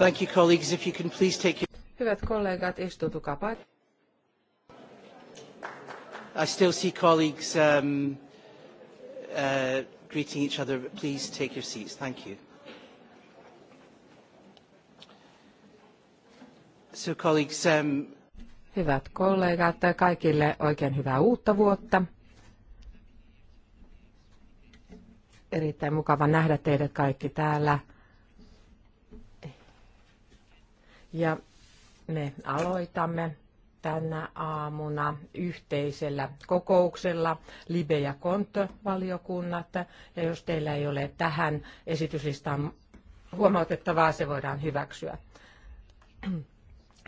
Thank you, colleagues. If you can please take your... Hyvät kollegat, istutukaa paikka. I still see colleagues um, uh, greeting each other. But please take your seats. Thank you. So, colleagues, um... Hyvät kollegat, kaikille oikein hyvää uutta vuotta. Erittäin mukava nähdä teidät kaikki täällä. Ja me aloitamme tänä aamuna yhteisellä kokouksella Libe- ja Konto-valiokunnat. Ja jos teillä ei ole tähän esityslistaan huomautettavaa, se voidaan hyväksyä.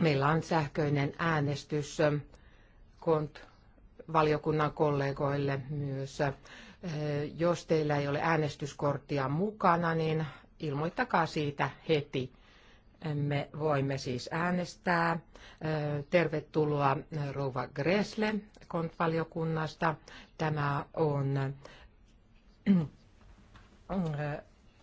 Meillä on sähköinen äänestys Kont-valiokunnan kollegoille myös. Jos teillä ei ole äänestyskorttia mukana, niin ilmoittakaa siitä heti me voimme siis äänestää. Tervetuloa Rouva Gresle kontvaliokunnasta. Tämä on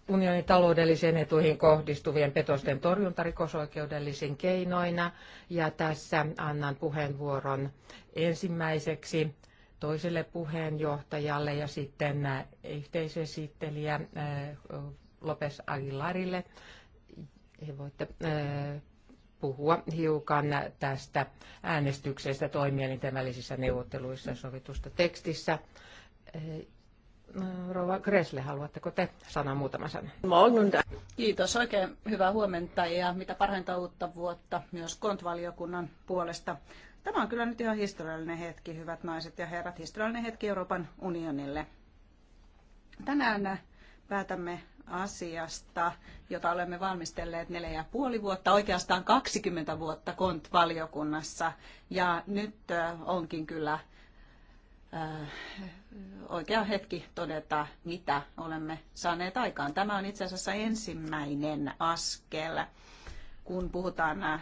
unionin taloudellisiin etuihin kohdistuvien petosten torjuntarikosoikeudellisin keinoina. Ja tässä annan puheenvuoron ensimmäiseksi toiselle puheenjohtajalle ja sitten yhteisesittelijä Lopes Aguilarille voitte puhua hiukan tästä äänestyksestä toimielinten välisissä neuvotteluissa sovitusta tekstissä. Rova Gresle, haluatteko te sanoa muutama sana? Kiitos, oikein hyvää huomenta ja mitä parhainta uutta vuotta myös kontvaliokunnan puolesta. Tämä on kyllä nyt ihan historiallinen hetki, hyvät naiset ja herrat, historiallinen hetki Euroopan unionille. Tänään päätämme asiasta, jota olemme valmistelleet neljä ja puoli vuotta, oikeastaan 20 vuotta KONT-valiokunnassa. Ja nyt onkin kyllä oikea hetki todeta, mitä olemme saaneet aikaan. Tämä on itse asiassa ensimmäinen askel, kun puhutaan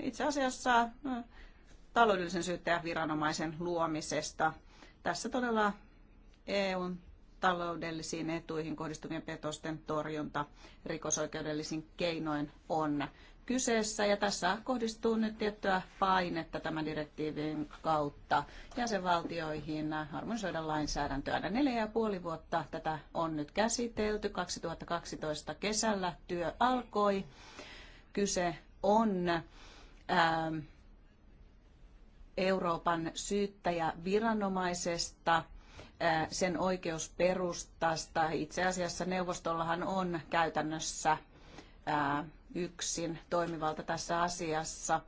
itse asiassa taloudellisen syyttäjän viranomaisen luomisesta. Tässä todella EUn taloudellisiin etuihin kohdistuvien petosten torjunta rikosoikeudellisin keinoin on kyseessä. Ja tässä kohdistuu nyt tiettyä painetta tämän direktiivin kautta jäsenvaltioihin harmonisoida lainsäädäntöä. Neljä ja puoli vuotta tätä on nyt käsitelty. 2012 kesällä työ alkoi. Kyse on ää, ähm, Euroopan syyttäjäviranomaisesta viranomaisesta sen oikeusperustasta. Itse asiassa neuvostollahan on käytännössä yksin toimivalta tässä asiassa.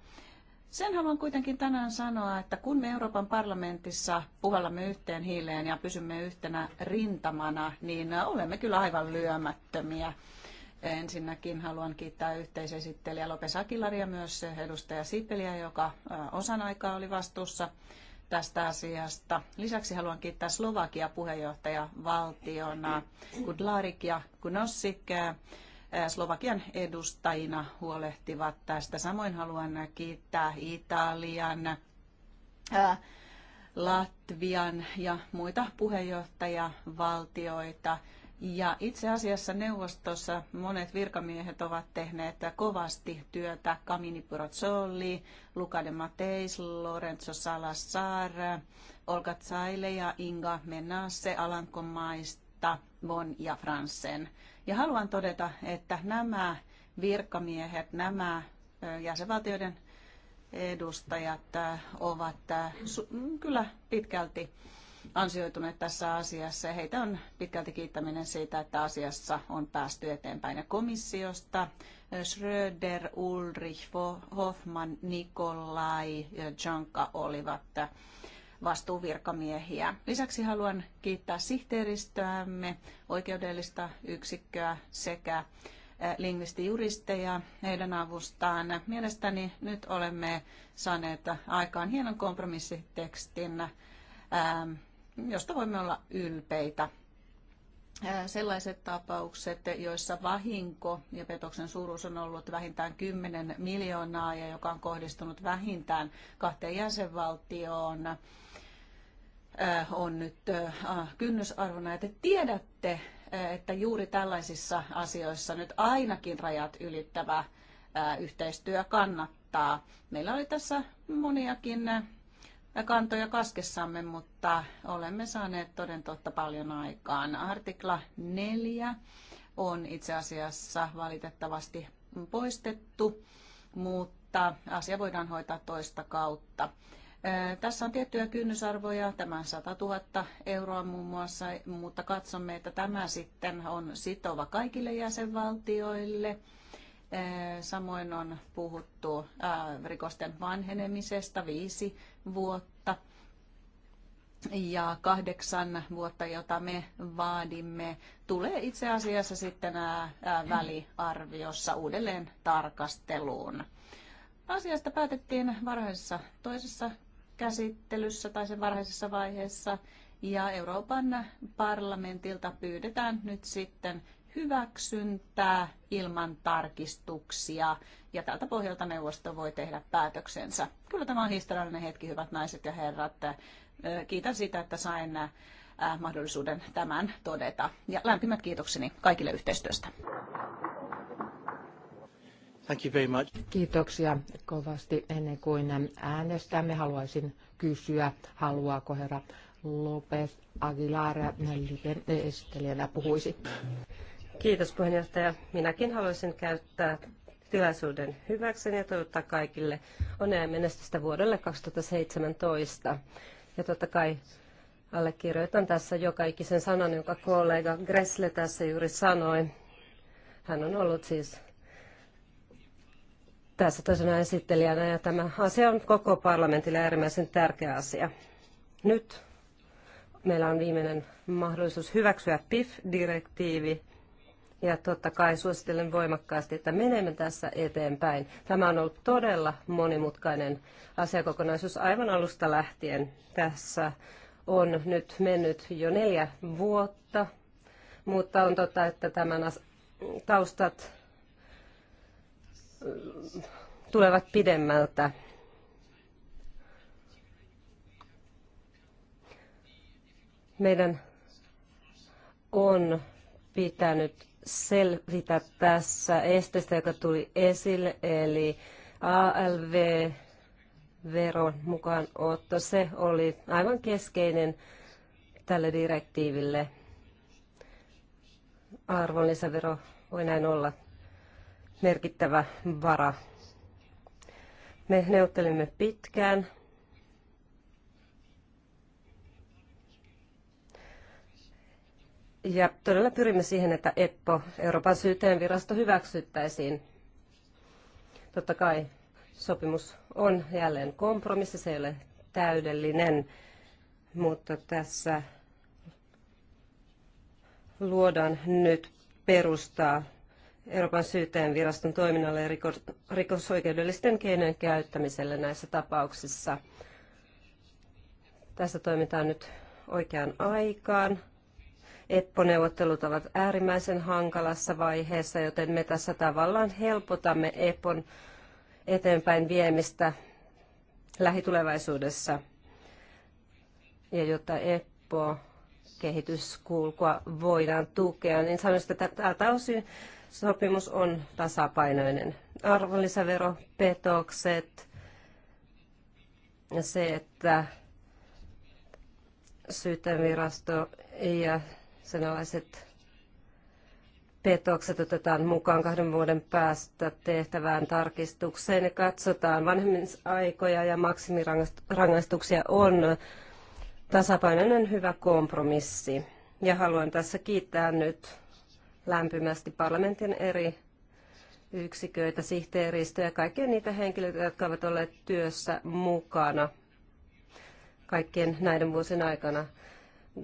Sen haluan kuitenkin tänään sanoa, että kun me Euroopan parlamentissa puhallamme yhteen hiileen ja pysymme yhtenä rintamana, niin olemme kyllä aivan lyömättömiä. Ensinnäkin haluan kiittää yhteisesittelijä Lopes Akilaria, myös edustaja Sipeliä, joka osan aikaa oli vastuussa tästä asiasta. Lisäksi haluan kiittää Slovakia puheenjohtajavaltiona Kudlarik ja Kunossik Slovakian edustajina huolehtivat tästä. Samoin haluan kiittää Italian, Latvian ja muita puheenjohtajavaltioita ja itse asiassa neuvostossa monet virkamiehet ovat tehneet kovasti työtä. Kamini Purozzoli, Luca de Mateis, Lorenzo Salazar, Olga Zaile ja Inga Menasse Alankomaista, Bon ja Fransen. Ja haluan todeta, että nämä virkamiehet, nämä jäsenvaltioiden edustajat ovat mm, kyllä pitkälti ansioituneet tässä asiassa ja heitä on pitkälti kiittäminen siitä, että asiassa on päästy eteenpäin. Ja komissiosta eh, Schröder, Ulrich, Hoffman, Nikolai ja eh, Janka olivat eh, vastuuvirkamiehiä. Lisäksi haluan kiittää sihteeristöämme, oikeudellista yksikköä sekä lingvistijuristeja heidän avustaan. Mielestäni nyt olemme saaneet aikaan hienon kompromissitekstin josta voimme olla ylpeitä. Sellaiset tapaukset, joissa vahinko ja petoksen suuruus on ollut vähintään 10 miljoonaa ja joka on kohdistunut vähintään kahteen jäsenvaltioon, on nyt kynnysarvona. Ja te tiedätte, että juuri tällaisissa asioissa nyt ainakin rajat ylittävä yhteistyö kannattaa. Meillä oli tässä moniakin kantoja kaskessamme, mutta olemme saaneet toden totta paljon aikaan. Artikla 4 on itse asiassa valitettavasti poistettu, mutta asia voidaan hoitaa toista kautta. Tässä on tiettyjä kynnysarvoja, tämä 100 000 euroa muun muassa, mutta katsomme, että tämä sitten on sitova kaikille jäsenvaltioille – Samoin on puhuttu rikosten vanhenemisesta viisi vuotta ja kahdeksan vuotta, jota me vaadimme, tulee itse asiassa sitten väliarviossa uudelleen tarkasteluun. Asiasta päätettiin varhaisessa toisessa käsittelyssä tai sen varhaisessa vaiheessa ja Euroopan parlamentilta pyydetään nyt sitten hyväksyntää ilman tarkistuksia ja tältä pohjalta neuvosto voi tehdä päätöksensä. Kyllä tämä on historiallinen hetki, hyvät naiset ja herrat. Kiitän siitä, että sain mahdollisuuden tämän todeta. Ja lämpimät kiitokseni kaikille yhteistyöstä. Thank you very much. Kiitoksia kovasti. Ennen kuin äänestämme, haluaisin kysyä, haluaako herra Lopez Aguilar esittelijänä puhuisi. Kiitos puheenjohtaja. Minäkin haluaisin käyttää tilaisuuden hyväkseni ja toivottaa kaikille onnea ja menestystä vuodelle 2017. Ja totta kai allekirjoitan tässä joka ikisen sanan, jonka kollega Gressle tässä juuri sanoi. Hän on ollut siis tässä tosiaan esittelijänä ja tämä asia on koko parlamentille äärimmäisen tärkeä asia. Nyt meillä on viimeinen mahdollisuus hyväksyä PIF-direktiivi ja totta kai suosittelen voimakkaasti, että menemme tässä eteenpäin. Tämä on ollut todella monimutkainen asiakokonaisuus aivan alusta lähtien. Tässä on nyt mennyt jo neljä vuotta, mutta on totta, että tämän taustat mm, tulevat pidemmältä. Meidän on pitänyt selvitä tässä esteestä, joka tuli esille, eli ALV-veron mukaan otto. Se oli aivan keskeinen tälle direktiiville. Arvonlisävero voi näin olla merkittävä vara. Me neuvottelimme pitkään Ja todella pyrimme siihen, että EPPO, Euroopan virasto, hyväksyttäisiin. Totta kai sopimus on jälleen kompromissi, se ei ole täydellinen, mutta tässä luodaan nyt perustaa Euroopan viraston toiminnalle ja rikosoikeudellisten keinojen käyttämiselle näissä tapauksissa. Tässä toimitaan nyt oikeaan aikaan. EPPO-neuvottelut ovat äärimmäisen hankalassa vaiheessa, joten me tässä tavallaan helpotamme EPPOn eteenpäin viemistä lähitulevaisuudessa. Ja jotta EPPO kehityskulkua voidaan tukea, niin sanoisin, että tältä osin sopimus on tasapainoinen. Arvonlisäveropetokset ja se, että syyttäjänvirasto ja Senalaiset petokset otetaan mukaan kahden vuoden päästä tehtävään tarkistukseen ja katsotaan vanhemmisaikoja ja maksimirangaistuksia on tasapainoinen hyvä kompromissi. Ja haluan tässä kiittää nyt lämpimästi parlamentin eri yksiköitä, sihteeristöjä ja kaikkia niitä henkilöitä, jotka ovat olleet työssä mukana kaikkien näiden vuosien aikana.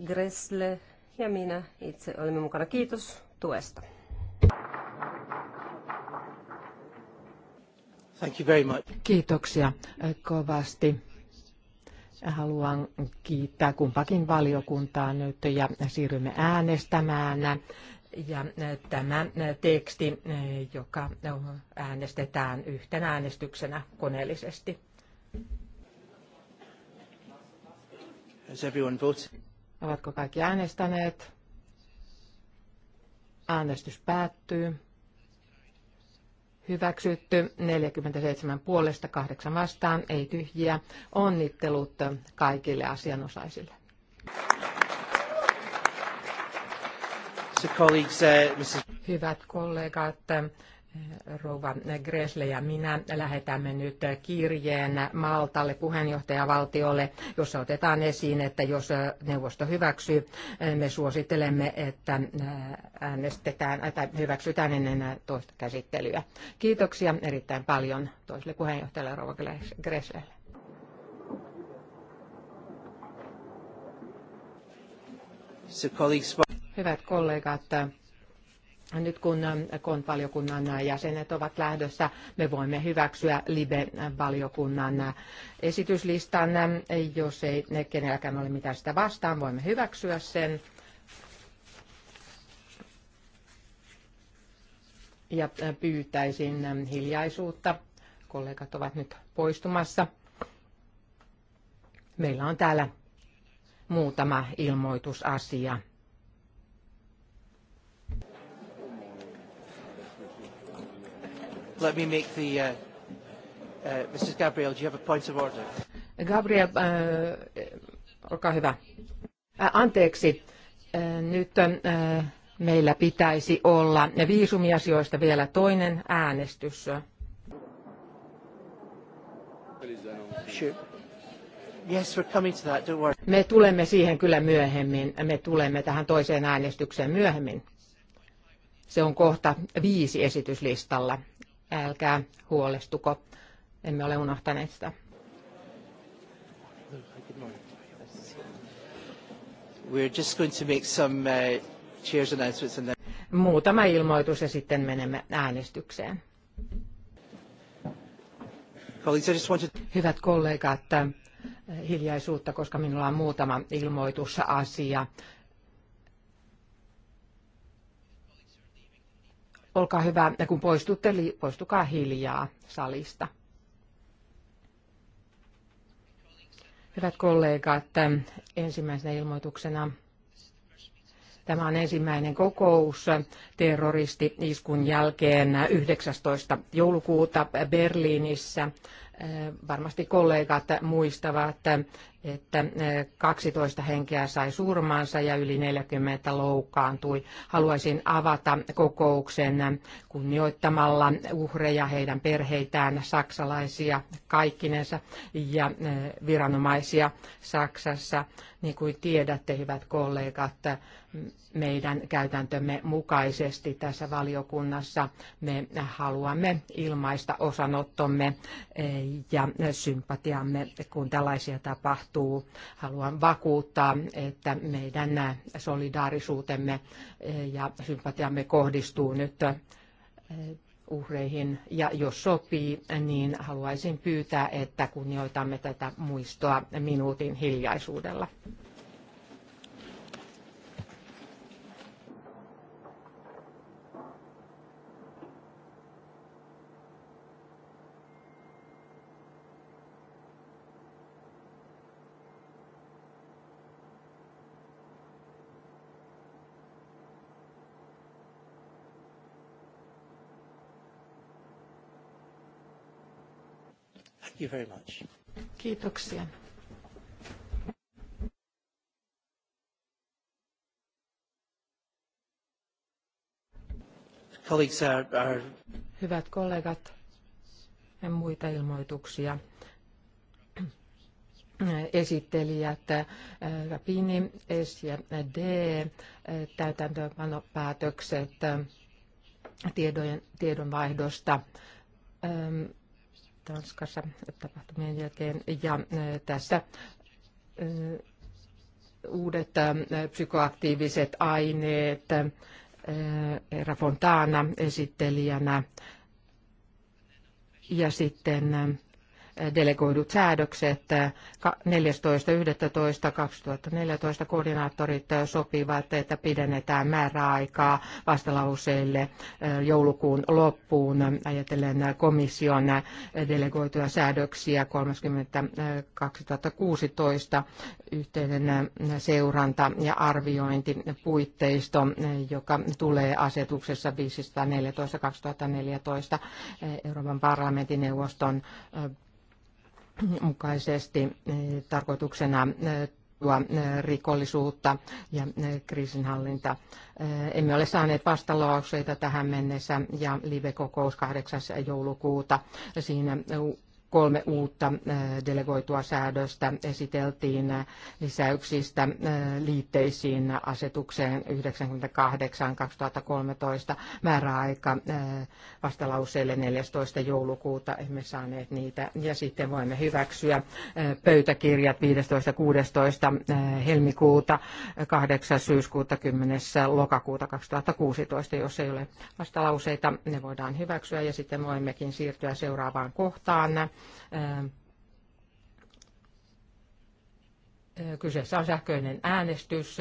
Gressle, ja minä itse olemme mukana. Kiitos tuesta. Thank you very much. Kiitoksia eh, kovasti. Haluan kiittää kumpakin valiokuntaa nyt ja siirrymme äänestämään. Ja eh, tämä eh, teksti, joka äänestetään yhtenä äänestyksenä koneellisesti. Ovatko kaikki äänestäneet? Äänestys päättyy. Hyväksytty 47 puolesta, 8 vastaan, ei tyhjiä. Onnittelut kaikille asianosaisille. Uh, Hyvät kollegat, Rouva Gresle ja minä lähetämme nyt kirjeen Maltalle puheenjohtajavaltiolle, jossa otetaan esiin, että jos neuvosto hyväksyy, me suosittelemme, että äänestetään tai hyväksytään ennen toista käsittelyä. Kiitoksia erittäin paljon toiselle puheenjohtajalle Rouva Greslelle. Hyvät kollegat, nyt kun KON-valiokunnan jäsenet ovat lähdössä, me voimme hyväksyä LIBE-valiokunnan esityslistan. Jos ei ne kenelläkään ole mitään sitä vastaan, voimme hyväksyä sen. Ja pyytäisin hiljaisuutta. Kollegat ovat nyt poistumassa. Meillä on täällä muutama ilmoitusasia. let me make the... Uh, uh, Mrs. Gabriel, do you have a point of order? Gabriel, uh, olkaa hyvä. Uh, anteeksi, uh, nyt uh, meillä pitäisi olla viisumiasioista vielä toinen äänestys. Me tulemme siihen kyllä myöhemmin. Me tulemme tähän toiseen äänestykseen myöhemmin. Se on kohta viisi esityslistalla. Älkää huolestuko, emme ole unohtaneet sitä. We're just going to make some uh, chairs announcements and then... Muutama ilmoitus ja sitten menemme äänestykseen. Hyvät kollegat, äh, hiljaisuutta, koska minulla on muutama ilmoitusasia olkaa hyvä, kun poistutte, poistukaa hiljaa salista. Hyvät kollegat, ensimmäisenä ilmoituksena Tämä on ensimmäinen kokous terroristi-iskun jälkeen 19. joulukuuta Berliinissä. Varmasti kollegat muistavat että 12 eh, henkeä sai surmansa ja yli 40 loukkaantui. Haluaisin avata kokouksen kunnioittamalla uhreja, heidän perheitään, saksalaisia kaikkinensa ja eh, viranomaisia Saksassa. Niin kuin tiedätte, hyvät kollegat, meidän käytäntömme mukaisesti tässä valiokunnassa me haluamme ilmaista osanottomme eh, ja sympatiamme, kun tällaisia tapahtuu tapahtuu. Haluan vakuuttaa, että meidän solidaarisuutemme ja sympatiamme kohdistuu nyt eh, uhreihin. Ja jos sopii, niin haluaisin pyytää, että kunnioitamme tätä muistoa minuutin hiljaisuudella. Kiitoksia. Hyvät kollegat, en muita ilmoituksia. Esittelijät Rapini, äh, S ja D, äh, täytäntöönpanopäätökset äh, tiedonvaihdosta. Ähm, Tanskassa tapahtumien jälkeen. Ja tässä uudet psykoaktiiviset aineet, Era Fontana esittelijänä ja sitten delegoidut säädökset 14.11.2014 koordinaattorit sopivat, että pidennetään määräaikaa vastalauseille joulukuun loppuun ajatellen komission delegoituja säädöksiä 30. 2016 yhteinen seuranta ja arviointipuitteisto, joka tulee asetuksessa 514 2014 Euroopan parlamentin neuvoston mukaisesti eh, tarkoituksena eh, tuo eh, rikollisuutta ja kriisinhallinta. Emme ole saaneet vastalauseita tähän mennessä ja live-kokous 8. joulukuuta. Siinä kolme uutta äh, delegoitua säädöstä esiteltiin äh, lisäyksistä äh, liitteisiin asetukseen 98-2013 määräaika vastalauseelle 14. joulukuuta. Emme saaneet niitä ja sitten voimme hyväksyä pöytäkirjat 15-16 helmikuuta, 8. syyskuuta, 10. lokakuuta 2016. Jos ei ole vastalauseita, ne voidaan hyväksyä ja sitten voimmekin siirtyä seuraavaan kohtaan Kyseessä on sähköinen äänestys.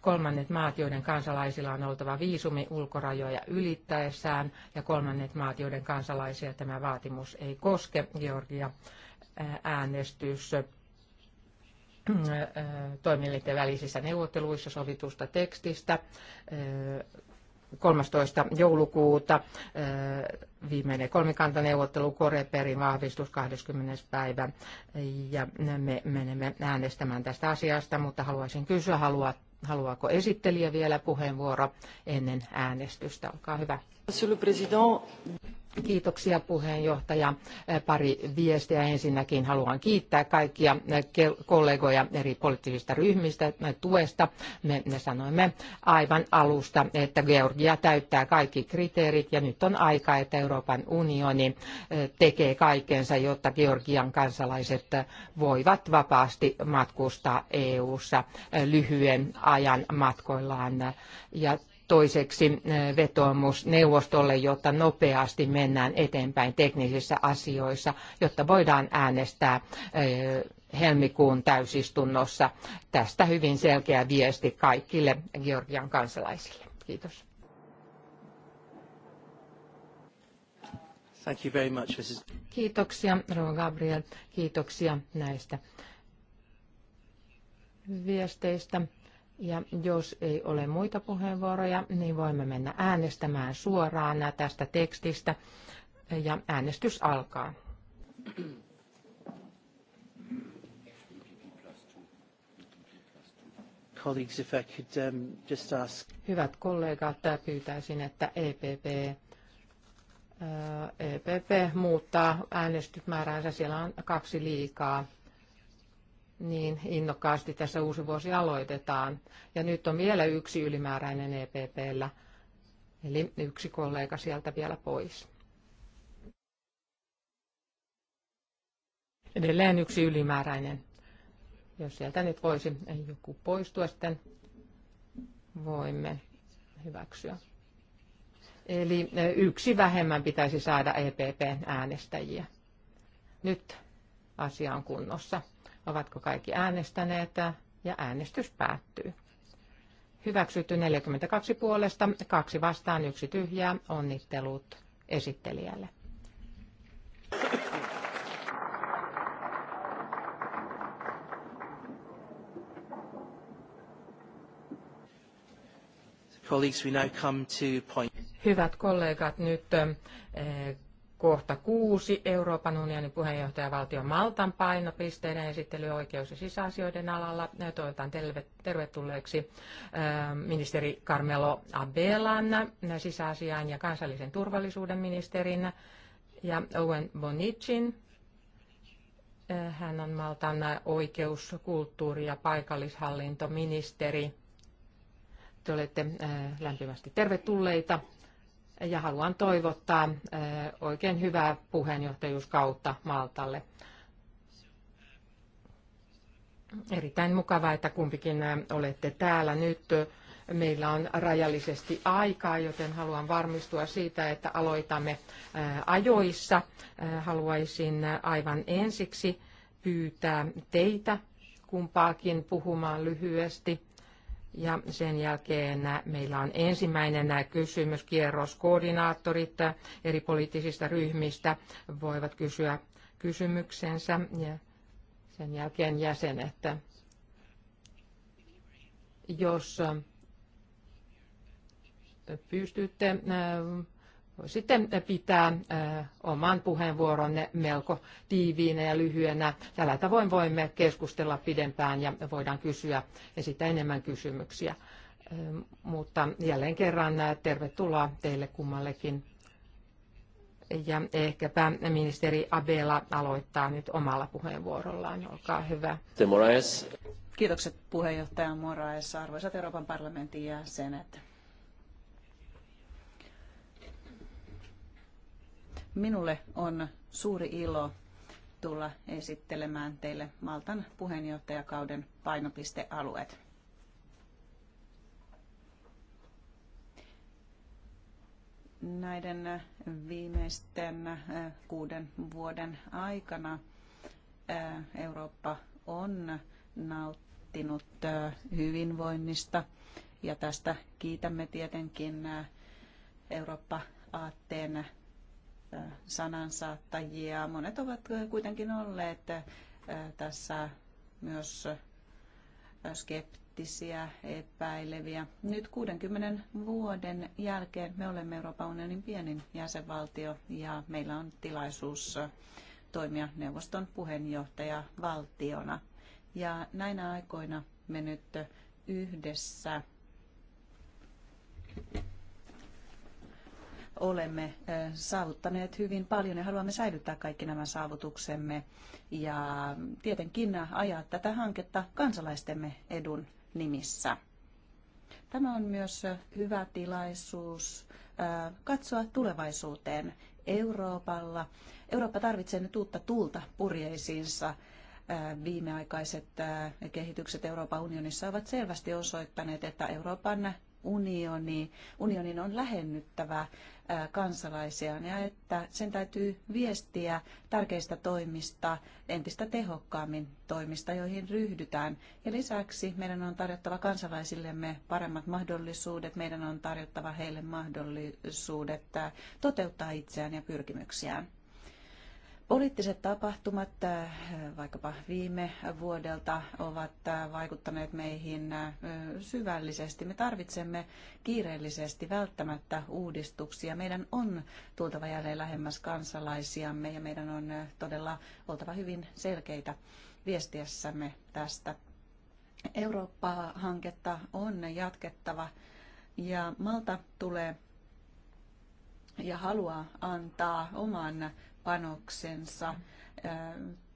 Kolmannet maat, joiden kansalaisilla on oltava viisumi ulkorajoja ylittäessään, ja kolmannet maat, joiden kansalaisia tämä vaatimus ei koske, Georgia äänestys toimielinten välisissä neuvotteluissa sovitusta tekstistä 13. joulukuuta viimeinen kolmikantaneuvottelu Koreperin vahvistus 20. päivä ja me menemme äänestämään tästä asiasta, mutta haluaisin kysyä, haluat Haluaako esittelijä vielä puheenvuoro ennen äänestystä? Olkaa hyvä. Kiitoksia puheenjohtaja. Pari viestiä ensinnäkin. Haluan kiittää kaikkia kollegoja eri poliittisista ryhmistä tuesta. Me, me sanoimme aivan alusta, että Georgia täyttää kaikki kriteerit ja nyt on aika, että Euroopan unioni eh, tekee kaikensa, jotta Georgian kansalaiset voivat vapaasti matkustaa EU-ssa eh, lyhyen ajan matkoillaan. Ja toiseksi eh, vetoomus neuvostolle, jotta nopeasti mennään eteenpäin teknisissä asioissa, jotta voidaan äänestää eh, helmikuun täysistunnossa. Tästä hyvin selkeä viesti kaikille Georgian kansalaisille. Kiitos. Thank you very much, Mrs. Kiitoksia, Gabriel. Kiitoksia näistä viesteistä. Ja jos ei ole muita puheenvuoroja, niin voimme mennä äänestämään suoraan tästä tekstistä. Ja äänestys alkaa. Um, Hyvät kollegat, pyytäisin, että EPP, EPP e muuttaa äänestysmääräänsä. Siellä on kaksi liikaa niin innokkaasti tässä uusi vuosi aloitetaan. Ja nyt on vielä yksi ylimääräinen EPPllä, eli yksi kollega sieltä vielä pois. Edelleen yksi ylimääräinen. Jos sieltä nyt voisi joku poistua, sitten voimme hyväksyä. Eli e, yksi vähemmän pitäisi saada epp äänestäjiä. Nyt asia on kunnossa. Ovatko kaikki äänestäneet? Ja äänestys päättyy. Hyväksytty 42 puolesta, kaksi vastaan, yksi tyhjää. Onnittelut esittelijälle. Hyvät kollegat, nyt eh, Kohta kuusi, Euroopan unionin puheenjohtajavaltio Maltan painopisteiden esittely oikeus- ja sisäasioiden alalla. Toivotan tervetulleeksi ähm, ministeri Carmelo Abelan, äh, sisäasiain ja kansallisen turvallisuuden ministerin, ja Owen Bonicin. Äh, hän on Maltan äh, oikeus-, kulttuuri- ja paikallishallintoministeri. Te olette lämpimästi tervetulleita ja haluan toivottaa eh, oikein hyvää puheenjohtajuuskautta Maltalle. Erittäin mukavaa, että kumpikin eh, olette täällä nyt. Meillä on rajallisesti aikaa, joten haluan varmistua siitä, että aloitamme eh, ajoissa. Haluaisin aivan ensiksi pyytää teitä kumpaakin puhumaan lyhyesti ja sen jälkeen meillä on ensimmäinen kysymyskierros. Koordinaattorit eri poliittisista ryhmistä voivat kysyä kysymyksensä ja sen jälkeen jäsenet. Jos pystytte sitten pitää oman puheenvuoronne melko tiiviinä ja lyhyenä. Tällä tavoin voimme keskustella pidempään ja voidaan kysyä, esittää enemmän kysymyksiä. Mutta jälleen kerran tervetuloa teille kummallekin. Ja ehkäpä ministeri Abela aloittaa nyt omalla puheenvuorollaan. Olkaa hyvä. Kiitokset puheenjohtaja Moraes, arvoisat Euroopan parlamentin jäsenet. Minulle on suuri ilo tulla esittelemään teille Maltan puheenjohtajakauden painopistealueet. Näiden viimeisten äh, kuuden vuoden aikana äh, Eurooppa on nauttinut äh, hyvinvoinnista ja tästä kiitämme tietenkin Eurooppa-aatteen sanansaattajia. Monet ovat kuitenkin olleet tässä myös skeptisiä, epäileviä. Nyt 60 vuoden jälkeen me olemme Euroopan unionin pienin jäsenvaltio ja meillä on tilaisuus toimia neuvoston puheenjohtaja valtiona. Ja näinä aikoina me nyt yhdessä olemme saavuttaneet hyvin paljon ja haluamme säilyttää kaikki nämä saavutuksemme ja tietenkin ajaa tätä hanketta kansalaistemme edun nimissä. Tämä on myös hyvä tilaisuus katsoa tulevaisuuteen Euroopalla. Eurooppa tarvitsee nyt uutta tuulta purjeisiinsa. Viimeaikaiset kehitykset Euroopan unionissa ovat selvästi osoittaneet, että Euroopan unioni, unionin on lähennyttävä kansalaisia ja että sen täytyy viestiä tärkeistä toimista, entistä tehokkaammin toimista, joihin ryhdytään. Ja lisäksi meidän on tarjottava kansalaisillemme paremmat mahdollisuudet, meidän on tarjottava heille mahdollisuudet toteuttaa itseään ja pyrkimyksiään. Poliittiset tapahtumat äh, vaikkapa viime vuodelta ovat äh, vaikuttaneet meihin äh, syvällisesti. Me tarvitsemme kiireellisesti välttämättä uudistuksia. Meidän on tultava jälleen lähemmäs kansalaisiamme ja meidän on todella oltava hyvin selkeitä viestiessämme tästä. Eurooppa-hanketta on jatkettava ja Malta tulee ja haluaa antaa oman panoksensa äh,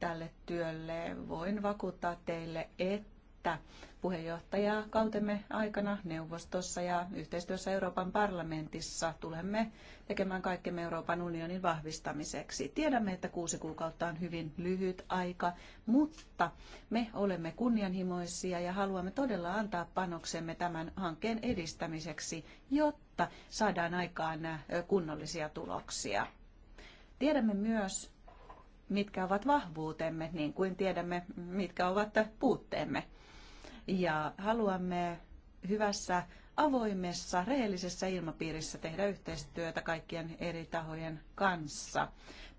tälle työlle. Voin vakuuttaa teille, että puheenjohtajaa kautemme aikana neuvostossa ja yhteistyössä Euroopan parlamentissa tulemme tekemään kaikkemme Euroopan unionin vahvistamiseksi. Tiedämme, että kuusi kuukautta on hyvin lyhyt aika, mutta me olemme kunnianhimoisia ja haluamme todella antaa panoksemme tämän hankkeen edistämiseksi, jotta saadaan aikaan äh, kunnollisia tuloksia. Tiedämme myös, mitkä ovat vahvuutemme, niin kuin tiedämme, mitkä ovat puutteemme. Ja haluamme hyvässä avoimessa, rehellisessä ilmapiirissä tehdä yhteistyötä kaikkien eri tahojen kanssa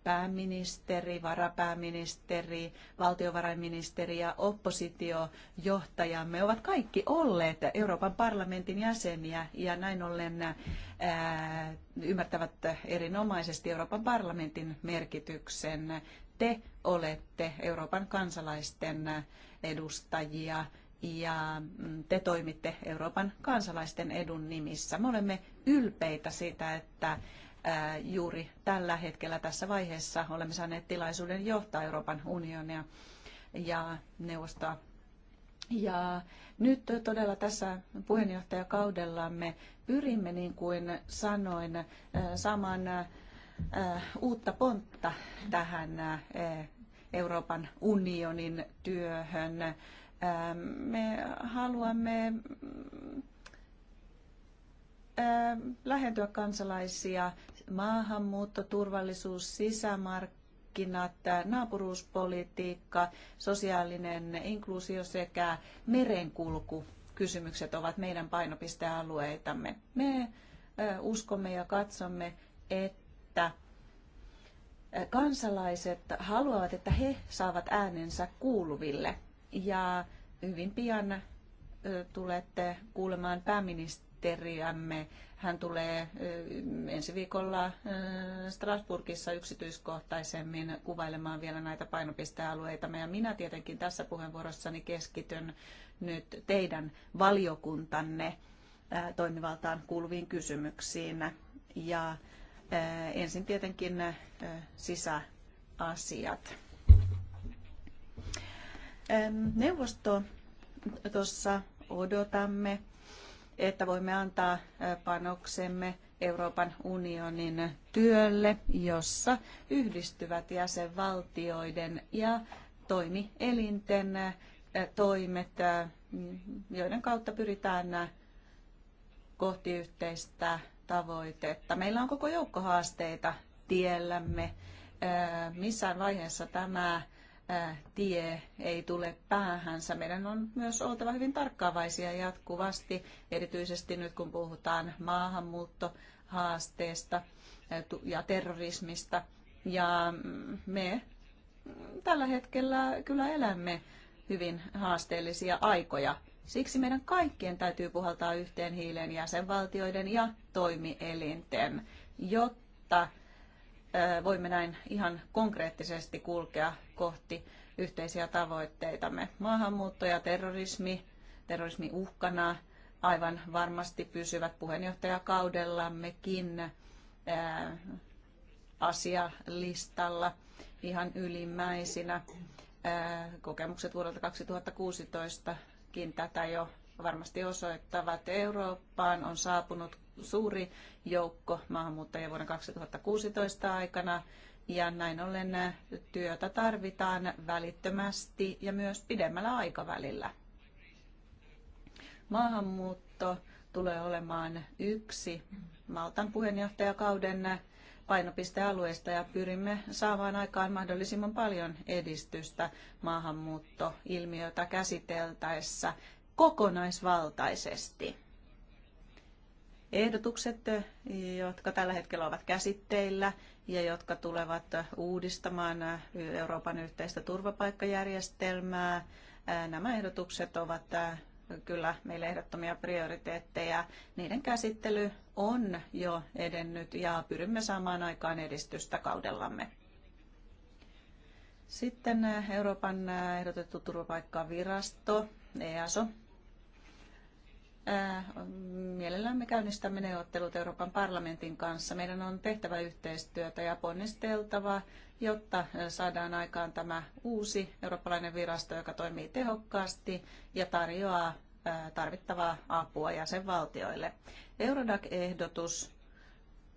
pääministeri, varapääministeri, valtiovarainministeri ja oppositiojohtajamme ovat kaikki olleet Euroopan parlamentin jäseniä ja näin ollen ää, ymmärtävät erinomaisesti Euroopan parlamentin merkityksen. Te olette Euroopan kansalaisten edustajia ja mm, te toimitte Euroopan kansalaisten edun nimissä. Me olemme ylpeitä siitä, että juuri tällä hetkellä tässä vaiheessa olemme saaneet tilaisuuden johtaa Euroopan unionia ja neuvostoa. Ja nyt todella tässä puheenjohtajakaudellamme pyrimme, niin kuin sanoin, saamaan uutta pontta tähän Euroopan unionin työhön. Me haluamme lähentyä kansalaisia maahanmuutto, turvallisuus, sisämarkkinat, naapuruuspolitiikka, sosiaalinen inkluusio sekä merenkulku kysymykset ovat meidän painopistealueitamme. Me uskomme ja katsomme, että kansalaiset haluavat, että he saavat äänensä kuuluville. Ja hyvin pian tulette kuulemaan pääministeriämme hän tulee ensi viikolla Strasburgissa yksityiskohtaisemmin kuvailemaan vielä näitä painopistealueita. Ja minä tietenkin tässä puheenvuorossani keskityn nyt teidän valiokuntanne toimivaltaan kuuluviin kysymyksiin. Ja ensin tietenkin sisäasiat. Neuvosto tuossa odotamme että voimme antaa panoksemme Euroopan unionin työlle, jossa yhdistyvät jäsenvaltioiden ja toimielinten toimet, joiden kautta pyritään kohti yhteistä tavoitetta. Meillä on koko joukko haasteita tiellämme. Missään vaiheessa tämä tie ei tule päähänsä. Meidän on myös oltava hyvin tarkkaavaisia jatkuvasti, erityisesti nyt kun puhutaan maahanmuuttohaasteesta ja terrorismista. Ja mm, me mm, tällä hetkellä kyllä elämme hyvin haasteellisia aikoja. Siksi meidän kaikkien täytyy puhaltaa yhteen hiilen jäsenvaltioiden ja toimielinten, jotta voimme näin ihan konkreettisesti kulkea kohti yhteisiä tavoitteitamme. Maahanmuutto ja terrorismi, terrorismi uhkana aivan varmasti pysyvät puheenjohtajakaudellammekin asialistalla ihan ylimmäisinä. Kokemukset vuodelta 2016kin tätä jo varmasti osoittavat. Eurooppaan on saapunut suuri joukko maahanmuuttajia vuoden 2016 aikana. Ja näin ollen työtä tarvitaan välittömästi ja myös pidemmällä aikavälillä. Maahanmuutto tulee olemaan yksi Maltan puheenjohtajakauden painopistealueista ja pyrimme saamaan aikaan mahdollisimman paljon edistystä maahanmuuttoilmiötä käsiteltäessä kokonaisvaltaisesti ehdotukset, jotka tällä hetkellä ovat käsitteillä ja jotka tulevat uudistamaan Euroopan yhteistä turvapaikkajärjestelmää. Nämä ehdotukset ovat kyllä meille ehdottomia prioriteetteja. Niiden käsittely on jo edennyt ja pyrimme saamaan aikaan edistystä kaudellamme. Sitten Euroopan ehdotettu turvapaikkavirasto, EASO, Äh, mielellämme käynnistämme neuvottelut Euroopan parlamentin kanssa. Meidän on tehtävä yhteistyötä ja ponnisteltava, jotta äh, saadaan aikaan tämä uusi eurooppalainen virasto, joka toimii tehokkaasti ja tarjoaa äh, tarvittavaa apua jäsenvaltioille. Eurodac-ehdotus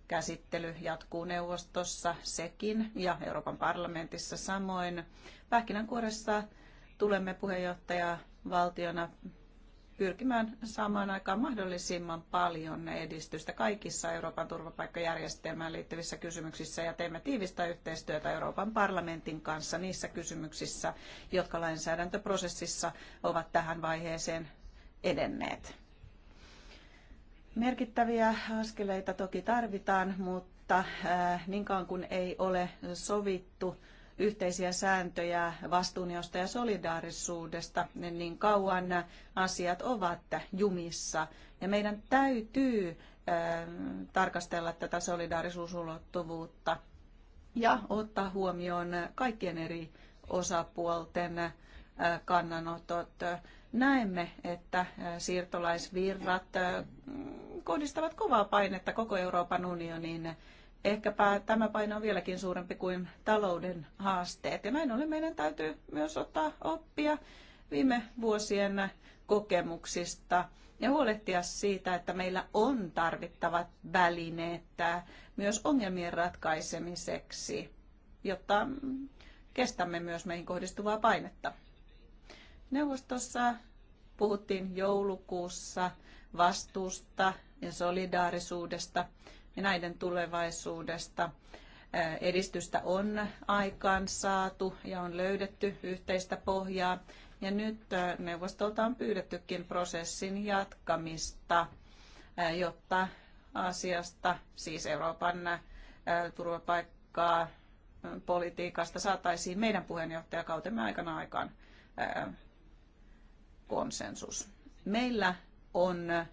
käsittely jatkuu neuvostossa sekin ja Euroopan parlamentissa samoin. Pähkinänkuoressa tulemme puheenjohtaja valtiona pyrkimään saamaan aikaan mahdollisimman paljon edistystä kaikissa Euroopan turvapaikkajärjestelmään liittyvissä kysymyksissä ja teemme tiivistä yhteistyötä Euroopan parlamentin kanssa niissä kysymyksissä, jotka lainsäädäntöprosessissa ovat tähän vaiheeseen edenneet. Merkittäviä askeleita toki tarvitaan, mutta niin kauan kuin ei ole sovittu yhteisiä sääntöjä vastuunjosta ja solidaarisuudesta, niin kauan asiat ovat jumissa. Ja meidän täytyy tarkastella tätä solidaarisuusulottuvuutta ja ottaa huomioon kaikkien eri osapuolten kannanotot. Näemme, että siirtolaisvirrat kohdistavat kovaa painetta koko Euroopan unionin ehkäpä tämä paino on vieläkin suurempi kuin talouden haasteet. Ja näin ollen meidän täytyy myös ottaa oppia viime vuosien kokemuksista ja huolehtia siitä, että meillä on tarvittavat välineet myös ongelmien ratkaisemiseksi, jotta kestämme myös meihin kohdistuvaa painetta. Neuvostossa puhuttiin joulukuussa vastuusta ja solidaarisuudesta – ja näiden tulevaisuudesta. Edistystä on aikaan saatu ja on löydetty yhteistä pohjaa. Ja nyt neuvostolta on pyydettykin prosessin jatkamista, jotta asiasta, siis Euroopan turvapaikkaa politiikasta saataisiin meidän puheenjohtajakautemme aikana aikaan konsensus. Meillä on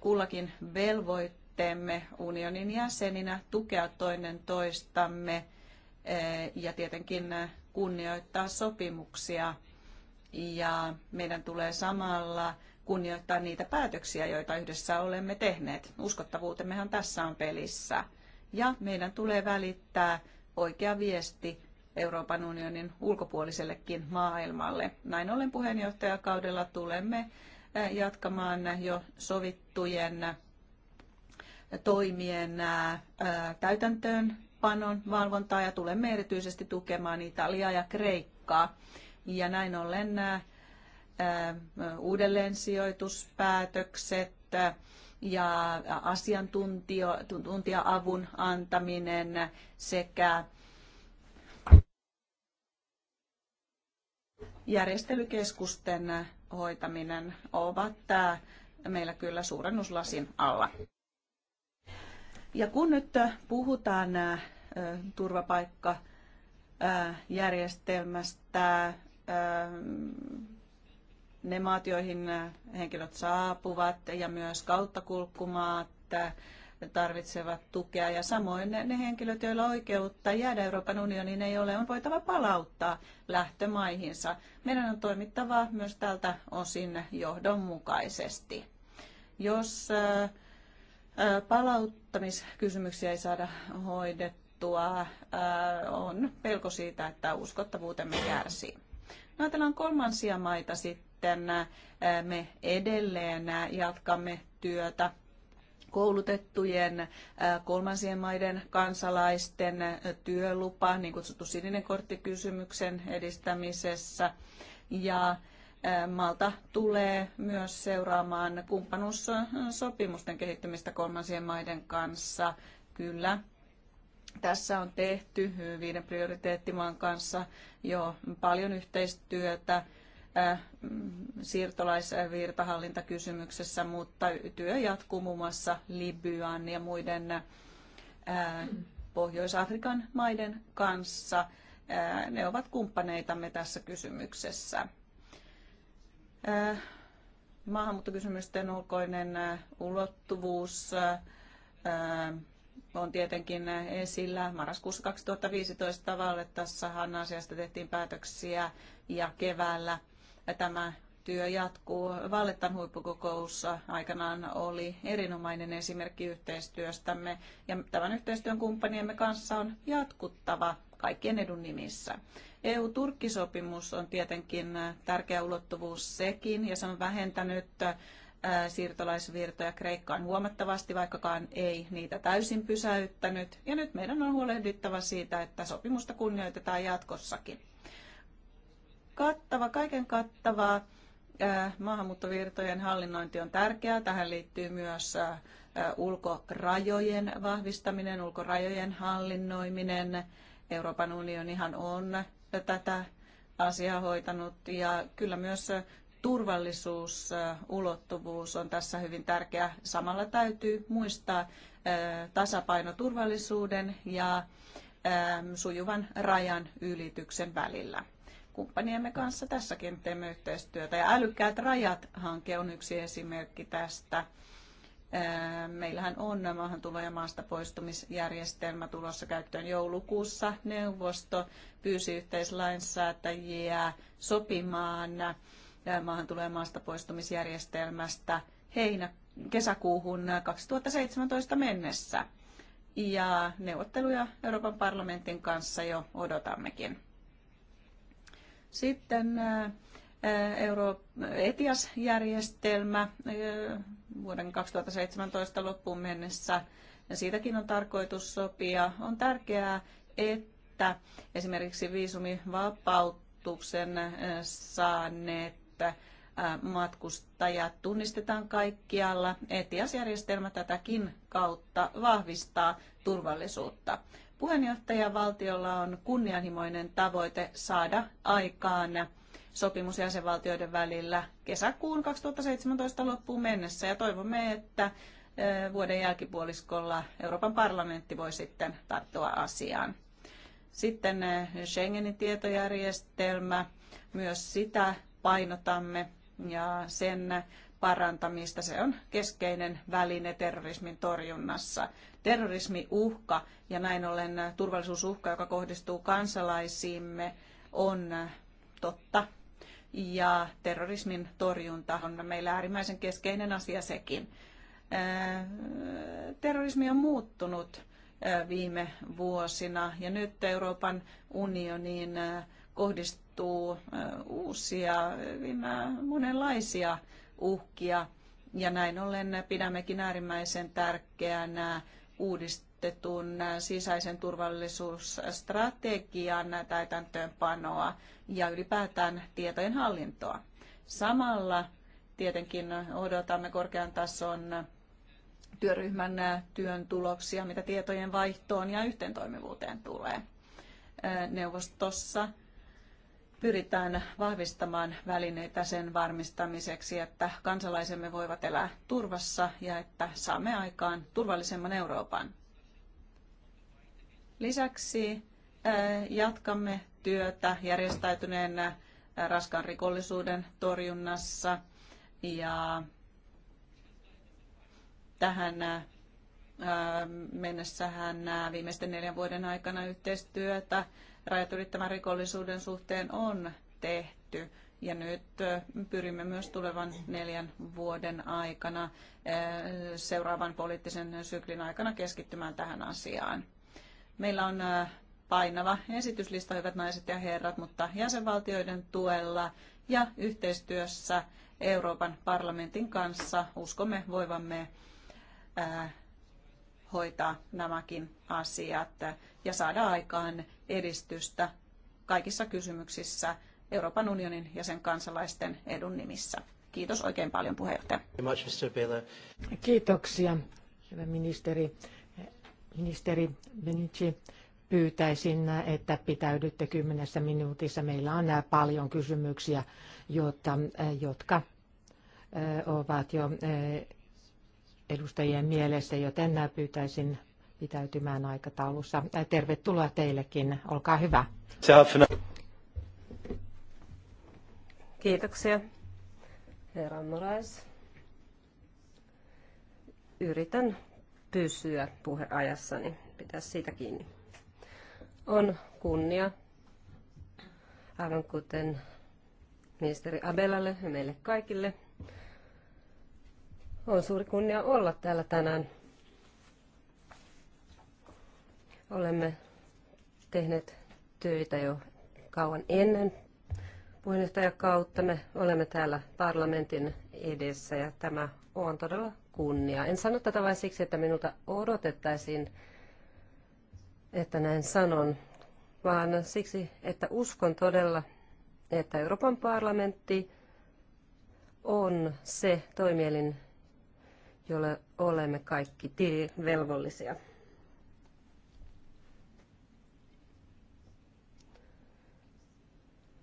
kullakin velvoitteet Teemme unionin jäseninä tukea toinen toistamme eh, ja tietenkin kunnioittaa sopimuksia. Ja meidän tulee samalla kunnioittaa niitä päätöksiä, joita yhdessä olemme tehneet. Uskottavuutemmehan tässä on pelissä. Ja meidän tulee välittää oikea viesti Euroopan unionin ulkopuolisellekin maailmalle. Näin ollen puheenjohtajakaudella tulemme eh, jatkamaan jo sovittujen toimien täytäntöönpanon valvontaa ja tulemme erityisesti tukemaan Italiaa ja Kreikkaa. Ja näin ollen nämä uudelleensijoituspäätökset ja asiantuntija-avun antaminen sekä järjestelykeskusten hoitaminen ovat meillä kyllä suurennuslasin alla. Ja kun nyt äh, puhutaan äh, turvapaikkajärjestelmästä, äh, ne maat, joihin henkilöt saapuvat ja myös kauttakulkumaat tarvitsevat tukea ja samoin ne, ne henkilöt, joilla oikeutta jäädä Euroopan unioniin ei ole, on voitava palauttaa lähtömaihinsa. Meidän on toimittava myös tältä osin johdonmukaisesti. Jos äh, palauttamiskysymyksiä ei saada hoidettua, on pelko siitä, että uskottavuutemme kärsii. No ajatellaan kolmansia maita sitten, me edelleen jatkamme työtä koulutettujen kolmansien maiden kansalaisten työlupa, niin kutsuttu sininen korttikysymyksen edistämisessä. Ja Malta tulee myös seuraamaan kumppanuussopimusten kehittymistä kolmansien maiden kanssa. Kyllä, tässä on tehty viiden prioriteettimaan kanssa jo paljon yhteistyötä äh, siirtolaisvirtahallintakysymyksessä, mutta työ jatkuu muun muassa Libyan ja muiden äh, Pohjois-Afrikan maiden kanssa. Äh, ne ovat kumppaneitamme tässä kysymyksessä. Äh, maahanmuuttokysymysten ulkoinen äh, ulottuvuus äh, on tietenkin esillä. Marraskuussa 2015 Vallettassahan asiasta tehtiin päätöksiä ja keväällä tämä työ jatkuu. Vallettan huippukokous aikanaan oli erinomainen esimerkki yhteistyöstämme ja tämän yhteistyön kumppaniemme kanssa on jatkuttava kaikkien edun nimissä. EU-Turkkisopimus on tietenkin äh, tärkeä ulottuvuus sekin, ja se on vähentänyt äh, siirtolaisvirtoja Kreikkaan huomattavasti, vaikkakaan ei niitä täysin pysäyttänyt. Ja nyt meidän on huolehdittava siitä, että sopimusta kunnioitetaan jatkossakin. Kattava, kaiken kattava äh, maahanmuuttovirtojen hallinnointi on tärkeää. Tähän liittyy myös ulkorajojen vahvistaminen, ulkorajojen hallinnoiminen. Euroopan unionihan on tätä asiaa hoitanut ja kyllä myös turvallisuusulottuvuus on tässä hyvin tärkeä. Samalla täytyy muistaa tasapaino turvallisuuden ja sujuvan rajan ylityksen välillä. Kumppaniemme kanssa tässäkin teemme yhteistyötä ja älykkäät rajat-hanke on yksi esimerkki tästä. Meillähän on maahantulo- ja maasta poistumisjärjestelmä tulossa käyttöön joulukuussa. Neuvosto pyysi yhteislainsäätäjiä sopimaan maahantulo- ja maasta poistumisjärjestelmästä heinä kesäkuuhun 2017 mennessä. Ja neuvotteluja Euroopan parlamentin kanssa jo odotammekin. Sitten Euro ETIAS-järjestelmä vuoden 2017 loppuun mennessä. Ja siitäkin on tarkoitus sopia. On tärkeää, että esimerkiksi viisumivapautuksen saaneet matkustajat tunnistetaan kaikkialla. ETIAS-järjestelmä tätäkin kautta vahvistaa turvallisuutta. Puheenjohtajavaltiolla on kunnianhimoinen tavoite saada aikaan sopimus jäsenvaltioiden välillä kesäkuun 2017 loppuun mennessä ja toivomme, että vuoden jälkipuoliskolla Euroopan parlamentti voi sitten tarttua asiaan. Sitten Schengenin tietojärjestelmä, myös sitä painotamme ja sen parantamista. Se on keskeinen väline terrorismin torjunnassa. Terrorismiuhka ja näin ollen turvallisuusuhka, joka kohdistuu kansalaisiimme, on totta ja terrorismin torjunta on meillä äärimmäisen keskeinen asia sekin. Terrorismi on muuttunut viime vuosina ja nyt Euroopan unioniin kohdistuu uusia, monenlaisia uhkia ja näin ollen pidämmekin äärimmäisen tärkeänä uudistaa ehdotetun sisäisen turvallisuusstrategian täytäntöönpanoa ja ylipäätään tietojen hallintoa. Samalla tietenkin odotamme korkean tason työryhmän työn tuloksia, mitä tietojen vaihtoon ja yhteentoimivuuteen tulee. Neuvostossa pyritään vahvistamaan välineitä sen varmistamiseksi, että kansalaisemme voivat elää turvassa ja että saamme aikaan turvallisemman Euroopan. Lisäksi jatkamme työtä järjestäytyneen raskaan rikollisuuden torjunnassa ja tähän mennessähän viimeisten neljän vuoden aikana yhteistyötä rajat rikollisuuden suhteen on tehty. Ja nyt pyrimme myös tulevan neljän vuoden aikana seuraavan poliittisen syklin aikana keskittymään tähän asiaan. Meillä on äh, painava esityslista, hyvät naiset ja herrat, mutta jäsenvaltioiden tuella ja yhteistyössä Euroopan parlamentin kanssa uskomme voivamme äh, hoitaa nämäkin asiat ja saada aikaan edistystä kaikissa kysymyksissä Euroopan unionin ja sen kansalaisten edun nimissä. Kiitos oikein paljon puheenjohtaja. Kiitoksia, hyvä ministeri. Ministeri Benici, pyytäisin, että pitäydytte kymmenessä minuutissa. Meillä on äh, paljon kysymyksiä, jotta, äh, jotka äh, ovat jo edustajien mielessä, joten pyytäisin pitäytymään aikataulussa. Tervetuloa teillekin, olkaa hyvä. Kiitoksia, herra Morais. Yritän pysyä puheajassani, niin pitää siitä kiinni. On kunnia, aivan kuten ministeri Abelalle ja meille kaikille. On suuri kunnia olla täällä tänään. Olemme tehneet töitä jo kauan ennen puheenjohtajakautta. Me olemme täällä parlamentin edessä ja tämä on todella kunnia. En sano tätä vain siksi, että minulta odotettaisiin, että näin sanon, vaan siksi, että uskon todella, että Euroopan parlamentti on se toimielin, jolle olemme kaikki tilivelvollisia.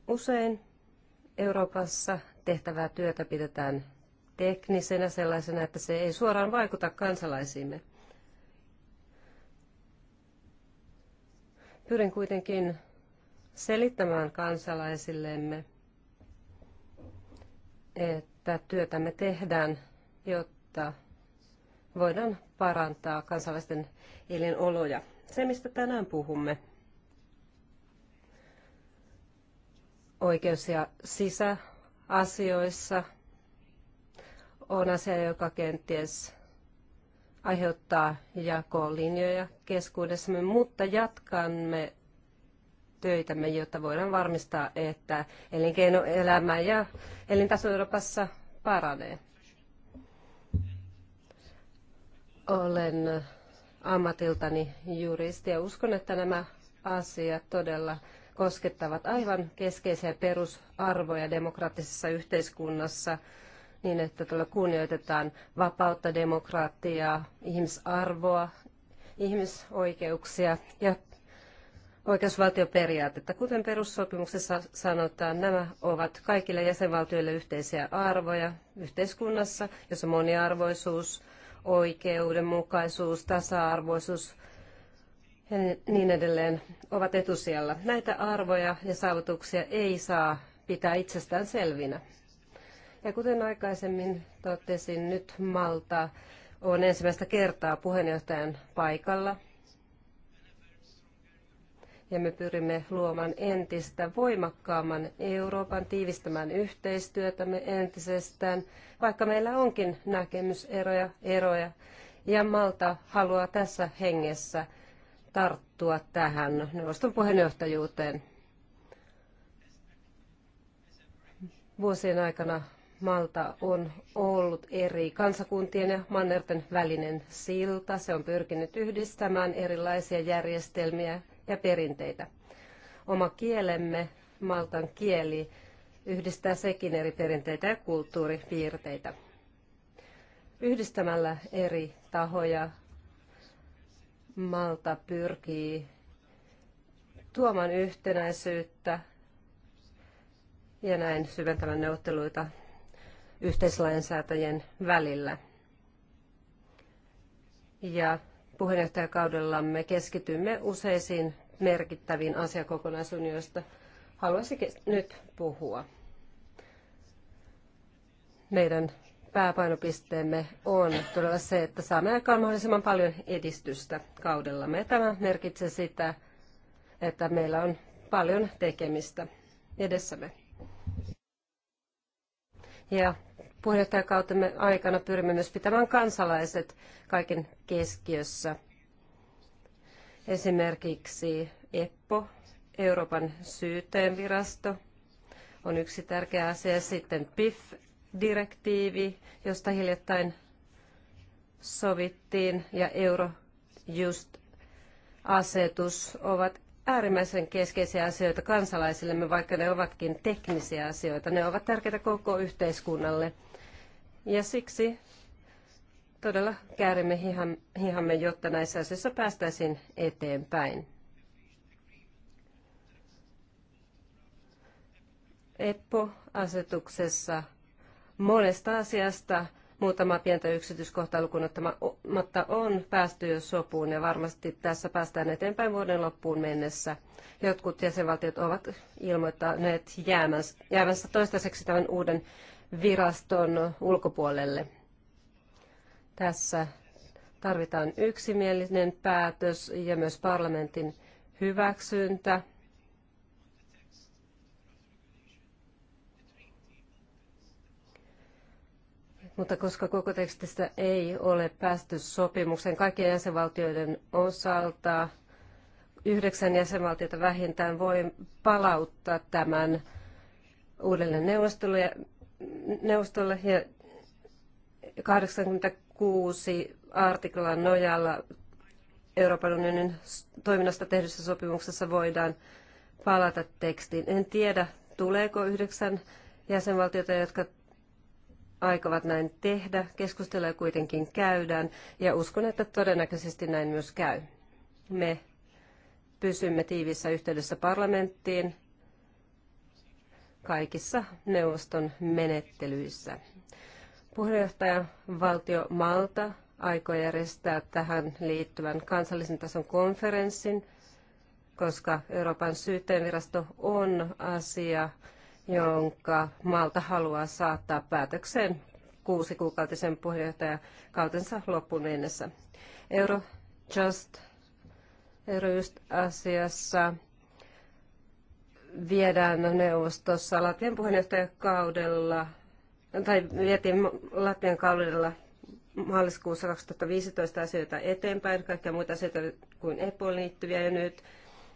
Usein Euroopassa tehtävää työtä pidetään teknisenä sellaisena, että se ei suoraan vaikuta kansalaisiimme. Pyrin kuitenkin selittämään kansalaisillemme, että työtämme tehdään, jotta voidaan parantaa kansalaisten elinoloja. Se, mistä tänään puhumme, oikeus- ja sisäasioissa – on asia, joka kenties aiheuttaa jakolinjoja keskuudessamme, mutta jatkamme töitämme, jotta voidaan varmistaa, että elinkeinoelämä ja elintaso Euroopassa paranee. Olen ammatiltani juristi ja uskon, että nämä asiat todella koskettavat aivan keskeisiä perusarvoja demokraattisessa yhteiskunnassa – niin, että tällä kunnioitetaan vapautta, demokraattiaa, ihmisarvoa, ihmisoikeuksia ja oikeusvaltioperiaatetta. Kuten perussopimuksessa sanotaan, nämä ovat kaikille jäsenvaltioille yhteisiä arvoja yhteiskunnassa, jossa moniarvoisuus, oikeudenmukaisuus, tasa-arvoisuus ja niin edelleen ovat etusijalla. Näitä arvoja ja saavutuksia ei saa pitää itsestään selvinä. Ja kuten aikaisemmin totesin, nyt Malta on ensimmäistä kertaa puheenjohtajan paikalla. Ja me pyrimme luomaan entistä voimakkaamman Euroopan, tiivistämään yhteistyötämme entisestään, vaikka meillä onkin näkemyseroja eroja. Ja Malta haluaa tässä hengessä tarttua tähän neuvoston puheenjohtajuuteen. Vuosien aikana Malta on ollut eri kansakuntien ja mannerten välinen silta. Se on pyrkinyt yhdistämään erilaisia järjestelmiä ja perinteitä. Oma kielemme, Maltan kieli, yhdistää sekin eri perinteitä ja kulttuuripiirteitä. Yhdistämällä eri tahoja Malta pyrkii tuomaan yhtenäisyyttä ja näin syventämään neuvotteluita yhteislainsäätäjien välillä. Ja puheenjohtajakaudellamme keskitymme useisiin merkittäviin asiakokonaisuuksiin, joista haluaisin nyt puhua. Meidän pääpainopisteemme on todella se, että saamme aikaan mahdollisimman paljon edistystä kaudellamme. Tämä merkitsee sitä, että meillä on paljon tekemistä edessämme. Ja puheenjohtajakautemme aikana pyrimme myös pitämään kansalaiset kaiken keskiössä. Esimerkiksi EPPO, Euroopan syyteenvirasto, on yksi tärkeä asia. Sitten PIF-direktiivi, josta hiljattain sovittiin, ja Eurojust-asetus ovat äärimmäisen keskeisiä asioita kansalaisillemme, vaikka ne ovatkin teknisiä asioita. Ne ovat tärkeitä koko yhteiskunnalle. Ja siksi todella käärimme hihamme, jotta näissä asioissa päästäisiin eteenpäin. EPPO-asetuksessa monesta asiasta muutama pientä yksityiskohtaa lukuun ottamatta on päästy jo sopuun ja varmasti tässä päästään eteenpäin vuoden loppuun mennessä. Jotkut jäsenvaltiot ovat ilmoittaneet jäävänsä toistaiseksi tämän uuden viraston ulkopuolelle. Tässä tarvitaan yksimielinen päätös ja myös parlamentin hyväksyntä. Mutta koska koko tekstistä ei ole päästy sopimukseen kaikkien jäsenvaltioiden osalta, yhdeksän jäsenvaltiota vähintään voi palauttaa tämän uudelleen neuvostolle neuvostolle ja 86 artiklan nojalla Euroopan unionin toiminnasta tehdyssä sopimuksessa voidaan palata tekstiin. En tiedä, tuleeko yhdeksän jäsenvaltiota, jotka aikovat näin tehdä. Keskustelua kuitenkin käydään ja uskon, että todennäköisesti näin myös käy. Me pysymme tiivissä yhteydessä parlamenttiin kaikissa neuvoston menettelyissä. Puheenjohtaja Valtio Malta aikoo järjestää tähän liittyvän kansallisen tason konferenssin, koska Euroopan syyteenvirasto on asia, jonka Malta haluaa saattaa päätökseen kuusi kuukautisen puheenjohtajakautensa loppuun mennessä. Eurojust, Eurojust asiassa viedään neuvostossa Latvian puheenjohtajakaudella, tai vietiin Latvian kaudella maaliskuussa 2015 asioita eteenpäin, kaikkia muita asioita kuin EPOon liittyviä, ja nyt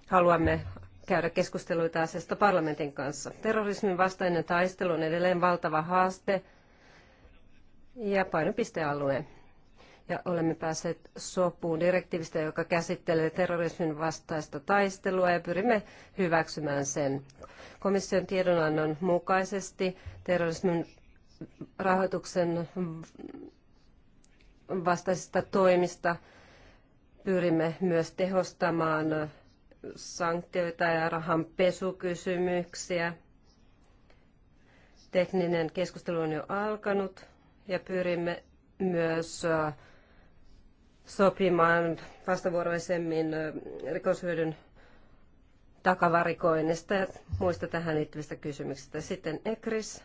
haluamme käydä keskusteluita asiasta parlamentin kanssa. Terrorismin vastainen taistelu on edelleen valtava haaste ja painopistealue ja olemme päässeet sopuun direktiivistä, joka käsittelee terrorismin vastaista taistelua ja pyrimme hyväksymään sen. Komission tiedonannon mukaisesti terrorismin rahoituksen vastaisista toimista pyrimme myös tehostamaan sanktioita ja pesukysymyksiä. Tekninen keskustelu on jo alkanut ja pyrimme myös sopimaan vastavuoroisemmin rikoshyödyn takavarikoinnista ja muista tähän liittyvistä kysymyksistä. Sitten ECRIS,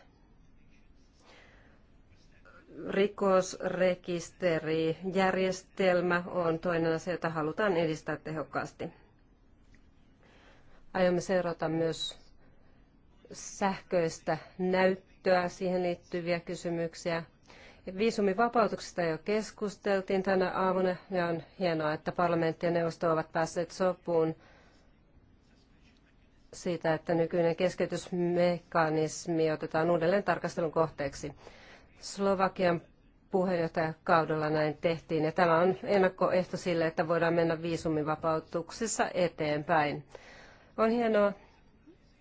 rikosrekisterijärjestelmä on toinen asia, jota halutaan edistää tehokkaasti. Aiomme seurata myös sähköistä näyttöä, siihen liittyviä kysymyksiä – Viisumivapautuksesta jo keskusteltiin tänä aamuna ja on hienoa, että parlamentti ja neuvosto ovat päässeet sopuun siitä, että nykyinen keskeytysmekanismi otetaan uudelleen tarkastelun kohteeksi. Slovakian puheenjohtajakaudella näin tehtiin ja tämä on ennakkoehto sille, että voidaan mennä viisumivapautuksissa eteenpäin. On hienoa,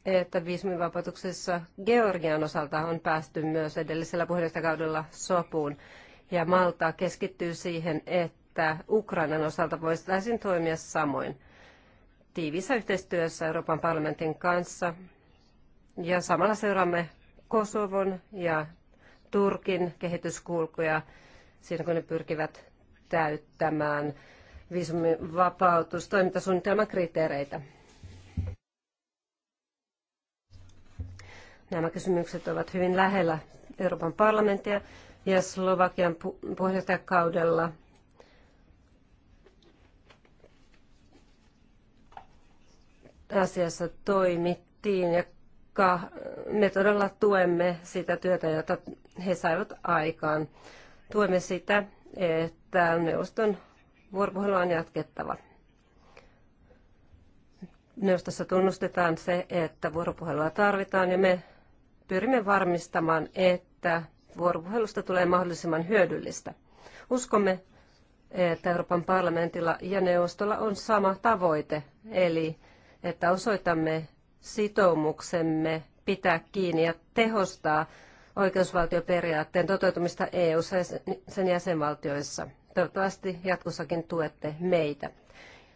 että viisumivapautuksessa Georgian osalta on päästy myös edellisellä puheenjohtajakaudella sopuun. Ja Malta keskittyy siihen, että Ukrainan osalta voitaisiin toimia samoin tiivissä yhteistyössä Euroopan parlamentin kanssa. Ja samalla seuraamme Kosovon ja Turkin kehityskulkuja siinä, kun ne pyrkivät täyttämään viisumivapautustoimintasuunnitelman kriteereitä. Nämä kysymykset ovat hyvin lähellä Euroopan parlamenttia ja Slovakian puheenjohtajakaudella asiassa toimittiin ja me todella tuemme sitä työtä, jota he saivat aikaan. Tuemme sitä, että neuvoston vuoropuhelu on jatkettava. Neuvostossa tunnustetaan se, että vuoropuhelua tarvitaan ja me pyrimme varmistamaan, että vuoropuhelusta tulee mahdollisimman hyödyllistä. Uskomme, että Euroopan parlamentilla ja neuvostolla on sama tavoite, eli että osoitamme sitoumuksemme pitää kiinni ja tehostaa oikeusvaltioperiaatteen toteutumista eu ja sen jäsenvaltioissa. Toivottavasti jatkossakin tuette meitä.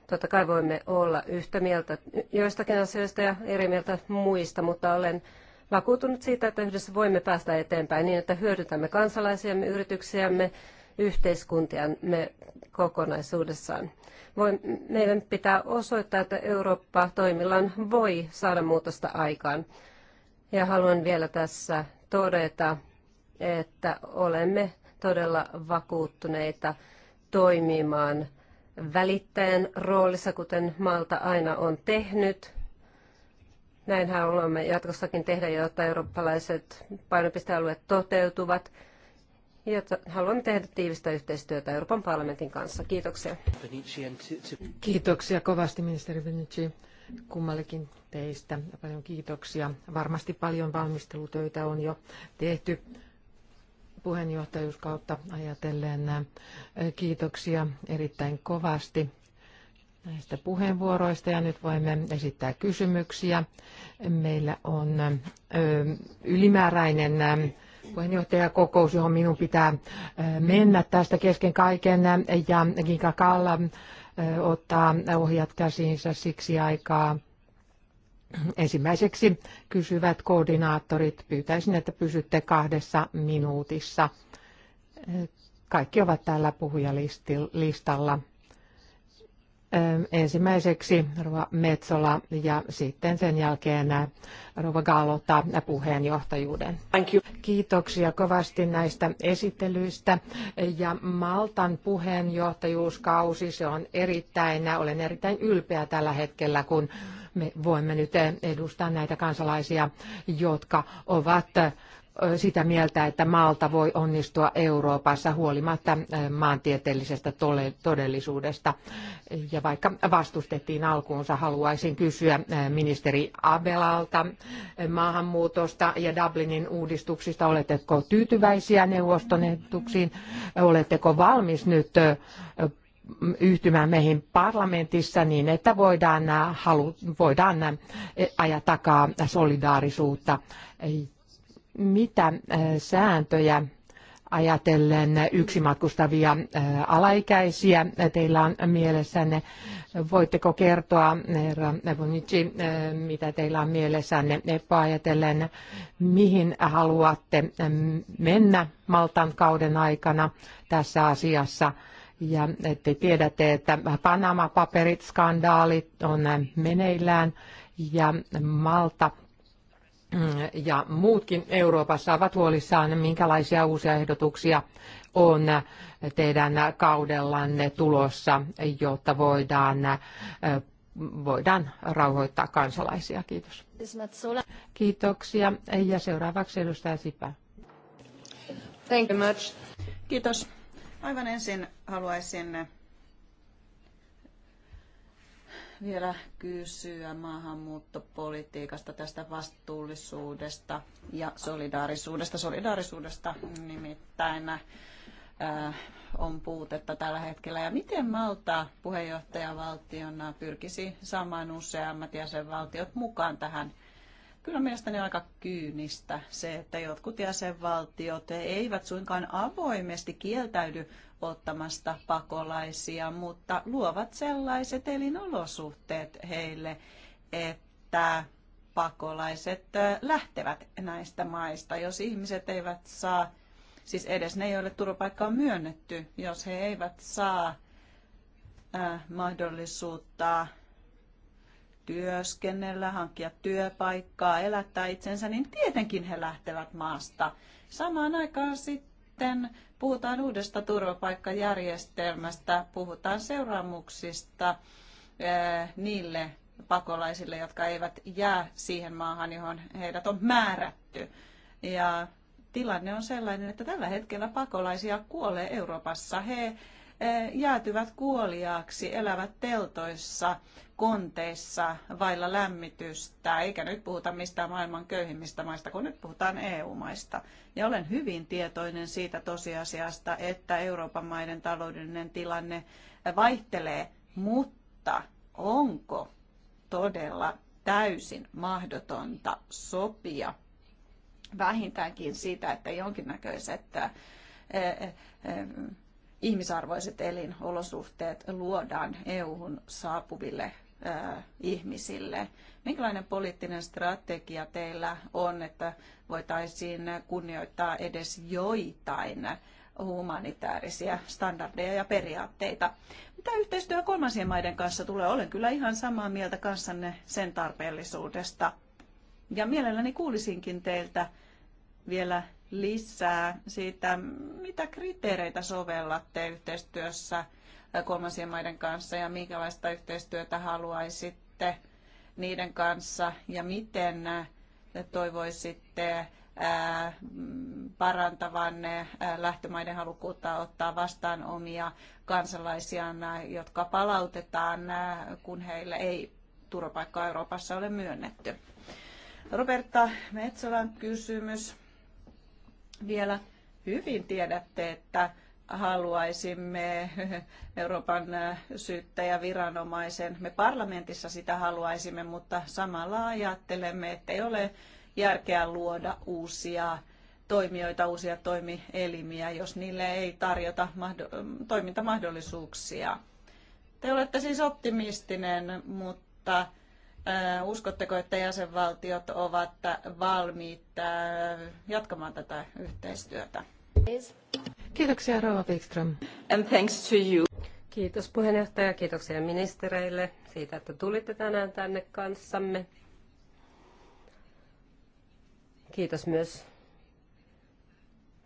Totta kai voimme olla yhtä mieltä joistakin asioista ja eri mieltä muista, mutta olen vakuutunut siitä, että yhdessä voimme päästä eteenpäin niin, että hyödytämme kansalaisiamme, yrityksiämme, yhteiskuntiamme kokonaisuudessaan. meidän pitää osoittaa, että Eurooppa toimillaan voi saada muutosta aikaan. Ja haluan vielä tässä todeta, että olemme todella vakuuttuneita toimimaan välittäjän roolissa, kuten Malta aina on tehnyt. Näin haluamme jatkossakin tehdä, jotta eurooppalaiset painopistealueet toteutuvat. Jotta haluamme tehdä tiivistä yhteistyötä Euroopan parlamentin kanssa. Kiitoksia. Kiitoksia kovasti ministeri Benici kummallekin teistä. Paljon kiitoksia. Varmasti paljon valmistelutöitä on jo tehty puheenjohtajuuskautta ajatellen. Kiitoksia erittäin kovasti näistä puheenvuoroista ja nyt voimme esittää kysymyksiä. Meillä on ylimääräinen puheenjohtajakokous, johon minun pitää mennä tästä kesken kaiken ja Ginka Kalla ottaa ohjat käsiinsä siksi aikaa. Ensimmäiseksi kysyvät koordinaattorit. Pyytäisin, että pysytte kahdessa minuutissa. Kaikki ovat täällä puhujalistalla. Ensimmäiseksi Rova Metsola ja sitten sen jälkeen Rova Gallota puheenjohtajuuden. Thank you. Kiitoksia kovasti näistä esittelyistä ja Maltan puheenjohtajuuskausi, se on erittäin, olen erittäin ylpeä tällä hetkellä, kun me voimme nyt edustaa näitä kansalaisia, jotka ovat sitä mieltä, että Malta voi onnistua Euroopassa huolimatta eh, maantieteellisestä todellisuudesta. Ja vaikka vastustettiin alkuunsa, haluaisin kysyä eh, ministeri Abelalta eh, maahanmuutosta ja Dublinin uudistuksista. Oletteko tyytyväisiä neuvoston ehdotuksiin? Oletteko valmis nyt yhtymään meihin parlamentissa niin, että voidaan, halu, voidaan ajaa takaa solidaarisuutta mitä äh, sääntöjä ajatellen yksimatkustavia äh, alaikäisiä äh, teillä on mielessänne. Voitteko kertoa, herra Bonici, mitä teillä on mielessänne ajatellen, mihin haluatte mennä Maltan kauden aikana tässä asiassa? Ja te tiedätte, että Panama-paperit, skandaalit on meneillään ja Malta Mm, ja muutkin Euroopassa ovat huolissaan, minkälaisia uusia ehdotuksia on teidän kaudellanne tulossa, jotta voidaan, voidaan rauhoittaa kansalaisia. Kiitos. Kiitoksia. Ja seuraavaksi edustaja Sipä. Thank you much. Kiitos. Aivan ensin haluaisin vielä kysyä maahanmuuttopolitiikasta, tästä vastuullisuudesta ja solidaarisuudesta. Solidaarisuudesta nimittäin äh, on puutetta tällä hetkellä. Ja miten Malta puheenjohtajavaltiona pyrkisi saamaan useammat jäsenvaltiot mukaan tähän Kyllä mielestäni aika kyynistä se, että jotkut jäsenvaltiot eivät suinkaan avoimesti kieltäydy ottamasta pakolaisia, mutta luovat sellaiset elinolosuhteet heille, että pakolaiset lähtevät näistä maista, jos ihmiset eivät saa, siis edes ne, joille turvapaikka on myönnetty, jos he eivät saa mahdollisuutta työskennellä, hankkia työpaikkaa, elättää itsensä, niin tietenkin he lähtevät maasta. Samaan aikaan sitten puhutaan uudesta turvapaikkajärjestelmästä, puhutaan seuraamuksista eh, niille pakolaisille, jotka eivät jää siihen maahan, johon heidät on määrätty. Ja tilanne on sellainen, että tällä hetkellä pakolaisia kuolee Euroopassa. He eh, jäätyvät kuoliaaksi, elävät teltoissa, konteissa vailla lämmitystä, eikä nyt puhuta mistään maailman köyhimmistä maista, kun nyt puhutaan EU-maista. Ja olen hyvin tietoinen siitä tosiasiasta, että Euroopan maiden taloudellinen tilanne vaihtelee, mutta onko todella täysin mahdotonta sopia vähintäänkin siitä, että jonkinnäköiset ihmisarvoiset elinolosuhteet luodaan EU-hun saapuville ihmisille. Minkälainen poliittinen strategia teillä on, että voitaisiin kunnioittaa edes joitain humanitaarisia standardeja ja periaatteita? Mitä yhteistyö kolmansien maiden kanssa tulee? Olen kyllä ihan samaa mieltä kanssanne sen tarpeellisuudesta. Ja mielelläni kuulisinkin teiltä vielä lisää siitä, mitä kriteereitä sovellatte yhteistyössä – Äh, kolmansien maiden kanssa ja minkälaista yhteistyötä haluaisitte niiden kanssa ja miten äh, toivoisitte äh, parantavan lähtömaiden halukkuutta ottaa vastaan omia kansalaisiaan, jotka palautetaan, kun heille ei turvapaikkaa Euroopassa ole myönnetty. Roberta Metsolan kysymys vielä. Hyvin tiedätte, että haluaisimme Euroopan syyttäjäviranomaisen. Me parlamentissa sitä haluaisimme, mutta samalla ajattelemme, että ei ole järkeä luoda uusia toimijoita, uusia toimielimiä, jos niille ei tarjota toimintamahdollisuuksia. Te olette siis optimistinen, mutta äh, uskotteko, että jäsenvaltiot ovat valmiit äh, jatkamaan tätä yhteistyötä? Kiitoksia Rova Wikström. And thanks to you. Kiitos puheenjohtaja, kiitoksia ministereille siitä, että tulitte tänään tänne kanssamme. Kiitos myös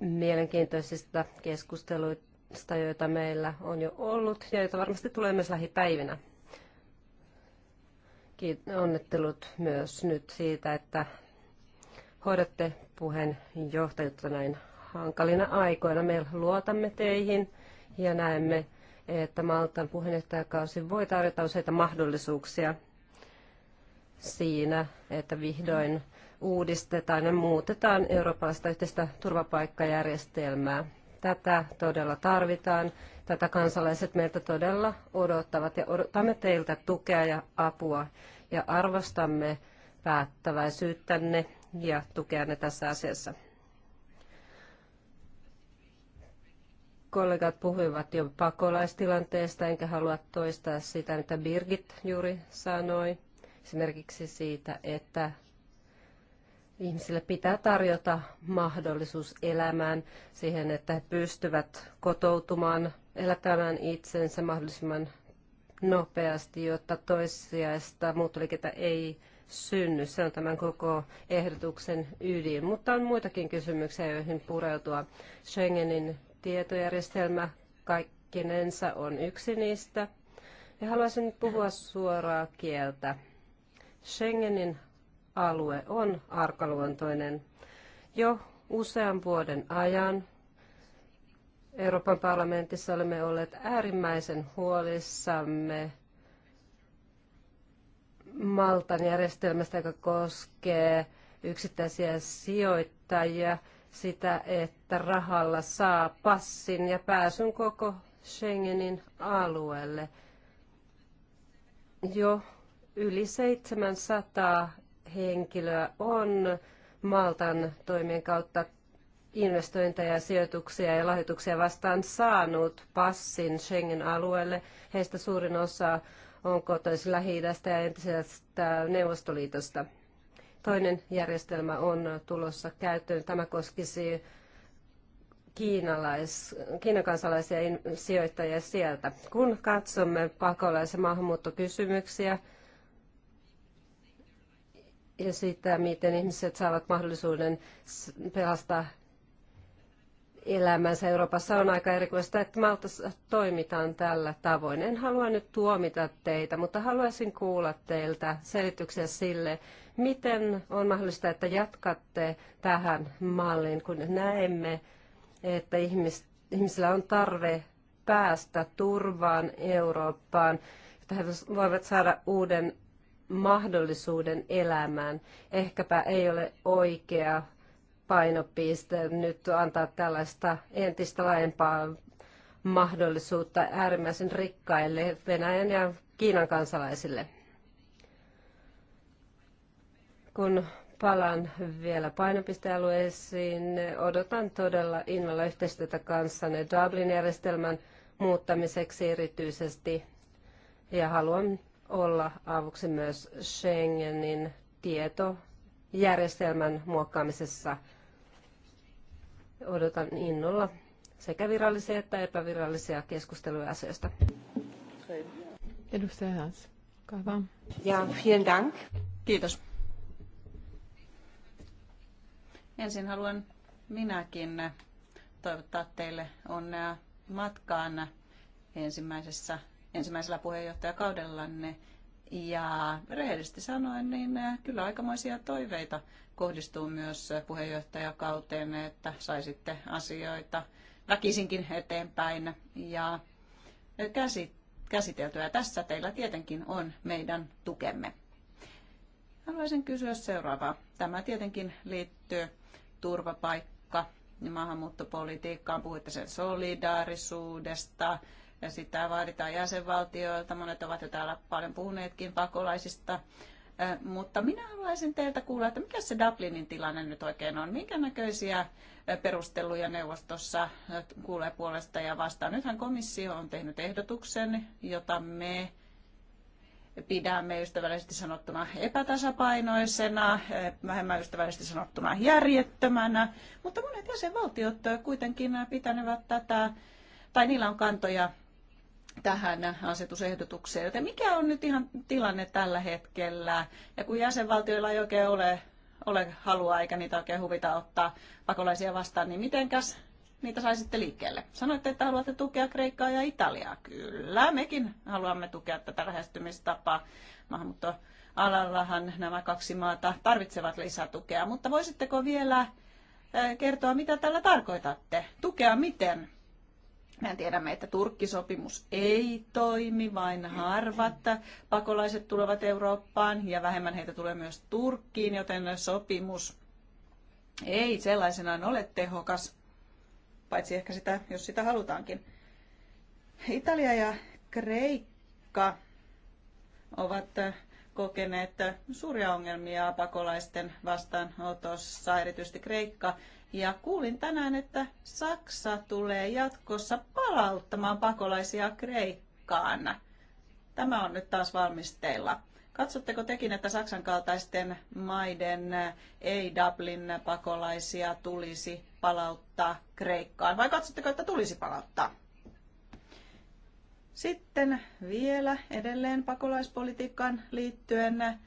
mielenkiintoisista keskusteluista, joita meillä on jo ollut ja joita varmasti tulee myös lähipäivinä. Kiit- onnittelut myös nyt siitä, että hoidatte puheenjohtajutta näin hankalina aikoina. Me luotamme teihin ja näemme, että Maltan puheenjohtajakausi voi tarjota useita mahdollisuuksia siinä, että vihdoin uudistetaan ja muutetaan eurooppalaista yhteistä turvapaikkajärjestelmää. Tätä todella tarvitaan. Tätä kansalaiset meiltä todella odottavat ja odotamme teiltä tukea ja apua ja arvostamme päättäväisyyttänne ja tukeanne tässä asiassa. kollegat puhuivat jo pakolaistilanteesta, enkä halua toistaa sitä, mitä Birgit juuri sanoi. Esimerkiksi siitä, että ihmisille pitää tarjota mahdollisuus elämään siihen, että he pystyvät kotoutumaan, elättämään itsensä mahdollisimman nopeasti, jotta toissijaista muuttoliikettä ei synny. Se on tämän koko ehdotuksen ydin. Mutta on muitakin kysymyksiä, joihin pureutua. Schengenin tietojärjestelmä kaikkinensa on yksi niistä. Ja haluaisin nyt puhua suoraa kieltä. Schengenin alue on arkaluontoinen. Jo usean vuoden ajan Euroopan parlamentissa olemme olleet äärimmäisen huolissamme Maltan järjestelmästä, joka koskee yksittäisiä sijoittajia – sitä, että rahalla saa passin ja pääsyn koko Schengenin alueelle. Jo yli 700 henkilöä on Maltan toimien kautta investointeja, sijoituksia ja lahjoituksia vastaan saanut passin Schengen-alueelle. Heistä suurin osa on kotoisin lähi ja entisestä Neuvostoliitosta. Toinen järjestelmä on tulossa käyttöön. Tämä koskisi kiinalais, Kiinan kansalaisia sijoittajia sieltä. Kun katsomme pakolais- ja maahanmuuttokysymyksiä ja sitä, miten ihmiset saavat mahdollisuuden pelastaa elämänsä Euroopassa on aika erikoista, että Maltassa toimitaan tällä tavoin. En halua nyt tuomita teitä, mutta haluaisin kuulla teiltä selityksiä sille, miten on mahdollista, että jatkatte tähän malliin, kun näemme, että ihmis, ihmisillä on tarve päästä turvaan Eurooppaan, että he voivat saada uuden mahdollisuuden elämään. Ehkäpä ei ole oikea painopiste nyt antaa tällaista entistä laajempaa mahdollisuutta äärimmäisen rikkaille Venäjän ja Kiinan kansalaisille. Kun palaan vielä painopistealueisiin, odotan todella innolla yhteistyötä kanssanne Dublin-järjestelmän muuttamiseksi erityisesti ja haluan olla avuksi myös Schengenin tietojärjestelmän muokkaamisessa – Odotan innolla sekä virallisia että epävirallisia keskusteluja asioista. Edustaja Hans, Ja vielen dank. Kiitos. Ensin haluan minäkin toivottaa teille onnea matkaan ensimmäisessä, ensimmäisellä puheenjohtajakaudellanne. Ja rehellisesti sanoen, niin kyllä aikamoisia toiveita kohdistuu myös puheenjohtajakauteemme, että saisitte asioita väkisinkin eteenpäin ja käsiteltyä. Ja tässä teillä tietenkin on meidän tukemme. Haluaisin kysyä seuraavaa. Tämä tietenkin liittyy turvapaikka- ja maahanmuuttopolitiikkaan. Puhuitte sen solidaarisuudesta, ja sitä vaaditaan jäsenvaltioilta. Monet ovat jo täällä paljon puhuneetkin pakolaisista, mutta minä haluaisin teiltä kuulla, että mikä se Dublinin tilanne nyt oikein on? Minkä näköisiä perusteluja neuvostossa kuulee puolesta ja vastaan? Nythän komissio on tehnyt ehdotuksen, jota me pidämme ystävällisesti sanottuna epätasapainoisena, vähemmän ystävällisesti sanottuna järjettömänä, mutta monet jäsenvaltiot kuitenkin pitänevät tätä, tai niillä on kantoja tähän asetusehdotukseen. Joten mikä on nyt ihan tilanne tällä hetkellä? Ja kun jäsenvaltioilla ei oikein ole, ole halua eikä niitä oikein huvita ottaa pakolaisia vastaan, niin mitenkäs niitä saisitte liikkeelle? Sanoitte, että haluatte tukea Kreikkaa ja Italiaa. Kyllä, mekin haluamme tukea tätä lähestymistapaa. Maahanmuuttoalallahan nämä kaksi maata tarvitsevat lisätukea, mutta voisitteko vielä eh, kertoa, mitä tällä tarkoitatte? Tukea miten? Me tiedämme, että Turkkisopimus ei toimi, vain harvat pakolaiset tulevat Eurooppaan ja vähemmän heitä tulee myös Turkkiin, joten sopimus ei sellaisenaan ole tehokas, paitsi ehkä sitä, jos sitä halutaankin. Italia ja Kreikka ovat kokeneet suuria ongelmia pakolaisten vastaanotossa, erityisesti Kreikka ja kuulin tänään, että Saksa tulee jatkossa palauttamaan pakolaisia Kreikkaan. Tämä on nyt taas valmisteilla. Katsotteko tekin, että Saksan kaltaisten maiden ei Dublin pakolaisia tulisi palauttaa Kreikkaan vai katsotteko, että tulisi palauttaa? Sitten vielä edelleen pakolaispolitiikkaan liittyen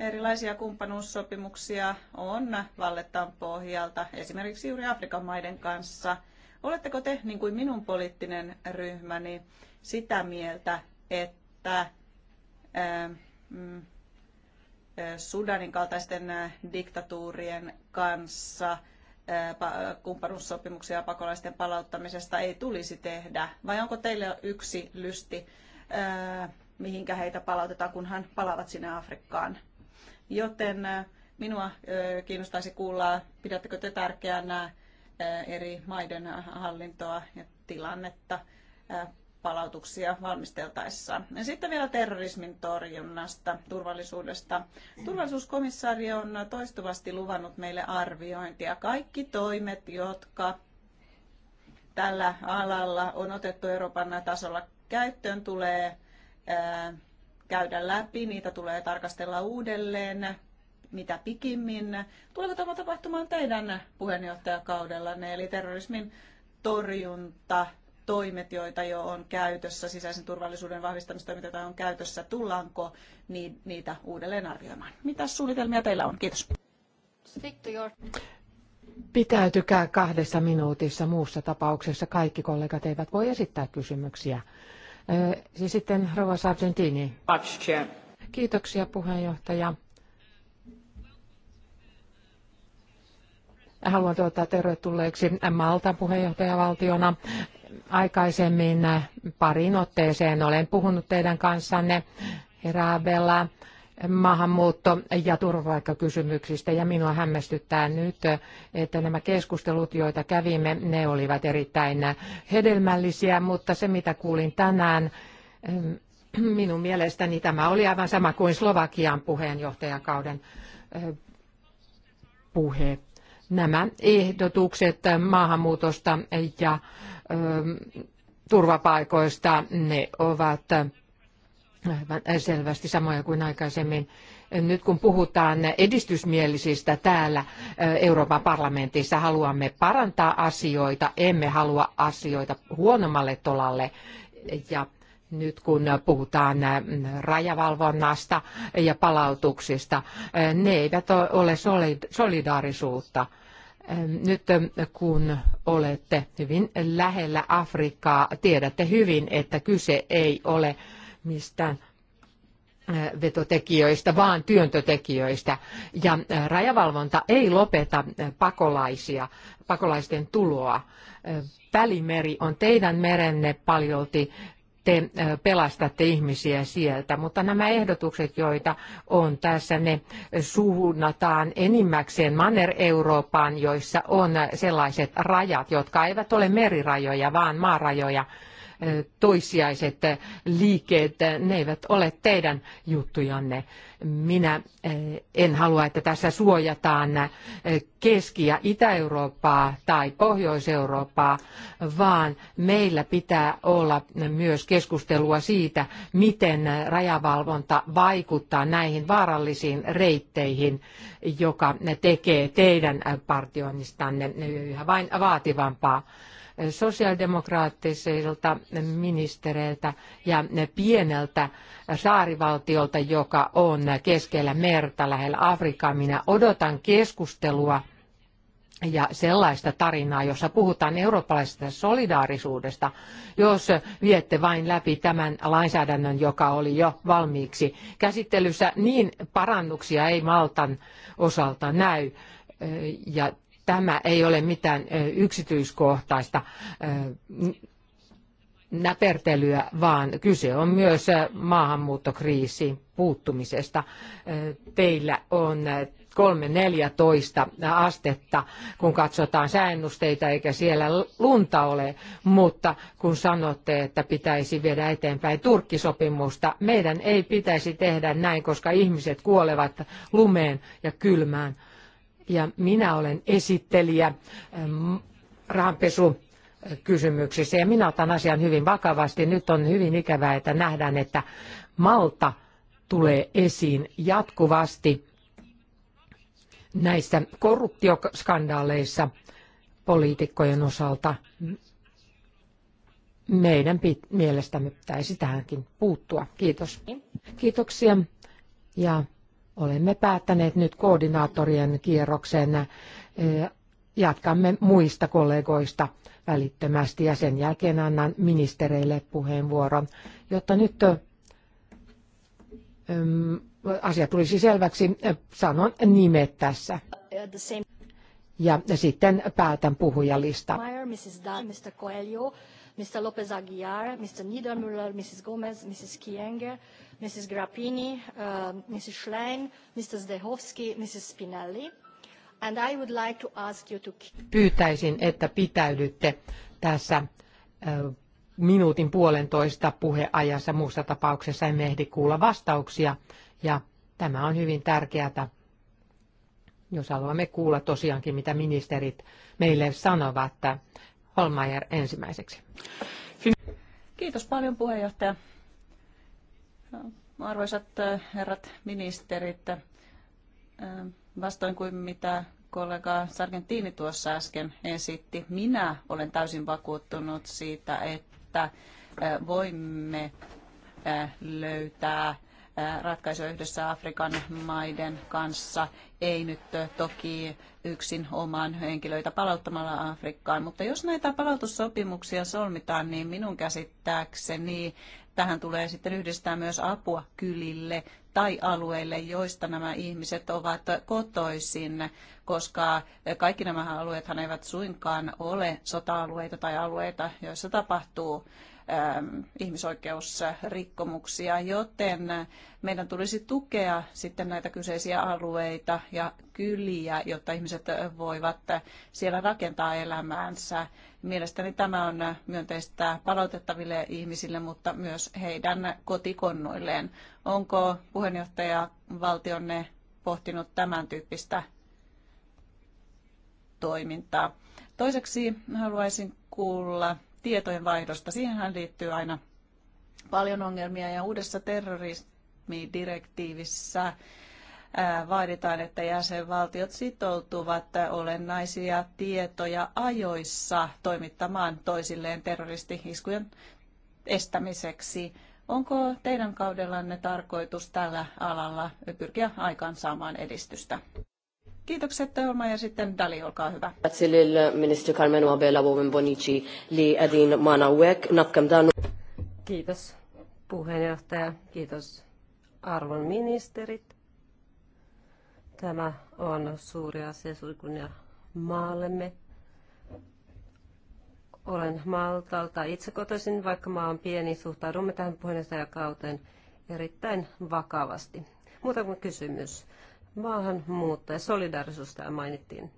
erilaisia kumppanuussopimuksia on Vallettan pohjalta, esimerkiksi juuri Afrikan maiden kanssa. Oletteko te, niin kuin minun poliittinen ryhmäni, sitä mieltä, että ää, ähm, mm, äh, Sudanin kaltaisten äh, diktatuurien kanssa äh, kumppanuussopimuksia pakolaisten palauttamisesta ei tulisi tehdä? Vai onko teillä yksi lysti, mihinkä heitä palautetaan, kunhan palaavat sinne Afrikkaan? Joten äh, minua äh, kiinnostaisi kuulla, pidättekö te tärkeänä äh, eri maiden hallintoa ja tilannetta palautuksia valmisteltaessa. Ja sitten vielä terrorismin torjunnasta, turvallisuudesta. Turvallisuuskomissaari on toistuvasti luvannut meille arviointia. Kaikki toimet, jotka tällä alalla on otettu Euroopan tasolla käyttöön, tulee käydä läpi, niitä tulee tarkastella uudelleen mitä pikimmin. Tuleeko tämä tapahtumaan teidän puheenjohtajakaudellanne, eli terrorismin torjunta, toimet, joita jo on käytössä, sisäisen turvallisuuden vahvistamistoimet, joita on käytössä, tullaanko niitä uudelleen arvioimaan? Mitä suunnitelmia teillä on? Kiitos. Pitäytykää kahdessa minuutissa. Muussa tapauksessa kaikki kollegat eivät voi esittää kysymyksiä. Ja sitten Rova Sargentini. Kiitoksia puheenjohtaja. Haluan tuottaa tervetulleeksi Maltan puheenjohtajavaltiona. Aikaisemmin pariin otteeseen olen puhunut teidän kanssanne, herra Abella maahanmuutto- ja turvapaikkakysymyksistä. Ja minua hämmästyttää nyt, että nämä keskustelut, joita kävimme, ne olivat erittäin hedelmällisiä, mutta se mitä kuulin tänään, minun mielestäni tämä oli aivan sama kuin Slovakian puheenjohtajakauden puhe. Nämä ehdotukset maahanmuutosta ja turvapaikoista, ne ovat aivan äh, selvästi samoja kuin aikaisemmin. Nyt kun puhutaan edistysmielisistä täällä äh, Euroopan parlamentissa, haluamme parantaa asioita, emme halua asioita huonommalle tolalle. Ja nyt kun puhutaan äh, rajavalvonnasta ja palautuksista, ne eivät ole solidaarisuutta. Ähm, nyt kun olette hyvin lähellä Afrikkaa, tiedätte hyvin, että kyse ei ole mistään äh, vetotekijöistä, vaan työntötekijöistä. Ja äh, rajavalvonta ei lopeta äh, pakolaisia, pakolaisten tuloa. Välimeri on teidän merenne paljolti, te pelastatte ihmisiä sieltä, mutta nämä ehdotukset, joita on tässä, ne suunnataan enimmäkseen Manner-Eurooppaan, joissa on sellaiset rajat, jotka eivät ole merirajoja, vaan maarajoja toissijaiset liikkeet, ne eivät ole teidän juttujanne. Minä en halua, että tässä suojataan Keski- ja Itä-Eurooppaa tai Pohjois-Eurooppaa, vaan meillä pitää olla myös keskustelua siitä, miten rajavalvonta vaikuttaa näihin vaarallisiin reitteihin, joka tekee teidän partioinnistanne yhä vain vaativampaa sosiaalidemokraattisilta ministereiltä ja pieneltä saarivaltiolta, joka on keskellä merta lähellä Afrikaa. Minä odotan keskustelua ja sellaista tarinaa, jossa puhutaan eurooppalaisesta solidaarisuudesta, jos viette vain läpi tämän lainsäädännön, joka oli jo valmiiksi käsittelyssä, niin parannuksia ei Maltan osalta näy. Ja Tämä ei ole mitään yksityiskohtaista näpertelyä, vaan kyse on myös maahanmuuttokriisiin puuttumisesta. Teillä on 3-14 astetta, kun katsotaan säännusteita, eikä siellä lunta ole, mutta kun sanotte, että pitäisi viedä eteenpäin turkkisopimusta, meidän ei pitäisi tehdä näin, koska ihmiset kuolevat lumeen ja kylmään ja minä olen esittelijä ähm, rahanpesukysymyksissä äh, kysymyksissä ja minä otan asian hyvin vakavasti. Nyt on hyvin ikävää, että nähdään, että Malta tulee esiin jatkuvasti näissä korruptioskandaaleissa poliitikkojen osalta. Meidän pit- mielestämme pitäisi tähänkin puuttua. Kiitos. Kiitoksia. Ja Olemme päättäneet nyt koordinaattorien kierroksen. Jatkamme muista kollegoista välittömästi ja sen jälkeen annan ministereille puheenvuoron, jotta nyt asia tulisi selväksi. Sanon nimet tässä. Ja sitten päätän puhujalista. Mr. Lopez Aguiar, Mr. Niedermüller, Mrs. Gomez, Mrs. Kienger, Mrs. Grappini, uh, Mrs. Schlein, Mr. Zdehovski, Mrs. Spinelli. And I would like to ask you to... Pyytäisin, että pitäydytte tässä uh, minuutin puolentoista puheajassa. Muussa tapauksessa emme ehdi kuulla vastauksia. Ja tämä on hyvin tärkeää, jos haluamme kuulla tosiaankin, mitä ministerit meille sanovat. Holmeier ensimmäiseksi. Kiitos paljon puheenjohtaja. Arvoisat äh, herrat ministerit, äh, vastoin kuin mitä kollega Sargentini tuossa äsken esitti, minä olen täysin vakuuttunut siitä, että äh, voimme löytää ratkaisu yhdessä Afrikan maiden kanssa. Ei nyt toki yksin oman henkilöitä palauttamalla Afrikkaan, mutta jos näitä palautussopimuksia solmitaan, niin minun käsittääkseni Tähän tulee sitten yhdistää myös apua kylille tai alueille, joista nämä ihmiset ovat kotoisin, koska kaikki nämä alueethan eivät suinkaan ole sota-alueita tai alueita, joissa tapahtuu Ähm, ihmisoikeusrikkomuksia, joten meidän tulisi tukea sitten näitä kyseisiä alueita ja kyliä, jotta ihmiset voivat siellä rakentaa elämäänsä. Mielestäni tämä on myönteistä palautettaville ihmisille, mutta myös heidän kotikonnoilleen. Onko puheenjohtaja valtionne pohtinut tämän tyyppistä toimintaa? Toiseksi haluaisin kuulla tietojen vaihdosta. Siihenhän liittyy aina paljon ongelmia ja uudessa terrorismidirektiivissä vaaditaan, että jäsenvaltiot sitoutuvat olennaisia tietoja ajoissa toimittamaan toisilleen terroristihiskujen estämiseksi. Onko teidän kaudellanne tarkoitus tällä alalla pyrkiä saamaan edistystä? Kiitokset Tölma ja sitten Dali, olkaa hyvä. ministeri Carmen Abela li Kiitos puheenjohtaja, kiitos arvon ministerit. Tämä on suuri asia suikunnia maallemme. Olen Maltalta itse kotoisin, vaikka maa on pieni, suhtaudumme tähän puheenjohtajakauteen erittäin vakavasti. kuin kysymys maahanmuuttaja, solidarisuus tämä mainittiin.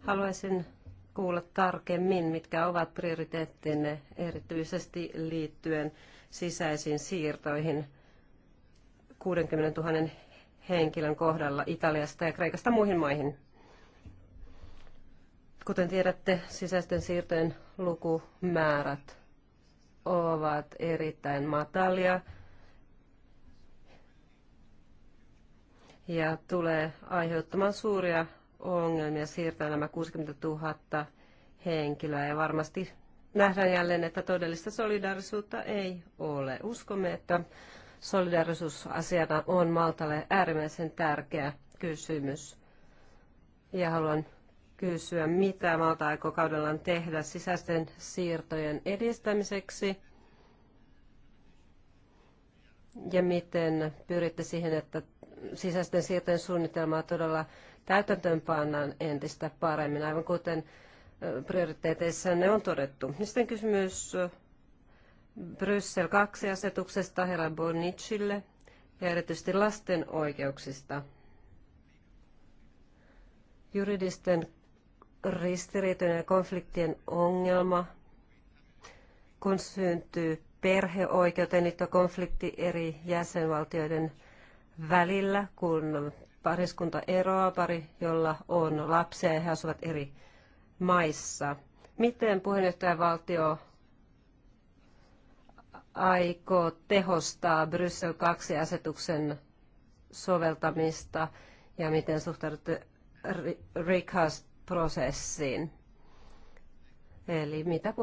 Haluaisin kuulla tarkemmin, mitkä ovat prioriteettinne erityisesti liittyen sisäisiin siirtoihin 60 000 henkilön kohdalla Italiasta ja Kreikasta muihin maihin. Kuten tiedätte, sisäisten siirtojen lukumäärät ovat erittäin matalia – ja tulee aiheuttamaan suuria ongelmia siirtää nämä 60 000 henkilöä ja varmasti nähdään jälleen, että todellista solidaarisuutta ei ole. Uskomme, että solidarisuusasiana on Maltalle äärimmäisen tärkeä kysymys. Ja haluan kysyä, mitä Malta aikoo kaudellaan tehdä sisäisten siirtojen edistämiseksi ja miten pyritte siihen, että sisäisten siirtojen suunnitelmaa todella täytäntöön pannaan entistä paremmin, aivan kuten prioriteeteissa ne on todettu. Sitten kysymys Bryssel 2-asetuksesta herra Bonicille ja erityisesti lasten oikeuksista. Juridisten ristiriitojen ja konfliktien ongelma, kun syntyy perheoikeuteen liittyvä konflikti eri jäsenvaltioiden välillä, kun pariskunta eroaa, pari, jolla on lapsia ja he asuvat eri maissa. Miten puheenjohtajavaltio aikoo tehostaa Bryssel 2-asetuksen soveltamista ja miten suhtaudutte recast-prosessiin? Eli mitä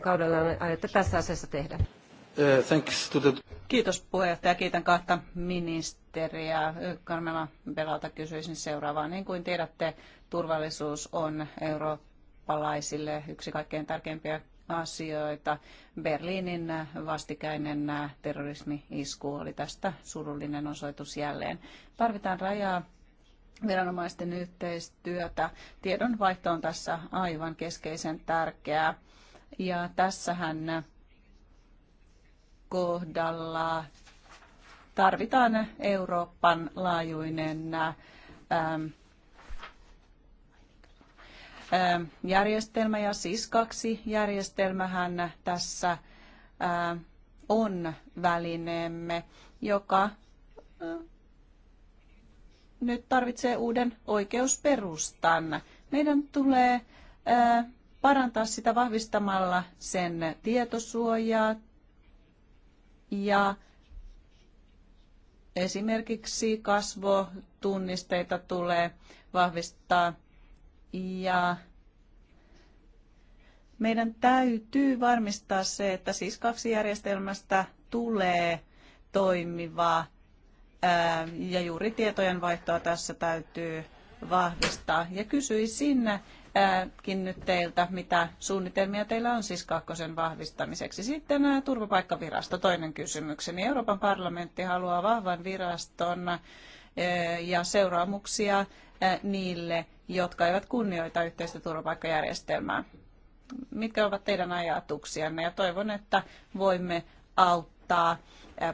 kaudella aiotte tässä asiassa tehdä? Uh, thanks to the... Kiitos puheenjohtaja. Kiitän kahta ministeriä. Karmela Belalta kysyisin seuraavaa. Niin kuin tiedätte, turvallisuus on eurooppalaisille yksi kaikkein tärkeimpiä asioita. Berliinin vastikäinen terrorismi-isku oli tästä surullinen osoitus jälleen. Tarvitaan rajaa viranomaisten yhteistyötä. Tiedonvaihto on tässä aivan keskeisen tärkeää. Ja tässähän kohdalla tarvitaan Euroopan laajuinen ähm, ähm, järjestelmä ja siis kaksi järjestelmähän tässä äh, on välineemme, joka äh, nyt tarvitsee uuden oikeusperustan. Meidän tulee parantaa sitä vahvistamalla sen tietosuojaa ja esimerkiksi kasvotunnisteita tulee vahvistaa ja meidän täytyy varmistaa se, että siis kaksi järjestelmästä tulee toimivaa ja juuri tietojen vaihtoa tässä täytyy vahvistaa. Ja kysyisin kin nyt teiltä, mitä suunnitelmia teillä on siis kakkosen vahvistamiseksi. Sitten turvapaikkavirasto, toinen kysymykseni. Euroopan parlamentti haluaa vahvan viraston ja seuraamuksia niille, jotka eivät kunnioita yhteistä turvapaikkajärjestelmää. Mitkä ovat teidän ajatuksianne ja toivon, että voimme auttaa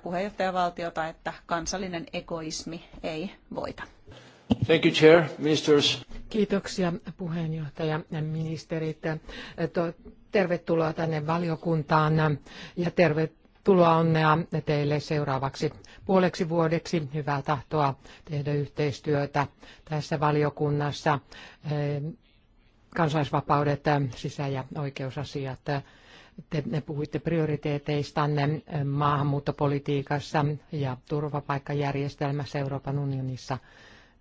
puheenjohtajavaltiota, että kansallinen egoismi ei voita. Thank you, Chair. Ministers. Kiitoksia puheenjohtaja ja ministerit. Tervetuloa tänne valiokuntaan ja tervetuloa onnea teille seuraavaksi puoleksi vuodeksi. Hyvää tahtoa tehdä yhteistyötä tässä valiokunnassa. Kansalaisvapaudet, sisä- ja oikeusasiat te puhuitte prioriteeteistanne eh, maahanmuuttopolitiikassa ja turvapaikkajärjestelmässä Euroopan unionissa.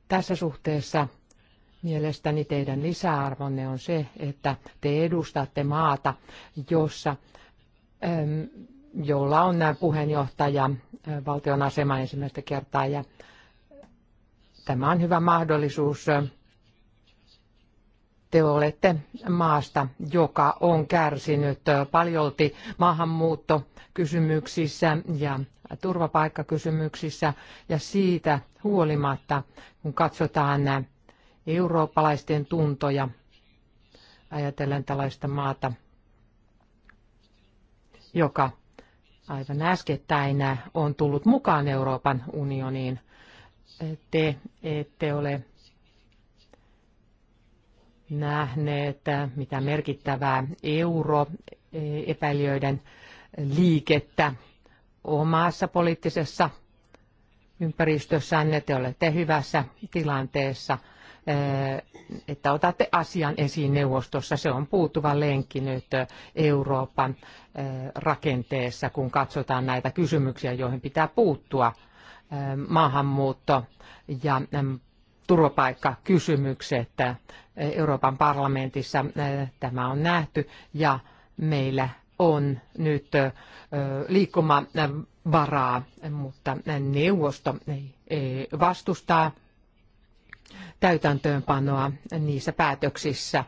Tässä suhteessa mielestäni teidän lisäarvonne on se, että te edustatte maata, jossa jolla on nämä puheenjohtaja eh, valtion asema ensimmäistä kertaa ja tämä on hyvä mahdollisuus eh, te olette maasta, joka on kärsinyt paljolti maahanmuuttokysymyksissä ja turvapaikkakysymyksissä ja siitä huolimatta, kun katsotaan eurooppalaisten tuntoja, ajatellen tällaista maata, joka aivan äskettäin on tullut mukaan Euroopan unioniin. Te ette ole nähneet, mitä merkittävää euroepäilijöiden e, liikettä omassa poliittisessa ympäristössänne. Te olette hyvässä tilanteessa, e, että otatte asian esiin neuvostossa. Se on puuttuva lenkki nyt Euroopan e, rakenteessa, kun katsotaan näitä kysymyksiä, joihin pitää puuttua. Maahanmuutto ja mm, turvapaikkakysymykset Euroopan parlamentissa tämä on nähty ja meillä on nyt liikkumavaraa, mutta neuvosto vastustaa täytäntöönpanoa niissä päätöksissä,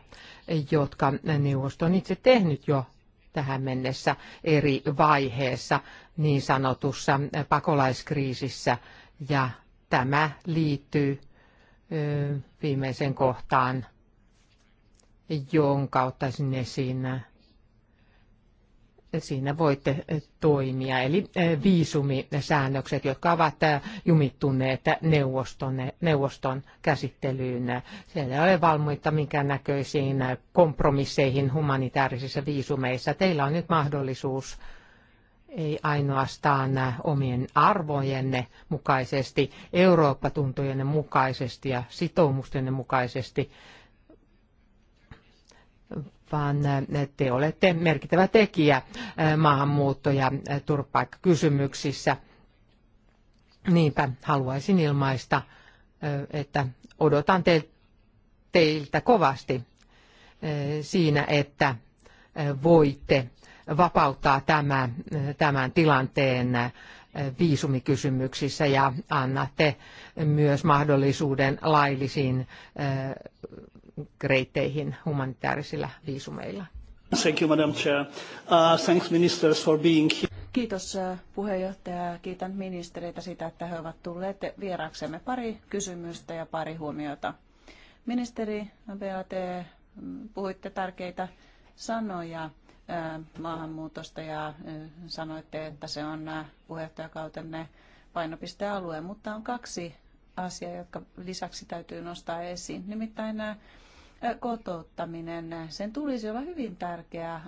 jotka neuvosto on itse tehnyt jo tähän mennessä eri vaiheessa niin sanotussa pakolaiskriisissä. Ja tämä liittyy viimeisen kohtaan jonka ottaisin esiin. Siinä voitte toimia, eli eh, viisumisäännökset, jotka ovat eh, jumittuneet neuvoston, neuvoston käsittelyyn. Siellä ei ole valmiita minkään näköisiin kompromisseihin humanitaarisissa viisumeissa. Teillä on nyt mahdollisuus ei ainoastaan omien arvojenne mukaisesti, Eurooppa-tuntojenne mukaisesti ja sitoumustenne mukaisesti vaan eh, te olette merkittävä tekijä eh, maahanmuutto- ja eh, turvapaikkakysymyksissä. Niinpä haluaisin ilmaista, että odotan teiltä kovasti siinä, että voitte vapauttaa tämän, tämän tilanteen viisumikysymyksissä ja annatte myös mahdollisuuden laillisiin greiteihin humanitaarisilla viisumeilla. Thank you, Madam Chair. Uh, thanks ministers for being here. Kiitos uh, puheenjohtaja. Kiitän ministereitä siitä, että he ovat tulleet vieraaksemme pari kysymystä ja pari huomiota. Ministeri Beate, mm, puhuitte tärkeitä sanoja uh, maahanmuutosta ja uh, sanoitte, että se on puheenjohtajakautenne painopistealue, mutta on kaksi asiaa, jotka lisäksi täytyy nostaa esiin. Nimittäin kotouttaminen, sen tulisi olla hyvin tärkeä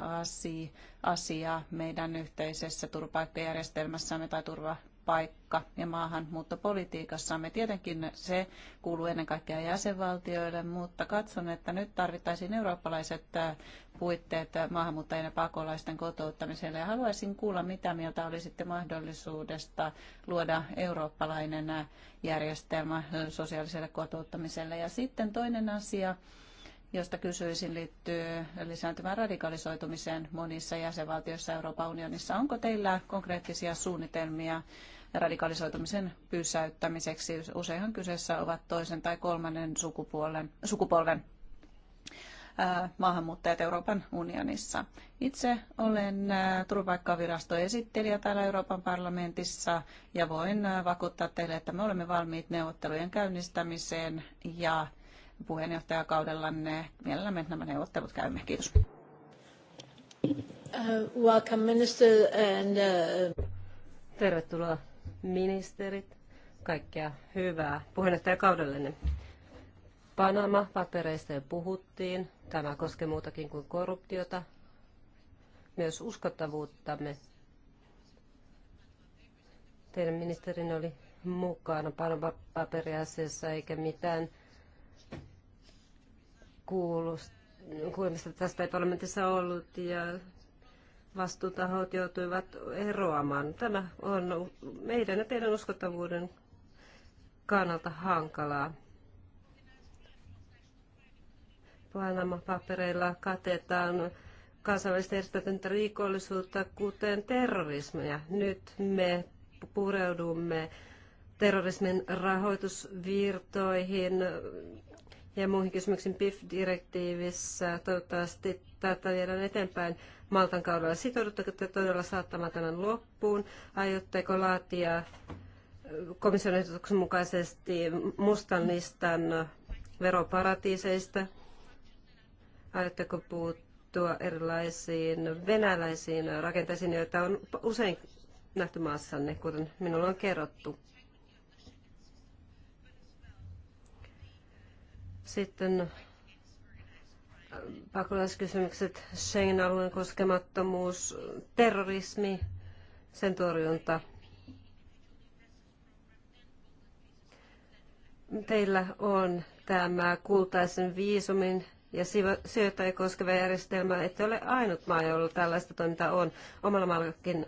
asia, meidän yhteisessä turvapaikkajärjestelmässämme tai turvapaikka- ja maahanmuuttopolitiikassamme. Tietenkin se kuuluu ennen kaikkea jäsenvaltioille, mutta katson, että nyt tarvittaisiin eurooppalaiset äh, puitteet maahanmuuttajien ja pakolaisten kotouttamiselle. Ja haluaisin kuulla, mitä mieltä olisitte mahdollisuudesta luoda eurooppalainen äh, järjestelmä äh, sosiaaliselle kotouttamiselle. Ja sitten toinen asia, josta kysyisin, liittyy lisääntymään radikalisoitumiseen monissa jäsenvaltioissa Euroopan unionissa. Onko teillä konkreettisia suunnitelmia radikalisoitumisen pysäyttämiseksi? Useinhan kyseessä ovat toisen tai kolmannen sukupuolen, sukupolven maahanmuuttajat Euroopan unionissa. Itse olen turvapaikkaviraston esittelijä täällä Euroopan parlamentissa ja voin vakuuttaa teille, että me olemme valmiit neuvottelujen käynnistämiseen ja puheenjohtajakaudellanne. Mielellämme nämä neuvottelut käymme. Kiitos. Uh, welcome minister and, uh... Tervetuloa ministerit. Kaikkea hyvää puheenjohtajakaudellenne. Panama-papereista jo puhuttiin. Tämä koskee muutakin kuin korruptiota, myös uskottavuuttamme. Teidän ministerin oli mukana Panama-paperiasiassa eikä mitään kuulemista tästä ei parlamentissa ollut ja vastuutahot joutuivat eroamaan. Tämä on meidän ja teidän uskottavuuden kannalta hankalaa. Panama-papereilla katetaan kansainvälistä järjestäytyntä rikollisuutta, kuten terrorismia. Nyt me pureudumme terrorismin rahoitusvirtoihin, ja muihin kysymyksiin PIF-direktiivissä. Toivottavasti tätä viedään eteenpäin Maltan kaudella. Sitoudutteko te todella saattamaan tämän loppuun? Aiotteko laatia komission ehdotuksen mukaisesti mustan listan veroparatiiseista? Aiotteko puuttua erilaisiin venäläisiin rakenteisiin, joita on usein nähty maassanne, kuten minulla on kerrottu? Sitten äh, pakolaiskysymykset, Schengen-alueen koskemattomuus, terrorismi, sen torjunta. Teillä on tämä kultaisen viisumin ja sijoittajia koskeva järjestelmä, että ole ainut maa, jolla tällaista toimintaa on. Omalla maallakin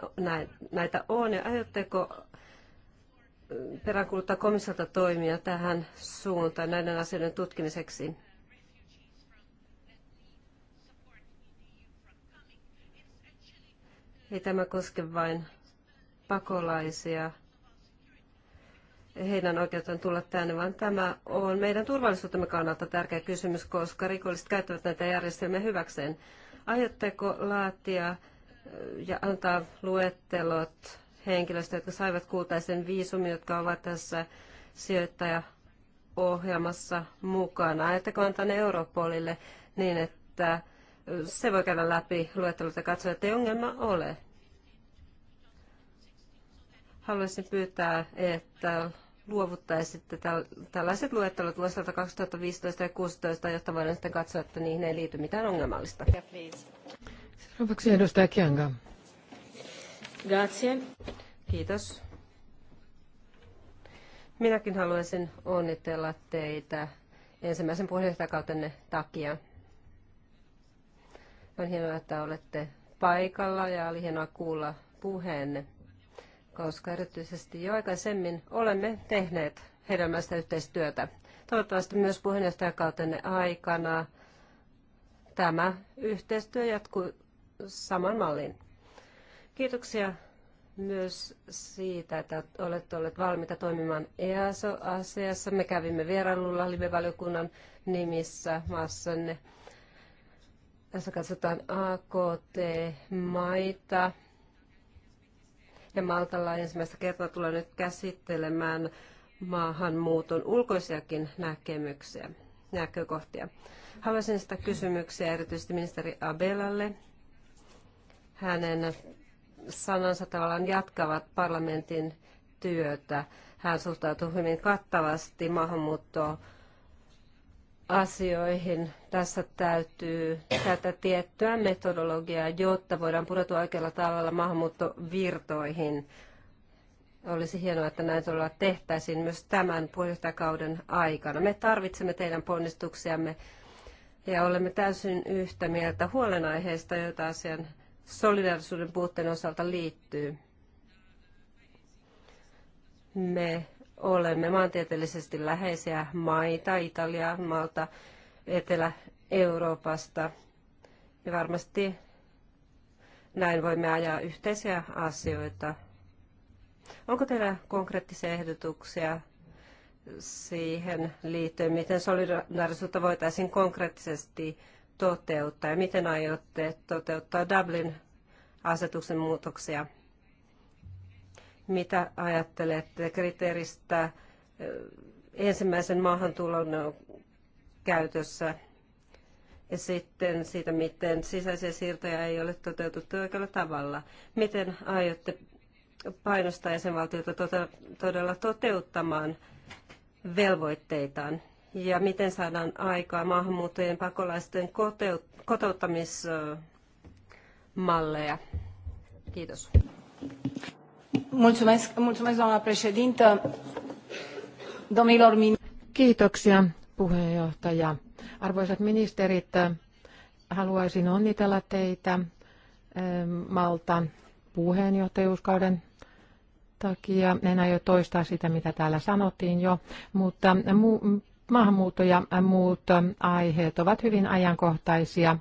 näitä on. Ja aiotteko peräänkuuluttaa komissiolta toimia tähän suuntaan näiden asioiden tutkimiseksi. Ei tämä koske vain pakolaisia, heidän oikeutensa tulla tänne, vaan tämä on meidän turvallisuutemme kannalta tärkeä kysymys, koska rikolliset käyttävät näitä järjestelmiä hyväkseen. Aiotteko laatia ja antaa luettelot henkilöistä, jotka saivat kultaisen viisumin, jotka ovat tässä sijoittajaohjelmassa mukana. Ajatteko antaa ne Europolille niin, että se voi käydä läpi luettelot ja katsoa, että ei ongelma ole. Haluaisin pyytää, että luovuttaisitte tällaiset luettelut vuosilta 2015 ja 2016, jotta voidaan sitten katsoa, että niihin ei liity mitään ongelmallista. Seuraavaksi edustaja Kianga. Grazie. Kiitos. Minäkin haluaisin onnitella teitä ensimmäisen puheenjohtajakautenne takia. On hienoa, että olette paikalla ja oli hienoa kuulla puheenne, koska erityisesti jo aikaisemmin olemme tehneet hedelmällistä yhteistyötä. Toivottavasti myös puheenjohtajakautenne aikana tämä yhteistyö jatkuu saman mallin. Kiitoksia myös siitä, että olette olleet valmiita toimimaan EASO-asiassa. Me kävimme vierailulla live-valiokunnan nimissä maassanne. Tässä katsotaan AKT-maita. Ja Maltalla ensimmäistä kertaa tulee nyt käsittelemään maahanmuuton ulkoisiakin näkemyksiä, näkökohtia. Haluaisin sitä kysymyksiä erityisesti ministeri Abelalle hänen sanansa tavallaan jatkavat parlamentin työtä. Hän suhtautuu hyvin kattavasti maahanmuuttoon asioihin. Tässä täytyy tätä tiettyä metodologiaa, jotta voidaan pudotua oikealla tavalla maahanmuuttovirtoihin. Olisi hienoa, että näin todella tehtäisiin myös tämän puheenjohtajakauden aikana. Me tarvitsemme teidän ponnistuksiamme ja olemme täysin yhtä mieltä huolenaiheista, joita asian solidaarisuuden puutteen osalta liittyy. Me olemme maantieteellisesti läheisiä maita, Italia, Malta, Etelä-Euroopasta. Ja varmasti näin voimme ajaa yhteisiä asioita. Onko teillä konkreettisia ehdotuksia siihen liittyen, miten solidaarisuutta voitaisiin konkreettisesti toteuttaa ja miten aiotte toteuttaa Dublin-asetuksen muutoksia? Mitä ajattelette kriteeristä ensimmäisen maahantulon käytössä ja sitten siitä, miten sisäisiä siirtoja ei ole toteutettu oikealla tavalla. Miten aiotte painostaa jäsenvaltiota tota- todella toteuttamaan velvoitteitaan? ja miten saadaan aikaa maahanmuuttajien pakolaisten kotouttamismalleja. Kiitos. Mulțumesc, mulțumesc doamna președintă. Domnilor Kiitoksia puheenjohtaja. Arvoisat ministerit, haluaisin onnitella teitä ähm, Maltan puheenjohtajuuskauden takia. En aio toistaa sitä, mitä täällä sanottiin jo, mutta maahanmuutto ja muut aiheet ovat hyvin ajankohtaisia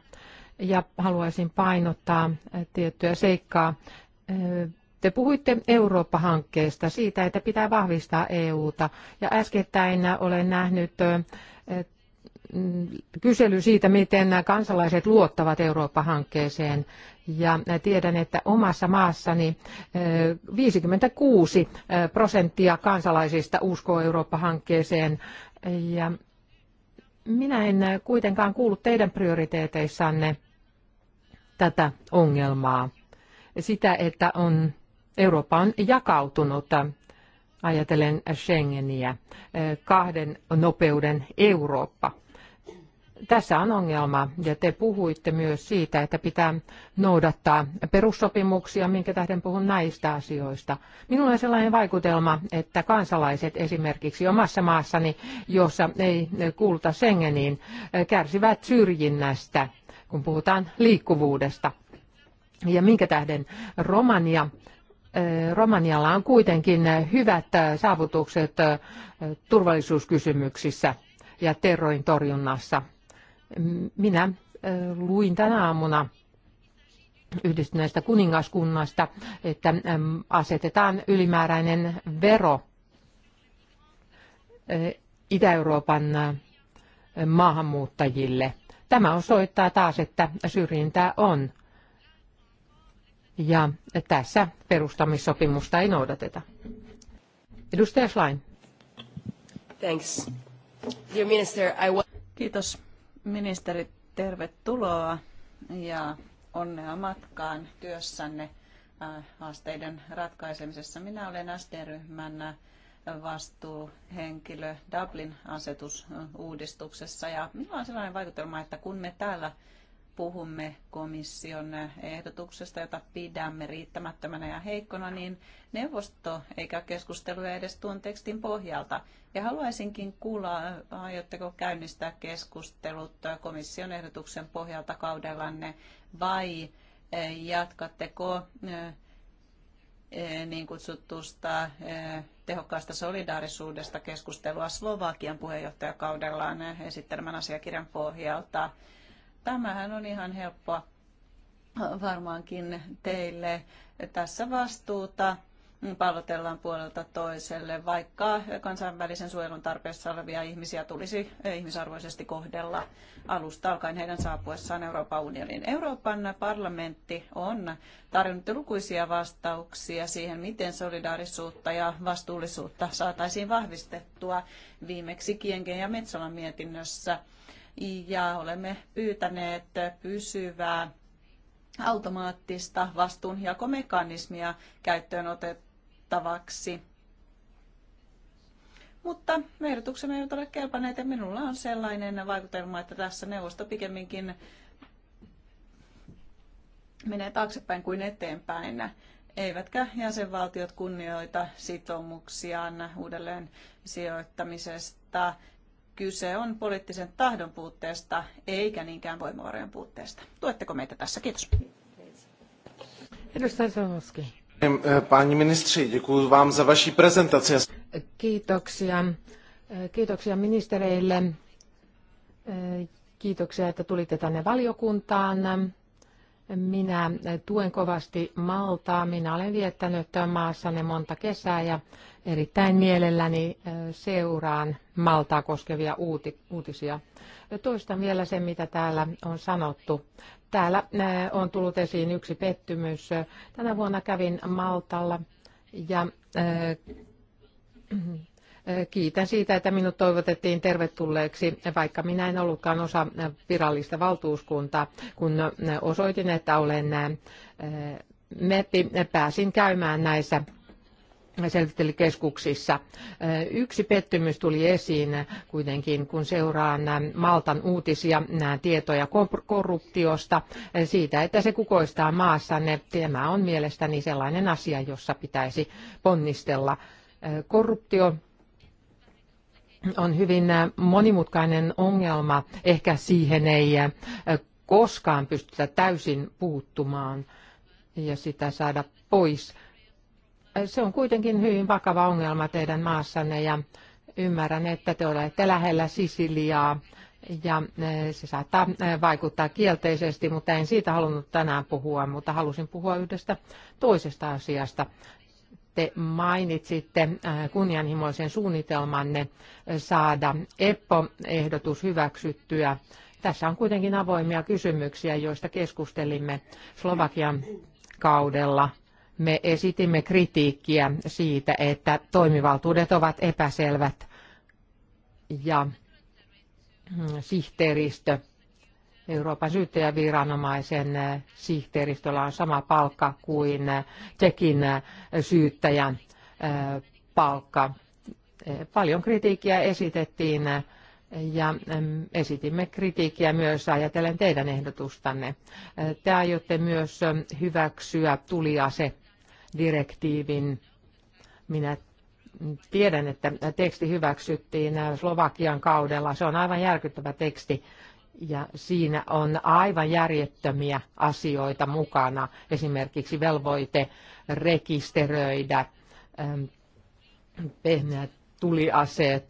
ja haluaisin painottaa tiettyä seikkaa. Te puhuitte Eurooppa-hankkeesta siitä, että pitää vahvistaa EUta. Ja äskettäin olen nähnyt eh, kysely siitä, miten kansalaiset luottavat Eurooppa-hankkeeseen. Ja tiedän, että omassa maassani 56 eh, eh, prosenttia kansalaisista uskoo Eurooppa-hankkeeseen ja minä en kuitenkaan kuullut teidän prioriteeteissanne tätä ongelmaa. Sitä, että on, Eurooppa on jakautunut ajatellen Schengeniä, kahden nopeuden Eurooppa tässä on ongelma, ja te puhuitte myös siitä, että pitää noudattaa perussopimuksia, minkä tähden puhun näistä asioista. Minulla on sellainen vaikutelma, että kansalaiset esimerkiksi omassa maassani, jossa ei kuuluta Schengeniin, kärsivät syrjinnästä, kun puhutaan liikkuvuudesta. Ja minkä tähden Romania eh, Romanialla on kuitenkin hyvät saavutukset eh, turvallisuuskysymyksissä ja terrorin torjunnassa. Minä äh, luin tänä aamuna yhdistyneestä kuningaskunnasta, että asetetaan ylimääräinen vero äh, Itä-Euroopan äh, maahanmuuttajille. Tämä osoittaa taas, että syrjintää on. Ja tässä perustamissopimusta ei noudateta. Edustaja Schlein. Thanks. Dear minister, I Kiitos. Ministeri, tervetuloa ja onnea matkaan työssänne äh, haasteiden ratkaisemisessa. Minä olen SD-ryhmän vastuuhenkilö Dublin-asetusuudistuksessa ja minulla on sellainen vaikutelma, että kun me täällä puhumme komission ehdotuksesta, jota pidämme riittämättömänä ja heikkona, niin neuvosto ei käy keskusteluja edes tuon tekstin pohjalta. Ja haluaisinkin kuulla, aiotteko käynnistää keskustelut komission ehdotuksen pohjalta kaudellanne vai e, jatkatteko e, e, niin kutsutusta tehokkaasta solidaarisuudesta keskustelua Slovakian puheenjohtajakaudellaan esittelemän asiakirjan pohjalta. Tämähän on ihan helppoa varmaankin teille. Tässä vastuuta pallotellaan puolelta toiselle, vaikka kansainvälisen suojelun tarpeessa olevia ihmisiä tulisi ihmisarvoisesti kohdella alusta alkaen heidän saapuessaan Euroopan unionin Euroopan parlamentti on tarjonnut lukuisia vastauksia siihen, miten solidaarisuutta ja vastuullisuutta saataisiin vahvistettua viimeksi Kienken ja Metsolan mietinnössä – ja olemme pyytäneet pysyvää automaattista vastuunjakomekanismia käyttöön otettavaksi. Mutta ehdotuksemme eivät ole kelpaneet ja minulla on sellainen vaikutelma, että tässä neuvosto pikemminkin menee taaksepäin kuin eteenpäin. Eivätkä jäsenvaltiot kunnioita sitoumuksiaan uudelleen sijoittamisesta kyse on poliittisen tahdon puutteesta eikä niinkään voimavarojen puutteesta. Tuetteko meitä tässä? Kiitos. Edustaja Savoski. Pani ministeri, vám za vaši Kiitoksia. Kiitoksia ministereille. Kiitoksia, että tulitte tänne valiokuntaan. Minä tuen kovasti Maltaa. Minä olen viettänyt maassanne monta kesää ja Erittäin mielelläni seuraan Maltaa koskevia uutisia. Toistan vielä sen, mitä täällä on sanottu. Täällä on tullut esiin yksi pettymys. Tänä vuonna kävin Maltalla ja kiitän siitä, että minut toivotettiin tervetulleeksi, vaikka minä en ollutkaan osa virallista valtuuskuntaa, kun osoitin, että olen MEPI, pääsin käymään näissä selvittelykeskuksissa. Yksi pettymys tuli esiin kuitenkin, kun seuraan Maltan uutisia, nämä tietoja korruptiosta, siitä, että se kukoistaa maassa Tämä on mielestäni sellainen asia, jossa pitäisi ponnistella. Korruptio on hyvin monimutkainen ongelma. Ehkä siihen ei koskaan pystytä täysin puuttumaan ja sitä saada pois se on kuitenkin hyvin vakava ongelma teidän maassanne ja ymmärrän, että te olette lähellä Sisiliaa ja eh, se saattaa eh, vaikuttaa kielteisesti, mutta en siitä halunnut tänään puhua, mutta halusin puhua yhdestä toisesta asiasta. Te mainitsitte eh, kunnianhimoisen suunnitelmanne saada EPPO-ehdotus hyväksyttyä. Tässä on kuitenkin avoimia kysymyksiä, joista keskustelimme Slovakian kaudella me esitimme kritiikkiä siitä, että toimivaltuudet ovat epäselvät ja mm, sihteeristö, Euroopan syyttäjäviranomaisen äh, sihteeristöllä on sama palkka kuin äh, Tekin äh, syyttäjän palkka. Paljon kritiikkiä esitettiin ja esitimme kritiikkiä myös ajatellen teidän ehdotustanne. Te aiotte myös hyväksyä tuliase direktiivin. Minä tiedän, että teksti hyväksyttiin Slovakian kaudella. Se on aivan järkyttävä teksti. Ja siinä on aivan järjettömiä asioita mukana, esimerkiksi velvoite rekisteröidä ähm, pehmeät tuliaseet.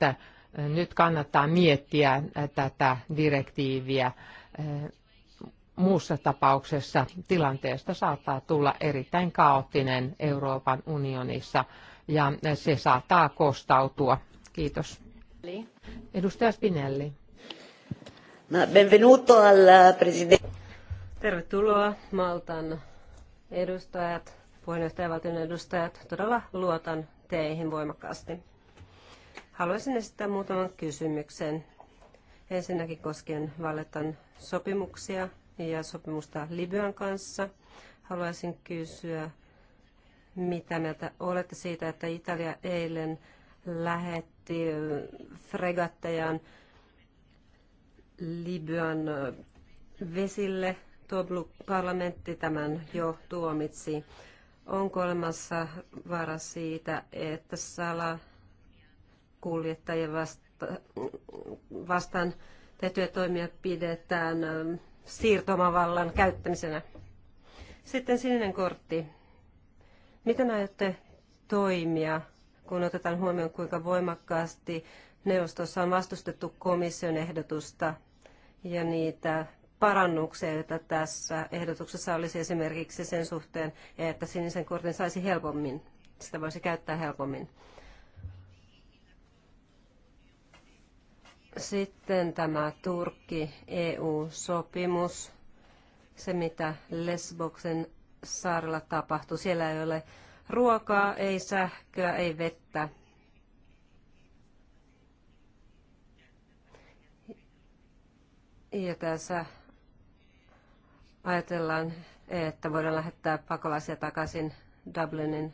Nyt kannattaa miettiä tätä direktiiviä äh, muussa tapauksessa tilanteesta saattaa tulla erittäin kaoottinen Euroopan unionissa ja se saattaa kostautua. Kiitos. Edustaja Spinelli. Benvenuto al presidente. Tervetuloa Maltan edustajat, puheenjohtajavaltion edustajat. Todella luotan teihin voimakkaasti. Haluaisin esittää muutaman kysymyksen. Ensinnäkin koskien Vallettan sopimuksia ja sopimusta Libyan kanssa. Haluaisin kysyä, mitä mieltä olette siitä, että Italia eilen lähetti fregattejaan Libyan vesille. Tuo parlamentti tämän jo tuomitsi. Onko olemassa vara siitä, että kuljettajien vasta, vastaan tehtyjä toimia pidetään siirtomavallan käyttämisenä. Sitten sininen kortti. Miten aiotte toimia, kun otetaan huomioon, kuinka voimakkaasti neuvostossa on vastustettu komission ehdotusta ja niitä parannuksia, joita tässä ehdotuksessa olisi esimerkiksi sen suhteen, että sinisen kortin saisi helpommin, sitä voisi käyttää helpommin. Sitten tämä Turkki-EU-sopimus, se mitä Lesboksen saarella tapahtui. Siellä ei ole ruokaa, ei sähköä, ei vettä. Ja tässä ajatellaan, että voidaan lähettää pakolaisia takaisin Dublinin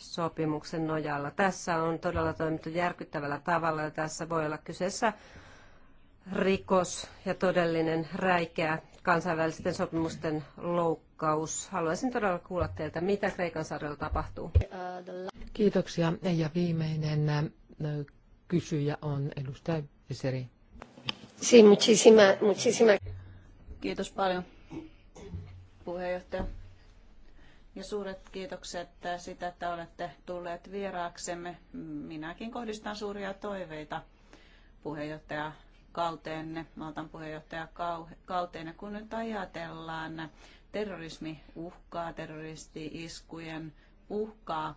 sopimuksen nojalla. Tässä on todella toimittu järkyttävällä tavalla ja tässä voi olla kyseessä rikos ja todellinen räikeä kansainvälisten sopimusten loukkaus. Haluaisin todella kuulla teiltä, mitä Kreikan saarella tapahtuu. Kiitoksia. Ja viimeinen äh, kysyjä on edustaja Viseri. Sí, muchísima, muchísima. Kiitos paljon, puheenjohtaja ja suuret kiitokset sitä, että olette tulleet vieraaksemme. Minäkin kohdistan suuria toiveita puheenjohtaja kauteenne, Maltan puheenjohtaja kauteenne, kun nyt ajatellaan terrorismiuhkaa, terroristi-iskujen uhkaa,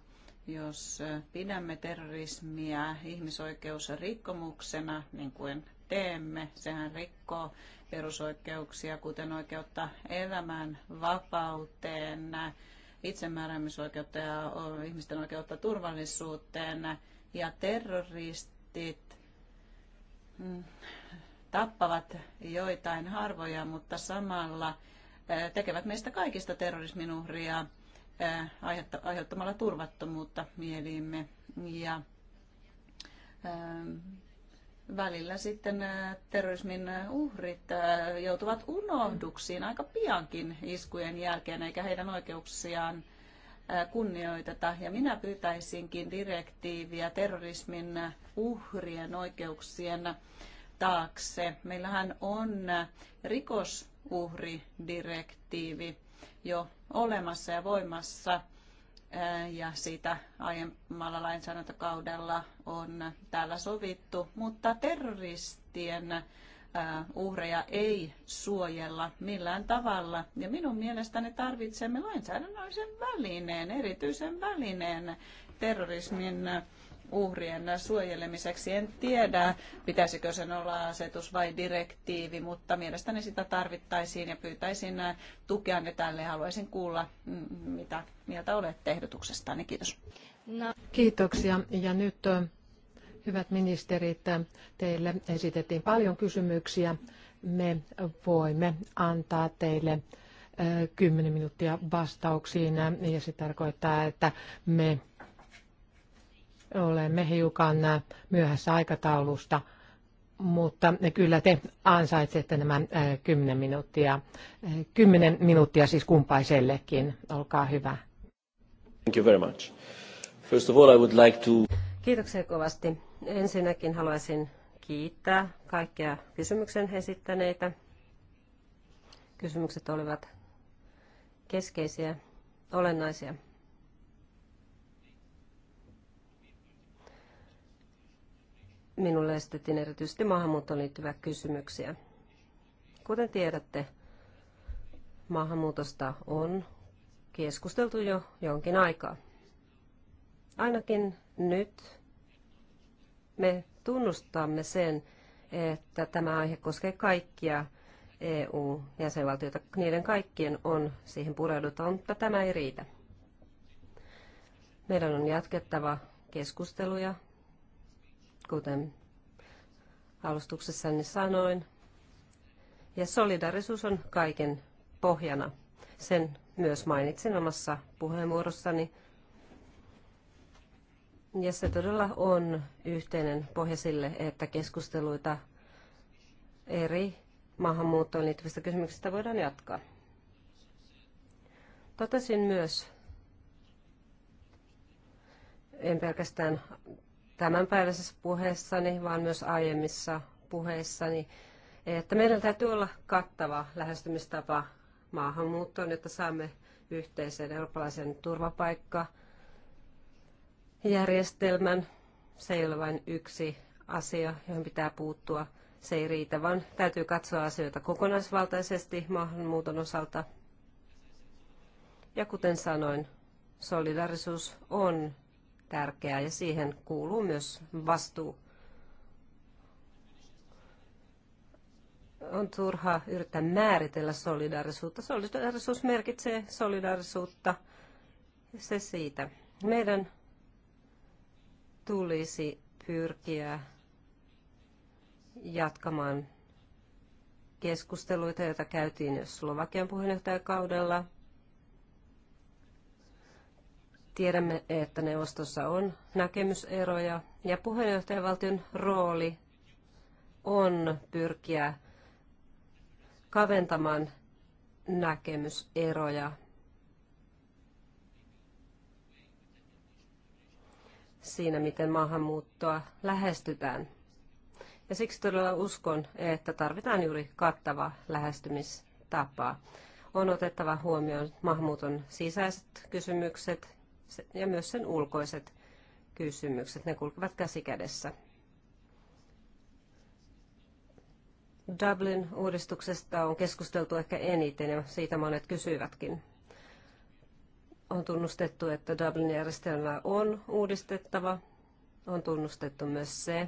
jos pidämme terrorismia ihmisoikeusrikkomuksena, niin kuin teemme, sehän rikkoo perusoikeuksia, kuten oikeutta elämään, vapauteen, itsemääräämisoikeutta ja ihmisten oikeutta turvallisuuteen. Ja terroristit mm, tappavat joitain harvoja, mutta samalla eh, tekevät meistä kaikista terrorismin uhria eh, aiheuttamalla turvattomuutta mieliimme. Ja eh, välillä sitten äh, terrorismin äh, uhrit äh, joutuvat unohduksiin aika piankin iskujen jälkeen, eikä heidän oikeuksiaan kunnioiteta. Ja minä pyytäisinkin direktiiviä terrorismin uhrien oikeuksien taakse. Meillähän on rikosuhridirektiivi jo olemassa ja voimassa – ja siitä aiemmalla lainsäädäntökaudella on täällä sovittu, mutta terroristien uhreja ei suojella millään tavalla. Ja minun mielestäni tarvitsemme lainsäädännöllisen välineen, erityisen välineen terrorismin uhrien suojelemiseksi. En tiedä, pitäisikö sen olla asetus vai direktiivi, mutta mielestäni sitä tarvittaisiin ja pyytäisin tukea ne niin tälle. Haluaisin kuulla, mm, mitä mieltä olette ehdotuksestani. Kiitos. No. Kiitoksia. Ja nyt hyvät ministerit, teille esitettiin paljon kysymyksiä. Me voimme antaa teille 10 minuuttia vastauksiin ja se tarkoittaa, että me Olemme hiukan myöhässä aikataulusta, mutta kyllä te ansaitsette nämä 10 minuuttia. 10 minuuttia siis kumpaisellekin. Olkaa hyvä. Thank you very much. First of all, I would like to... Kiitoksia kovasti. Ensinnäkin haluaisin kiittää kaikkia kysymyksen esittäneitä. Kysymykset olivat keskeisiä, olennaisia. Minulle esitettiin erityisesti maahanmuuttoon liittyviä kysymyksiä. Kuten tiedätte, maahanmuutosta on keskusteltu jo jonkin aikaa. Ainakin nyt me tunnustamme sen, että tämä aihe koskee kaikkia EU-jäsenvaltioita. Niiden kaikkien on siihen pureuduttava, mutta tämä ei riitä. Meidän on jatkettava keskusteluja kuten alustuksessani sanoin. Ja solidarisuus on kaiken pohjana. Sen myös mainitsin omassa puheenvuorossani. Ja se todella on yhteinen pohja sille, että keskusteluita eri maahanmuuttoon liittyvistä kysymyksistä voidaan jatkaa. Totesin myös, en pelkästään tämänpäiväisessä puheessani, vaan myös aiemmissa puheissani, että meidän täytyy olla kattava lähestymistapa maahanmuuttoon, jotta saamme yhteisen eurooppalaisen turvapaikkajärjestelmän. Se ei ole vain yksi asia, johon pitää puuttua. Se ei riitä, vaan täytyy katsoa asioita kokonaisvaltaisesti maahanmuuton osalta. Ja kuten sanoin, solidarisuus on tärkeää ja siihen kuuluu myös vastuu. On turha yrittää määritellä solidaarisuutta. Solidaarisuus merkitsee solidaarisuutta. Se siitä. Meidän tulisi pyrkiä jatkamaan keskusteluita, joita käytiin Slovakian puheenjohtajakaudella – Tiedämme, että neuvostossa on näkemyseroja ja puheenjohtajavaltion rooli on pyrkiä kaventamaan näkemyseroja. siinä, miten maahanmuuttoa lähestytään. Ja siksi todella uskon, että tarvitaan juuri kattava lähestymistapa. On otettava huomioon maahanmuuton sisäiset kysymykset ja myös sen ulkoiset kysymykset. Ne kulkevat käsi kädessä. Dublin-uudistuksesta on keskusteltu ehkä eniten ja siitä monet kysyvätkin. On tunnustettu, että Dublin-järjestelmää on uudistettava. On tunnustettu myös se,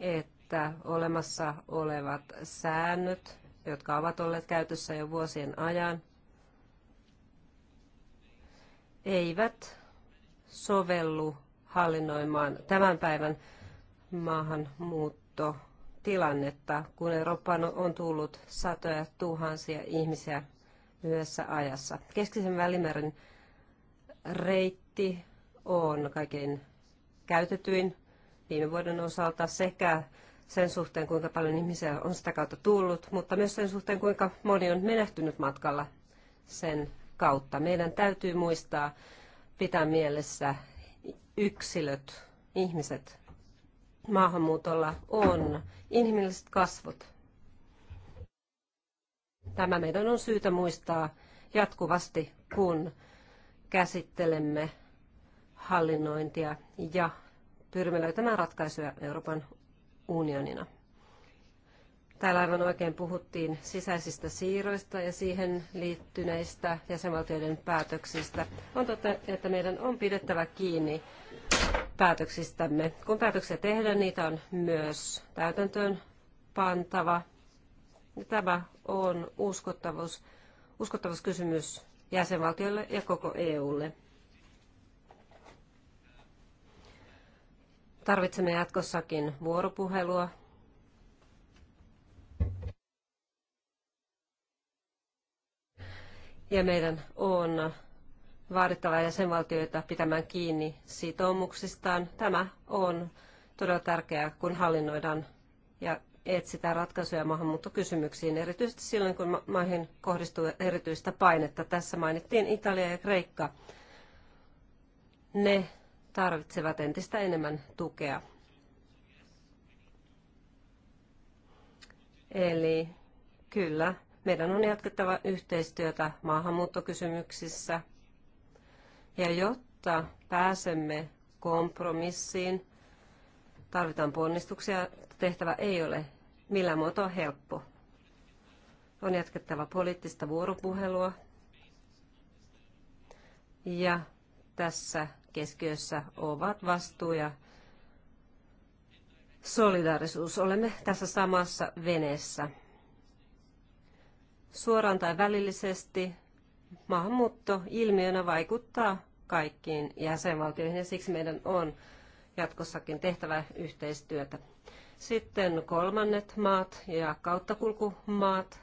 että olemassa olevat säännöt, jotka ovat olleet käytössä jo vuosien ajan, eivät sovellu hallinnoimaan tämän päivän maahanmuuttotilannetta, kun Eurooppaan on tullut satoja tuhansia ihmisiä lyhyessä ajassa. Keskisen välimeren reitti on kaikkein käytetyin viime vuoden osalta sekä sen suhteen, kuinka paljon ihmisiä on sitä kautta tullut, mutta myös sen suhteen, kuinka moni on menehtynyt matkalla sen kautta. Meidän täytyy muistaa pitää mielessä yksilöt, ihmiset. Maahanmuutolla on inhimilliset kasvot. Tämä meidän on syytä muistaa jatkuvasti, kun käsittelemme hallinnointia ja pyrimme löytämään ratkaisuja Euroopan unionina. Täällä aivan oikein puhuttiin sisäisistä siirroista ja siihen liittyneistä jäsenvaltioiden päätöksistä. On totta, että meidän on pidettävä kiinni päätöksistämme. Kun päätöksiä tehdään, niitä on myös täytäntöön pantava. Ja tämä on uskottavuus, uskottavuuskysymys jäsenvaltioille ja koko EUlle. Tarvitsemme jatkossakin vuoropuhelua ja meidän on vaadittava jäsenvaltioita pitämään kiinni sitoumuksistaan. Tämä on todella tärkeää, kun hallinnoidaan ja etsitään ratkaisuja maahanmuuttokysymyksiin, erityisesti silloin, kun ma- maihin kohdistuu erityistä painetta. Tässä mainittiin Italia ja Kreikka. Ne tarvitsevat entistä enemmän tukea. Eli kyllä, meidän on jatkettava yhteistyötä maahanmuuttokysymyksissä. Ja jotta pääsemme kompromissiin, tarvitaan ponnistuksia. Tehtävä ei ole millään muotoa helppo. On jatkettava poliittista vuoropuhelua. Ja tässä keskiössä ovat vastuu ja solidaarisuus. Olemme tässä samassa veneessä. Suoraan tai välillisesti maahanmuutto ilmiönä vaikuttaa kaikkiin jäsenvaltioihin ja siksi meidän on jatkossakin tehtävä yhteistyötä. Sitten kolmannet maat ja kauttakulkumaat.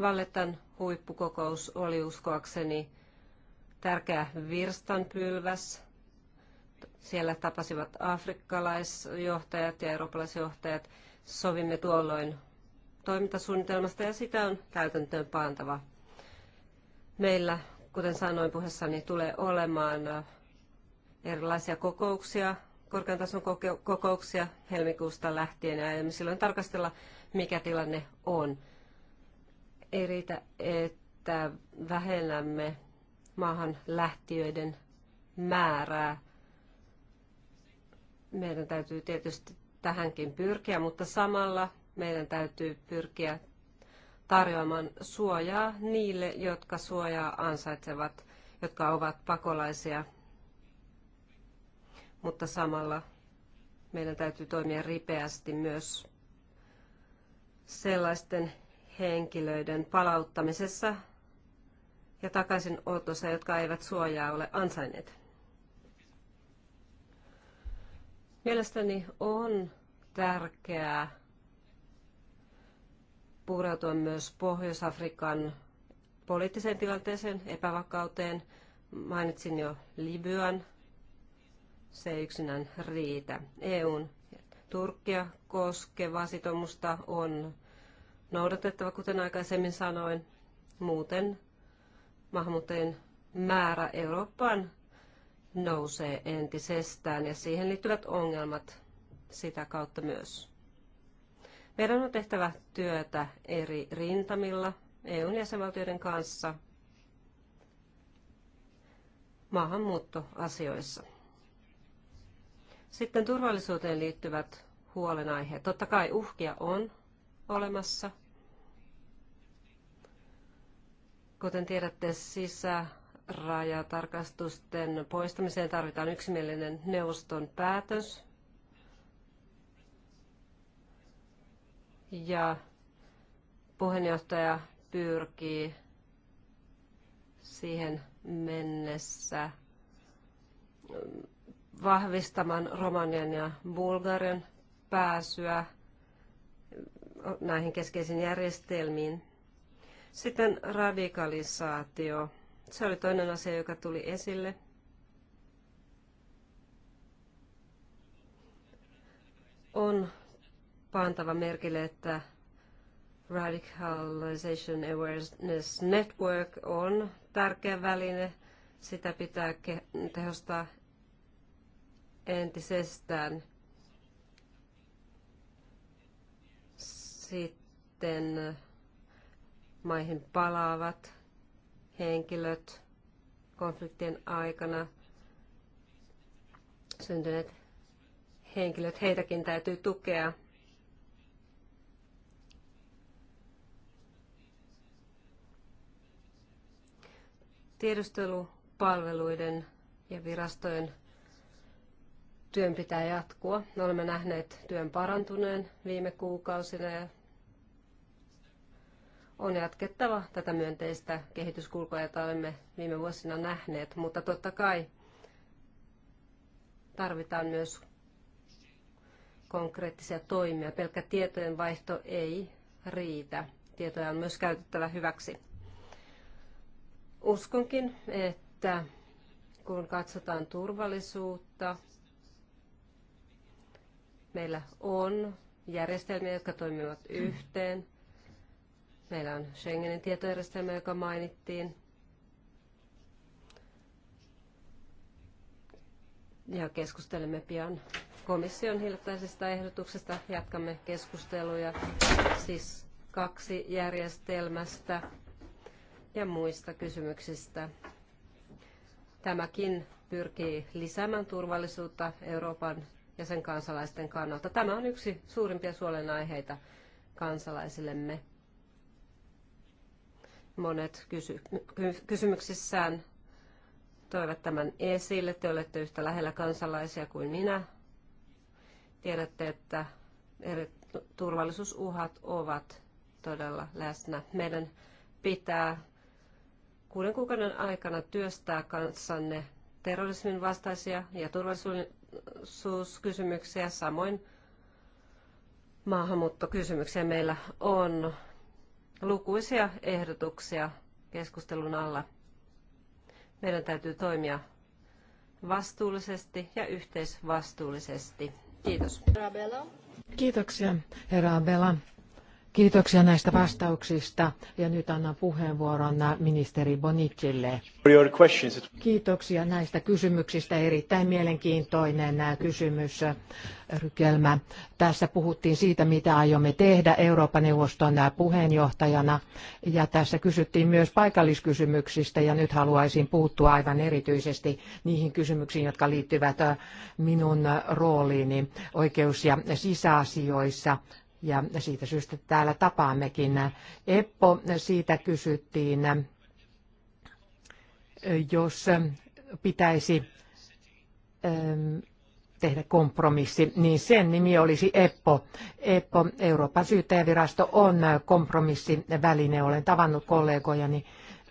Valletan huippukokous oli uskoakseni tärkeä virstanpylväs. Siellä tapasivat afrikkalaisjohtajat ja eurooppalaisjohtajat. Sovimme tuolloin toimintasuunnitelmasta ja sitä on täytäntöön pantava. Meillä, kuten sanoin puheessani, tulee olemaan äh, erilaisia kokouksia, korkean tason kokouksia helmikuusta lähtien ja aiomme silloin tarkastella, mikä tilanne on. Ei riitä, että vähennämme maahan lähtiöiden määrää. Meidän täytyy tietysti tähänkin pyrkiä, mutta samalla meidän täytyy pyrkiä tarjoamaan suojaa niille, jotka suojaa ansaitsevat, jotka ovat pakolaisia. Mutta samalla meidän täytyy toimia ripeästi myös sellaisten henkilöiden palauttamisessa ja takaisin otossa, jotka eivät suojaa ole ansainneet. Mielestäni on tärkeää pureutua myös Pohjois-Afrikan poliittiseen tilanteeseen, epävakauteen. Mainitsin jo Libyan, se ei yksinään riitä. EUn Turkkia koskeva sitomusta on noudatettava, kuten aikaisemmin sanoin. Muuten maahanmuuttajien määrä Eurooppaan nousee entisestään ja siihen liittyvät ongelmat sitä kautta myös. Meidän on tehtävä työtä eri rintamilla EUn jäsenvaltioiden kanssa maahanmuuttoasioissa. Sitten turvallisuuteen liittyvät huolenaiheet. Totta kai uhkia on olemassa. Kuten tiedätte, sisärajatarkastusten poistamiseen tarvitaan yksimielinen neuvoston päätös. ja puheenjohtaja pyrkii siihen mennessä mm, vahvistamaan Romanian ja Bulgarian pääsyä mm, näihin keskeisiin järjestelmiin. Sitten radikalisaatio. Se oli toinen asia, joka tuli esille. On pantava merkille, että Radicalization Awareness Network on tärkeä väline. Sitä pitää tehostaa entisestään. Sitten maihin palaavat henkilöt konfliktien aikana syntyneet henkilöt, heitäkin täytyy tukea tiedustelupalveluiden ja virastojen työn pitää jatkua. Me olemme nähneet työn parantuneen viime kuukausina ja on jatkettava tätä myönteistä kehityskulkua, jota olemme viime vuosina nähneet, mutta totta kai tarvitaan myös konkreettisia toimia. Pelkkä tietojen vaihto ei riitä. Tietoja on myös käytettävä hyväksi. Uskonkin, että kun katsotaan turvallisuutta, meillä on järjestelmiä, jotka toimivat yhteen. Meillä on Schengenin tietojärjestelmä, joka mainittiin. Ja keskustelemme pian komission hiljattaisesta ehdotuksesta. Jatkamme keskusteluja siis kaksi järjestelmästä ja muista kysymyksistä. Tämäkin pyrkii lisäämään turvallisuutta Euroopan ja sen kansalaisten kannalta. Tämä on yksi suurimpia suolenaiheita kansalaisillemme. Monet kysy- kysymyksissään toivat tämän esille. Te olette yhtä lähellä kansalaisia kuin minä. Tiedätte, että eri turvallisuusuhat ovat todella läsnä. Meidän pitää kuuden kuukauden aikana työstää kanssanne terrorismin vastaisia ja turvallisuuskysymyksiä, samoin maahanmuuttokysymyksiä. Meillä on lukuisia ehdotuksia keskustelun alla. Meidän täytyy toimia vastuullisesti ja yhteisvastuullisesti. Kiitos. Kiitoksia, herra Abela. Kiitoksia näistä vastauksista ja nyt annan puheenvuoron ministeri Bonicille. Kiitoksia näistä kysymyksistä. Erittäin mielenkiintoinen äh, kysymysrykelmä. Äh, tässä puhuttiin siitä, mitä aiomme tehdä Euroopan neuvoston äh, puheenjohtajana ja tässä kysyttiin myös paikalliskysymyksistä ja nyt haluaisin puuttua aivan erityisesti niihin kysymyksiin, jotka liittyvät minun rooliini oikeus- ja sisäasioissa ja siitä syystä täällä tapaammekin. Eppo, siitä kysyttiin, jos pitäisi ähm, tehdä kompromissi, niin sen nimi olisi EPPO. EPPO, Euroopan syyttäjävirasto, on kompromissiväline. Olen tavannut kollegojani,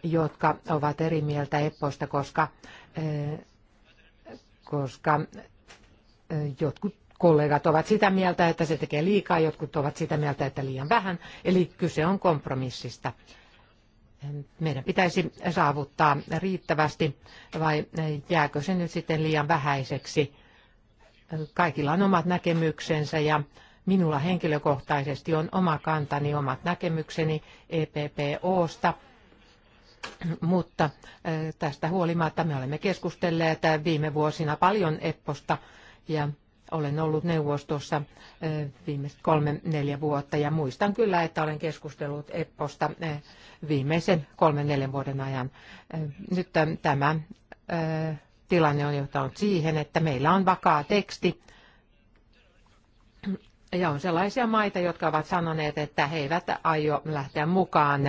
jotka ovat eri mieltä EPPOsta, koska, äh, koska äh, jotkut kollegat ovat sitä mieltä, että se tekee liikaa, jotkut ovat sitä mieltä, että liian vähän. Eli kyse on kompromissista. Meidän pitäisi saavuttaa riittävästi vai jääkö se nyt sitten liian vähäiseksi? Kaikilla on omat näkemyksensä ja minulla henkilökohtaisesti on oma kantani, omat näkemykseni EPPOsta mutta eh, tästä huolimatta me olemme keskustelleet eh, viime vuosina paljon Epposta ja olen ollut neuvostossa viimeiset kolme, neljä vuotta ja muistan kyllä, että olen keskustellut EPPOsta viimeisen kolmen, neljän vuoden ajan. Nyt tämä tilanne on johtanut siihen, että meillä on vakaa teksti. Ja on sellaisia maita, jotka ovat sanoneet, että he eivät aio lähteä mukaan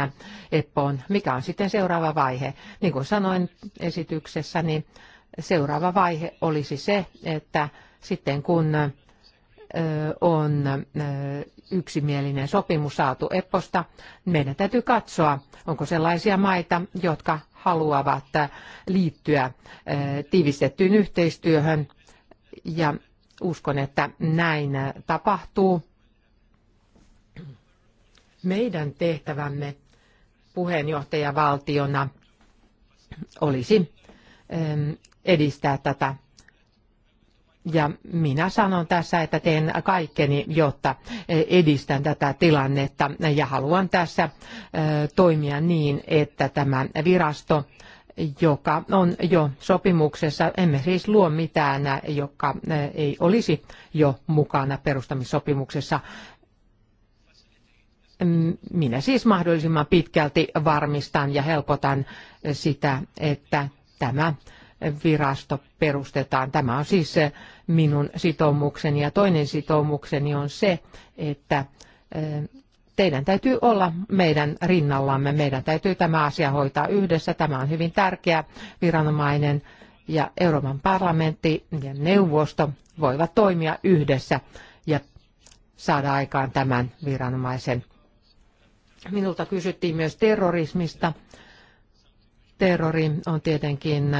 EPPOon. Mikä on sitten seuraava vaihe? Niin kuin sanoin esityksessä, niin seuraava vaihe olisi se, että sitten kun on yksimielinen sopimus saatu EPOsta. Meidän täytyy katsoa, onko sellaisia maita, jotka haluavat liittyä tiivistettyyn yhteistyöhön. Ja uskon, että näin tapahtuu. Meidän tehtävämme puheenjohtajavaltiona olisi edistää tätä ja minä sanon tässä, että teen kaikkeni, jotta e, edistän tätä tilannetta ja haluan tässä e, toimia niin, että tämä virasto, joka on jo sopimuksessa, emme siis luo mitään, joka e, ei olisi jo mukana perustamissopimuksessa. Minä siis mahdollisimman pitkälti varmistan ja helpotan sitä, että tämä virasto perustetaan. Tämä on siis minun sitoumukseni. Ja toinen sitoumukseni on se, että teidän täytyy olla meidän rinnallamme. Meidän täytyy tämä asia hoitaa yhdessä. Tämä on hyvin tärkeä viranomainen ja Euroopan parlamentti ja neuvosto voivat toimia yhdessä ja saada aikaan tämän viranomaisen. Minulta kysyttiin myös terrorismista. Terrori on tietenkin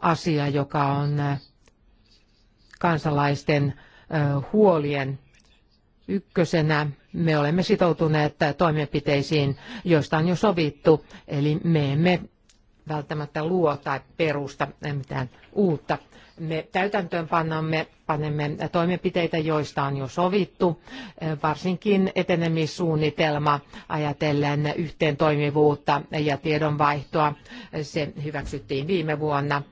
asia, joka on kansalaisten huolien ykkösenä. Me olemme sitoutuneet toimenpiteisiin, joista on jo sovittu, eli me emme välttämättä luo tai perusta mitään uutta. Me täytäntöön pannamme, panemme toimenpiteitä, joista on jo sovittu, varsinkin etenemissuunnitelma ajatellen yhteen toimivuutta ja tiedonvaihtoa. Se hyväksyttiin viime vuonna.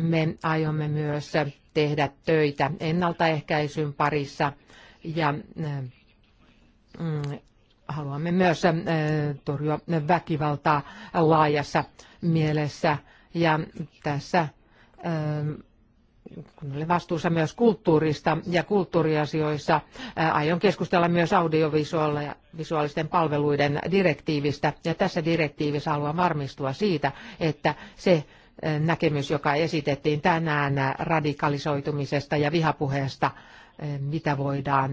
Me aiomme myös tehdä töitä ennaltaehkäisyn parissa ja mm, haluamme myös torjua väkivaltaa laajassa mielessä ja tässä kun olen vastuussa myös kulttuurista ja kulttuuriasioissa, aion keskustella myös audiovisuaalisten palveluiden direktiivistä. Ja tässä direktiivissä haluan varmistua siitä, että se näkemys, joka esitettiin tänään radikalisoitumisesta ja vihapuheesta, mitä voidaan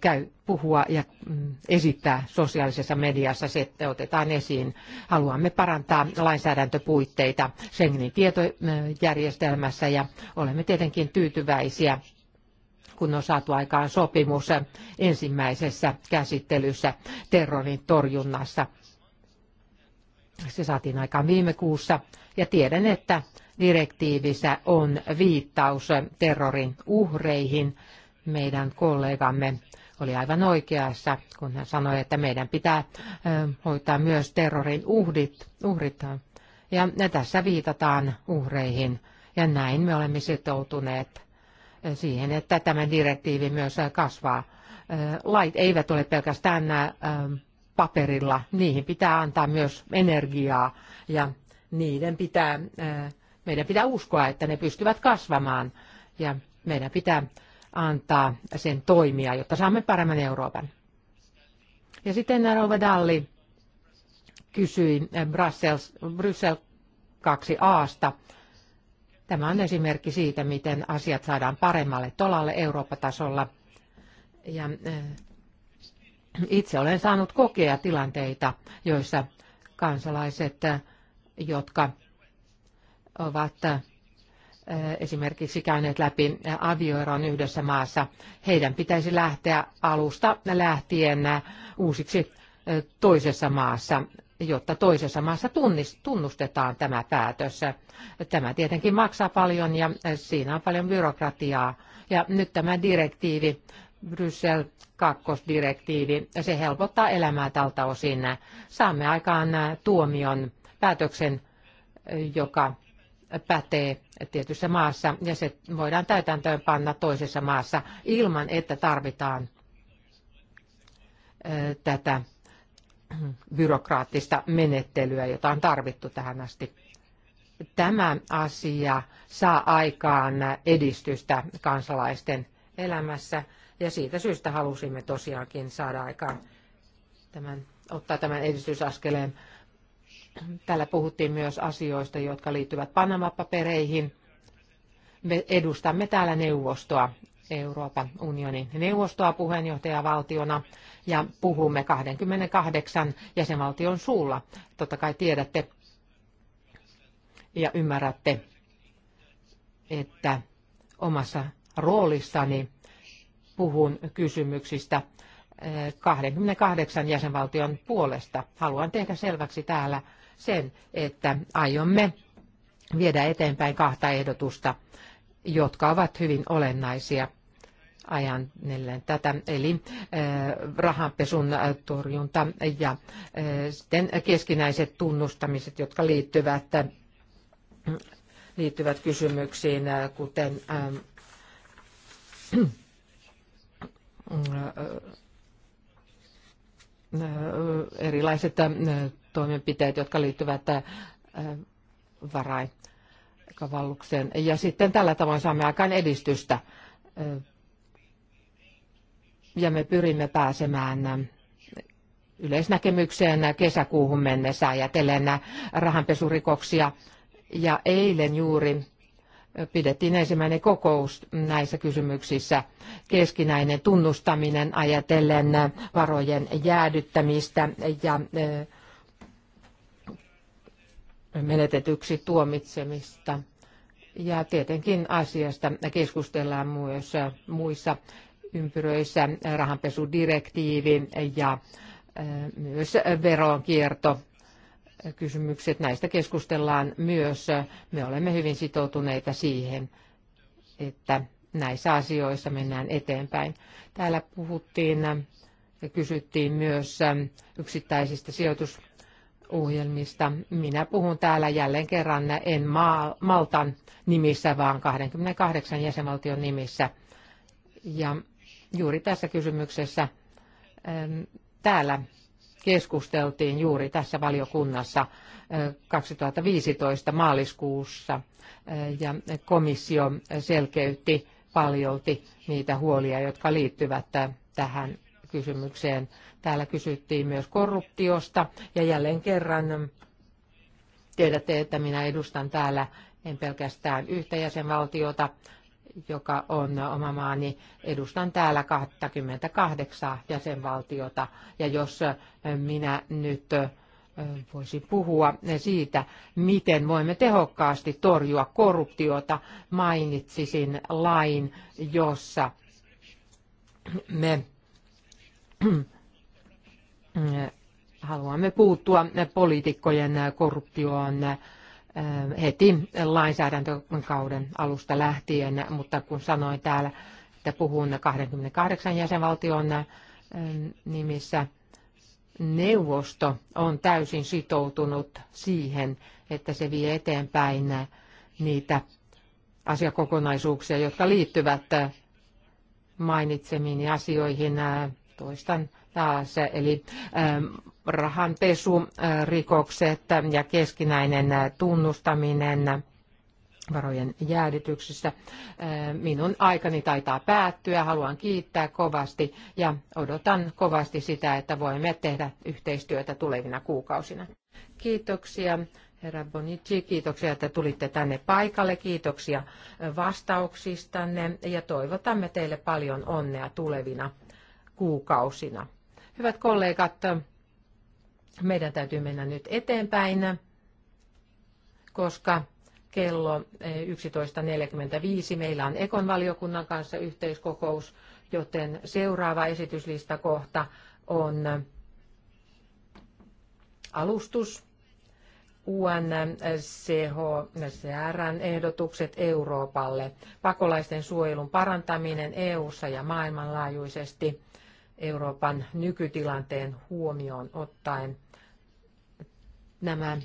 käy, puhua ja mm, esittää sosiaalisessa mediassa, se otetaan esiin. Haluamme parantaa lainsäädäntöpuitteita Schengenin tietojärjestelmässä ja olemme tietenkin tyytyväisiä kun on saatu aikaan sopimus ensimmäisessä käsittelyssä terrorin torjunnassa. Se saatiin aikaan viime kuussa ja tiedän, että direktiivissä on viittaus terrorin uhreihin. Meidän kollegamme oli aivan oikeassa, kun hän sanoi, että meidän pitää hoitaa myös terrorin uhdit, uhrit. Ja tässä viitataan uhreihin. Ja näin me olemme sitoutuneet siihen, että tämä direktiivi myös kasvaa. Lait eivät ole pelkästään paperilla, niihin pitää antaa myös energiaa ja niiden pitää, meidän pitää uskoa, että ne pystyvät kasvamaan ja meidän pitää antaa sen toimia, jotta saamme paremman Euroopan. Ja sitten Rova Dalli kysyi Brussels, Bryssel 2Asta. Tämä on esimerkki siitä, miten asiat saadaan paremmalle tolalle Eurooppa-tasolla. Ja itse olen saanut kokea tilanteita, joissa kansalaiset jotka ovat äh, esimerkiksi käyneet läpi äh, avioeron yhdessä maassa. Heidän pitäisi lähteä alusta lähtien äh, uusiksi toisessa maassa, jotta toisessa maassa tunnustetaan tämä päätös. Tämä tietenkin maksaa paljon ja siinä on paljon byrokratiaa. Ja nyt tämä direktiivi, Bryssel 2-direktiivi, se helpottaa elämää tältä osin. Saamme aikaan tuomion päätöksen, joka pätee tietyssä maassa ja se voidaan täytäntöön panna toisessa maassa ilman, että tarvitaan tätä byrokraattista menettelyä, jota on tarvittu tähän asti. Tämä asia saa aikaan edistystä kansalaisten elämässä ja siitä syystä halusimme tosiaankin saada aikaan tämän, ottaa tämän edistysaskeleen Täällä puhuttiin myös asioista, jotka liittyvät Panama-papereihin. Me edustamme täällä neuvostoa, Euroopan unionin neuvostoa puheenjohtajavaltiona ja puhumme 28 jäsenvaltion suulla. Totta kai tiedätte ja ymmärrätte, että omassa roolissani puhun kysymyksistä 28 eh, jäsenvaltion puolesta. Haluan tehdä selväksi täällä, sen, että aiomme viedä eteenpäin kahta ehdotusta, jotka ovat hyvin olennaisia ajannellen tätä, eli eh, rahanpesun eh, torjunta ja eh, sitten keskinäiset tunnustamiset, jotka liittyvät, liittyvät kysymyksiin, kuten erilaiset toimenpiteet, jotka liittyvät äh, äh, varainkavallukseen. Ja sitten tällä tavoin saamme aikaan edistystä. Äh, ja me pyrimme pääsemään yleisnäkemykseen kesäkuuhun mennessä ajatellen rahanpesurikoksia. Ja eilen juuri pidettiin ensimmäinen kokous näissä kysymyksissä keskinäinen tunnustaminen ajatellen varojen jäädyttämistä ja menetetyksi tuomitsemista. Ja tietenkin asiasta keskustellaan myös muissa ympyröissä rahanpesudirektiivi ja myös veronkierto kysymykset. Näistä keskustellaan myös. Me olemme hyvin sitoutuneita siihen, että näissä asioissa mennään eteenpäin. Täällä puhuttiin ja kysyttiin myös yksittäisistä sijoitus ohjelmista. Minä puhun täällä jälleen kerran en Maltan nimissä, vaan 28 jäsenvaltion nimissä. Ja juuri tässä kysymyksessä ähm, täällä keskusteltiin juuri tässä valiokunnassa 2015 äh, maaliskuussa äh, ja komissio selkeytti paljolti niitä huolia, jotka liittyvät äh, tähän kysymykseen. Täällä kysyttiin myös korruptiosta ja jälleen kerran tiedätte, että minä edustan täällä en pelkästään yhtä jäsenvaltiota, joka on oma maani. Edustan täällä 28 jäsenvaltiota ja jos minä nyt voisin puhua siitä, miten voimme tehokkaasti torjua korruptiota. Mainitsisin lain, jossa me haluamme puuttua poliitikkojen korruptioon eh, heti lainsäädäntökauden alusta lähtien, mutta kun sanoin täällä, että puhun 28 jäsenvaltion eh, nimissä, neuvosto on täysin sitoutunut siihen, että se vie eteenpäin niitä asiakokonaisuuksia, jotka liittyvät mainitsemiin asioihin eh, Toistan taas, eli ähm, rahanpesurikokset äh, ja keskinäinen äh, tunnustaminen varojen jäädytyksissä. Äh, minun aikani taitaa päättyä. Haluan kiittää kovasti ja odotan kovasti sitä, että voimme tehdä yhteistyötä tulevina kuukausina. Kiitoksia. Herra Bonici, kiitoksia, että tulitte tänne paikalle. Kiitoksia vastauksistanne ja toivotamme teille paljon onnea tulevina kuukausina. Hyvät kollegat, meidän täytyy mennä nyt eteenpäin, koska kello 11.45 eh, meillä on Ekon valiokunnan kanssa yhteiskokous, joten seuraava esityslistakohta on alustus. UNCHCRn ehdotukset Euroopalle, pakolaisten suojelun parantaminen EU-ssa ja maailmanlaajuisesti. Euroopan nykytilanteen huomioon ottaen nämä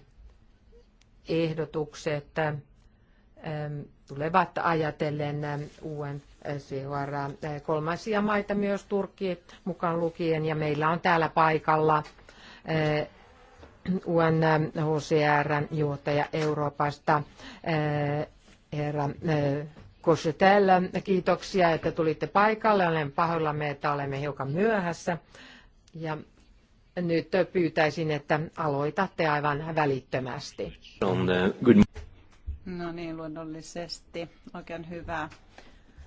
ehdotukset ähm, tulevat ajatellen ähm, UNCHR äh, kolmansia maita myös Turkki mukaan lukien ja meillä on täällä paikalla äh, UNHCRn johtaja Euroopasta äh, herra Kosetel, kiitoksia, että tulitte paikalle. Olen pahoillamme, että olemme hiukan myöhässä. Ja nyt pyytäisin, että aloitatte aivan välittömästi. No niin, luonnollisesti. Oikein hyvää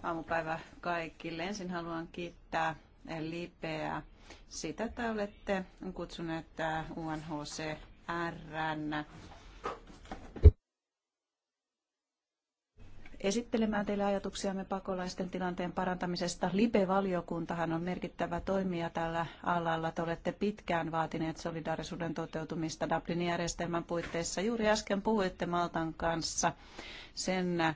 aamupäivää kaikille. Ensin haluan kiittää Lipeä siitä, että olette kutsuneet äh, UNHCRn esittelemään teille ajatuksiamme pakolaisten tilanteen parantamisesta. Libe-valiokuntahan on merkittävä toimija tällä alalla. Te olette pitkään vaatineet solidaarisuuden toteutumista Dublinin järjestelmän puitteissa. Juuri äsken puhuitte Maltan kanssa sen äh,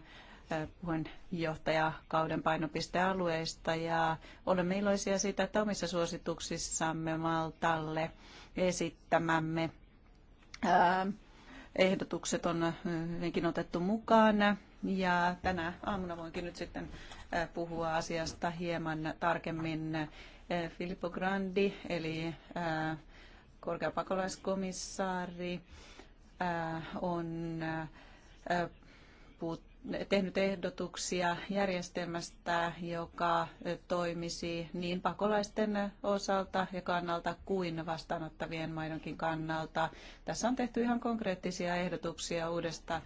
puheenjohtajakauden painopistealueista ja olemme iloisia siitä, että omissa suosituksissamme Maltalle esittämämme äh, ehdotukset on äh, hyvinkin otettu mukaan. Ja tänä aamuna voinkin nyt sitten puhua asiasta hieman tarkemmin. Filippo Grandi, eli korkeapakolaiskomissaari, on tehnyt ehdotuksia järjestelmästä, joka toimisi niin pakolaisten osalta ja kannalta kuin vastaanottavien maidenkin kannalta. Tässä on tehty ihan konkreettisia ehdotuksia uudesta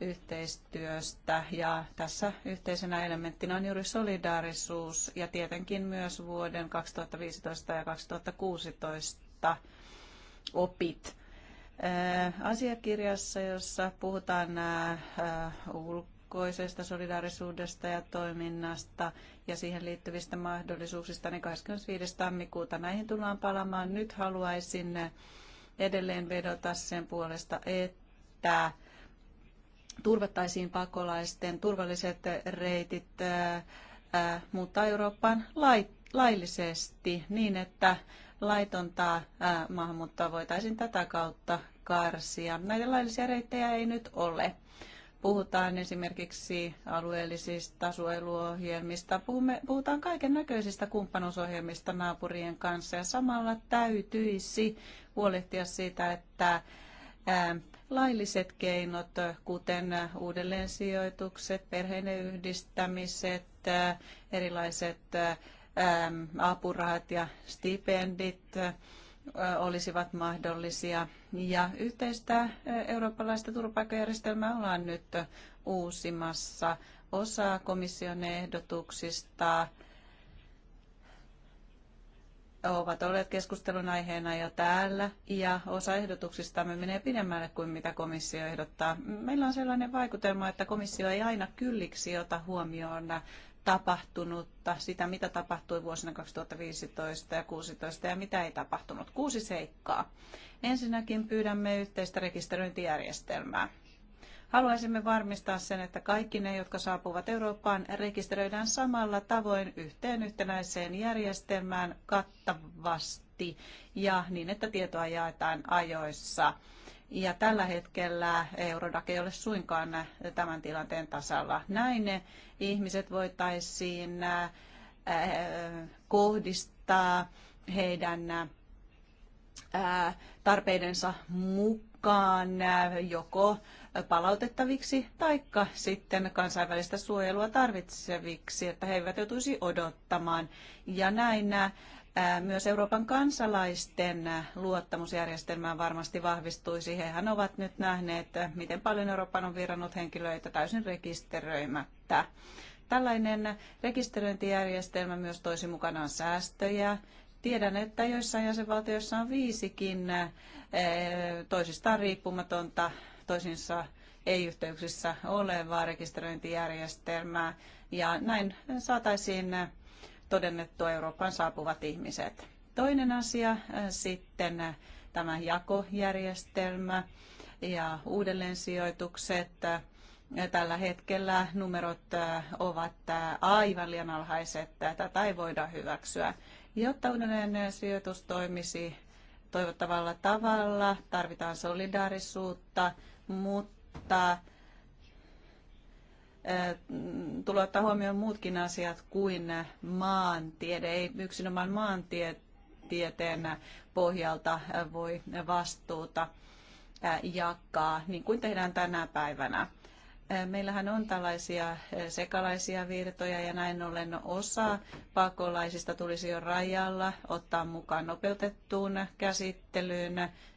yhteistyöstä ja tässä yhteisenä elementtinä on juuri solidaarisuus ja tietenkin myös vuoden 2015 ja 2016 opit. Äh, asiakirjassa, jossa puhutaan äh, ulkoisesta solidaarisuudesta ja toiminnasta ja siihen liittyvistä mahdollisuuksista, niin 25. tammikuuta näihin tullaan palaamaan. Nyt haluaisin edelleen vedota sen puolesta, että turvattaisiin pakolaisten turvalliset reitit muuttaa Eurooppaan laillisesti niin, että laitonta maahanmuuttoa voitaisiin tätä kautta karsia. Näitä laillisia reittejä ei nyt ole. Puhutaan esimerkiksi alueellisista suojeluohjelmista, Puhumme, puhutaan kaiken näköisistä kumppanuusohjelmista naapurien kanssa ja samalla täytyisi huolehtia siitä, että lailliset keinot, kuten uudelleensijoitukset, perheiden yhdistämiset, erilaiset apurahat ja stipendit olisivat mahdollisia. Ja yhteistä eurooppalaista turvapaikkajärjestelmää ollaan nyt uusimassa. Osa komission ehdotuksista ovat olleet keskustelun aiheena jo täällä ja osa ehdotuksistamme menee pidemmälle kuin mitä komissio ehdottaa. Meillä on sellainen vaikutelma, että komissio ei aina kylliksi ota huomioon tapahtunutta, sitä mitä tapahtui vuosina 2015 ja 2016 ja mitä ei tapahtunut. Kuusi seikkaa. Ensinnäkin pyydämme yhteistä rekisteröintijärjestelmää. Haluaisimme varmistaa sen, että kaikki ne, jotka saapuvat Eurooppaan, rekisteröidään samalla tavoin yhteen yhtenäiseen järjestelmään kattavasti ja niin, että tietoa jaetaan ajoissa. Ja tällä hetkellä Eurodac ei ole suinkaan tämän tilanteen tasalla. Näin ne ihmiset voitaisiin eh, kohdistaa heidän eh, tarpeidensa mukaan eh, joko palautettaviksi tai sitten kansainvälistä suojelua tarvitseviksi, että he eivät joutuisi odottamaan. Ja näin myös Euroopan kansalaisten luottamusjärjestelmää varmasti vahvistuisi. Hehän ovat nyt nähneet, miten paljon Euroopan on virannut henkilöitä täysin rekisteröimättä. Tällainen rekisteröintijärjestelmä myös toisi mukanaan säästöjä. Tiedän, että joissain jäsenvaltioissa on viisikin toisistaan riippumatonta toisinsa ei-yhteyksissä olevaa rekisteröintijärjestelmää ja näin saataisiin todennettua Euroopan saapuvat ihmiset. Toinen asia äh, sitten äh, tämä jakojärjestelmä ja uudelleensijoitukset. Äh, tällä hetkellä numerot ovat aivan liian alhaiset. Tätä ei voida hyväksyä. Jotta uudelleen sijoitus toimisi toivottavalla tavalla, tarvitaan solidaarisuutta, mutta tulee ottaa huomioon muutkin asiat kuin maantiede. Ei yksinomaan maantieteen pohjalta voi vastuuta jakaa, niin kuin tehdään tänä päivänä. Meillähän on tällaisia sekalaisia virtoja ja näin ollen osa pakolaisista tulisi jo rajalla ottaa mukaan nopeutettuun käsittelyyn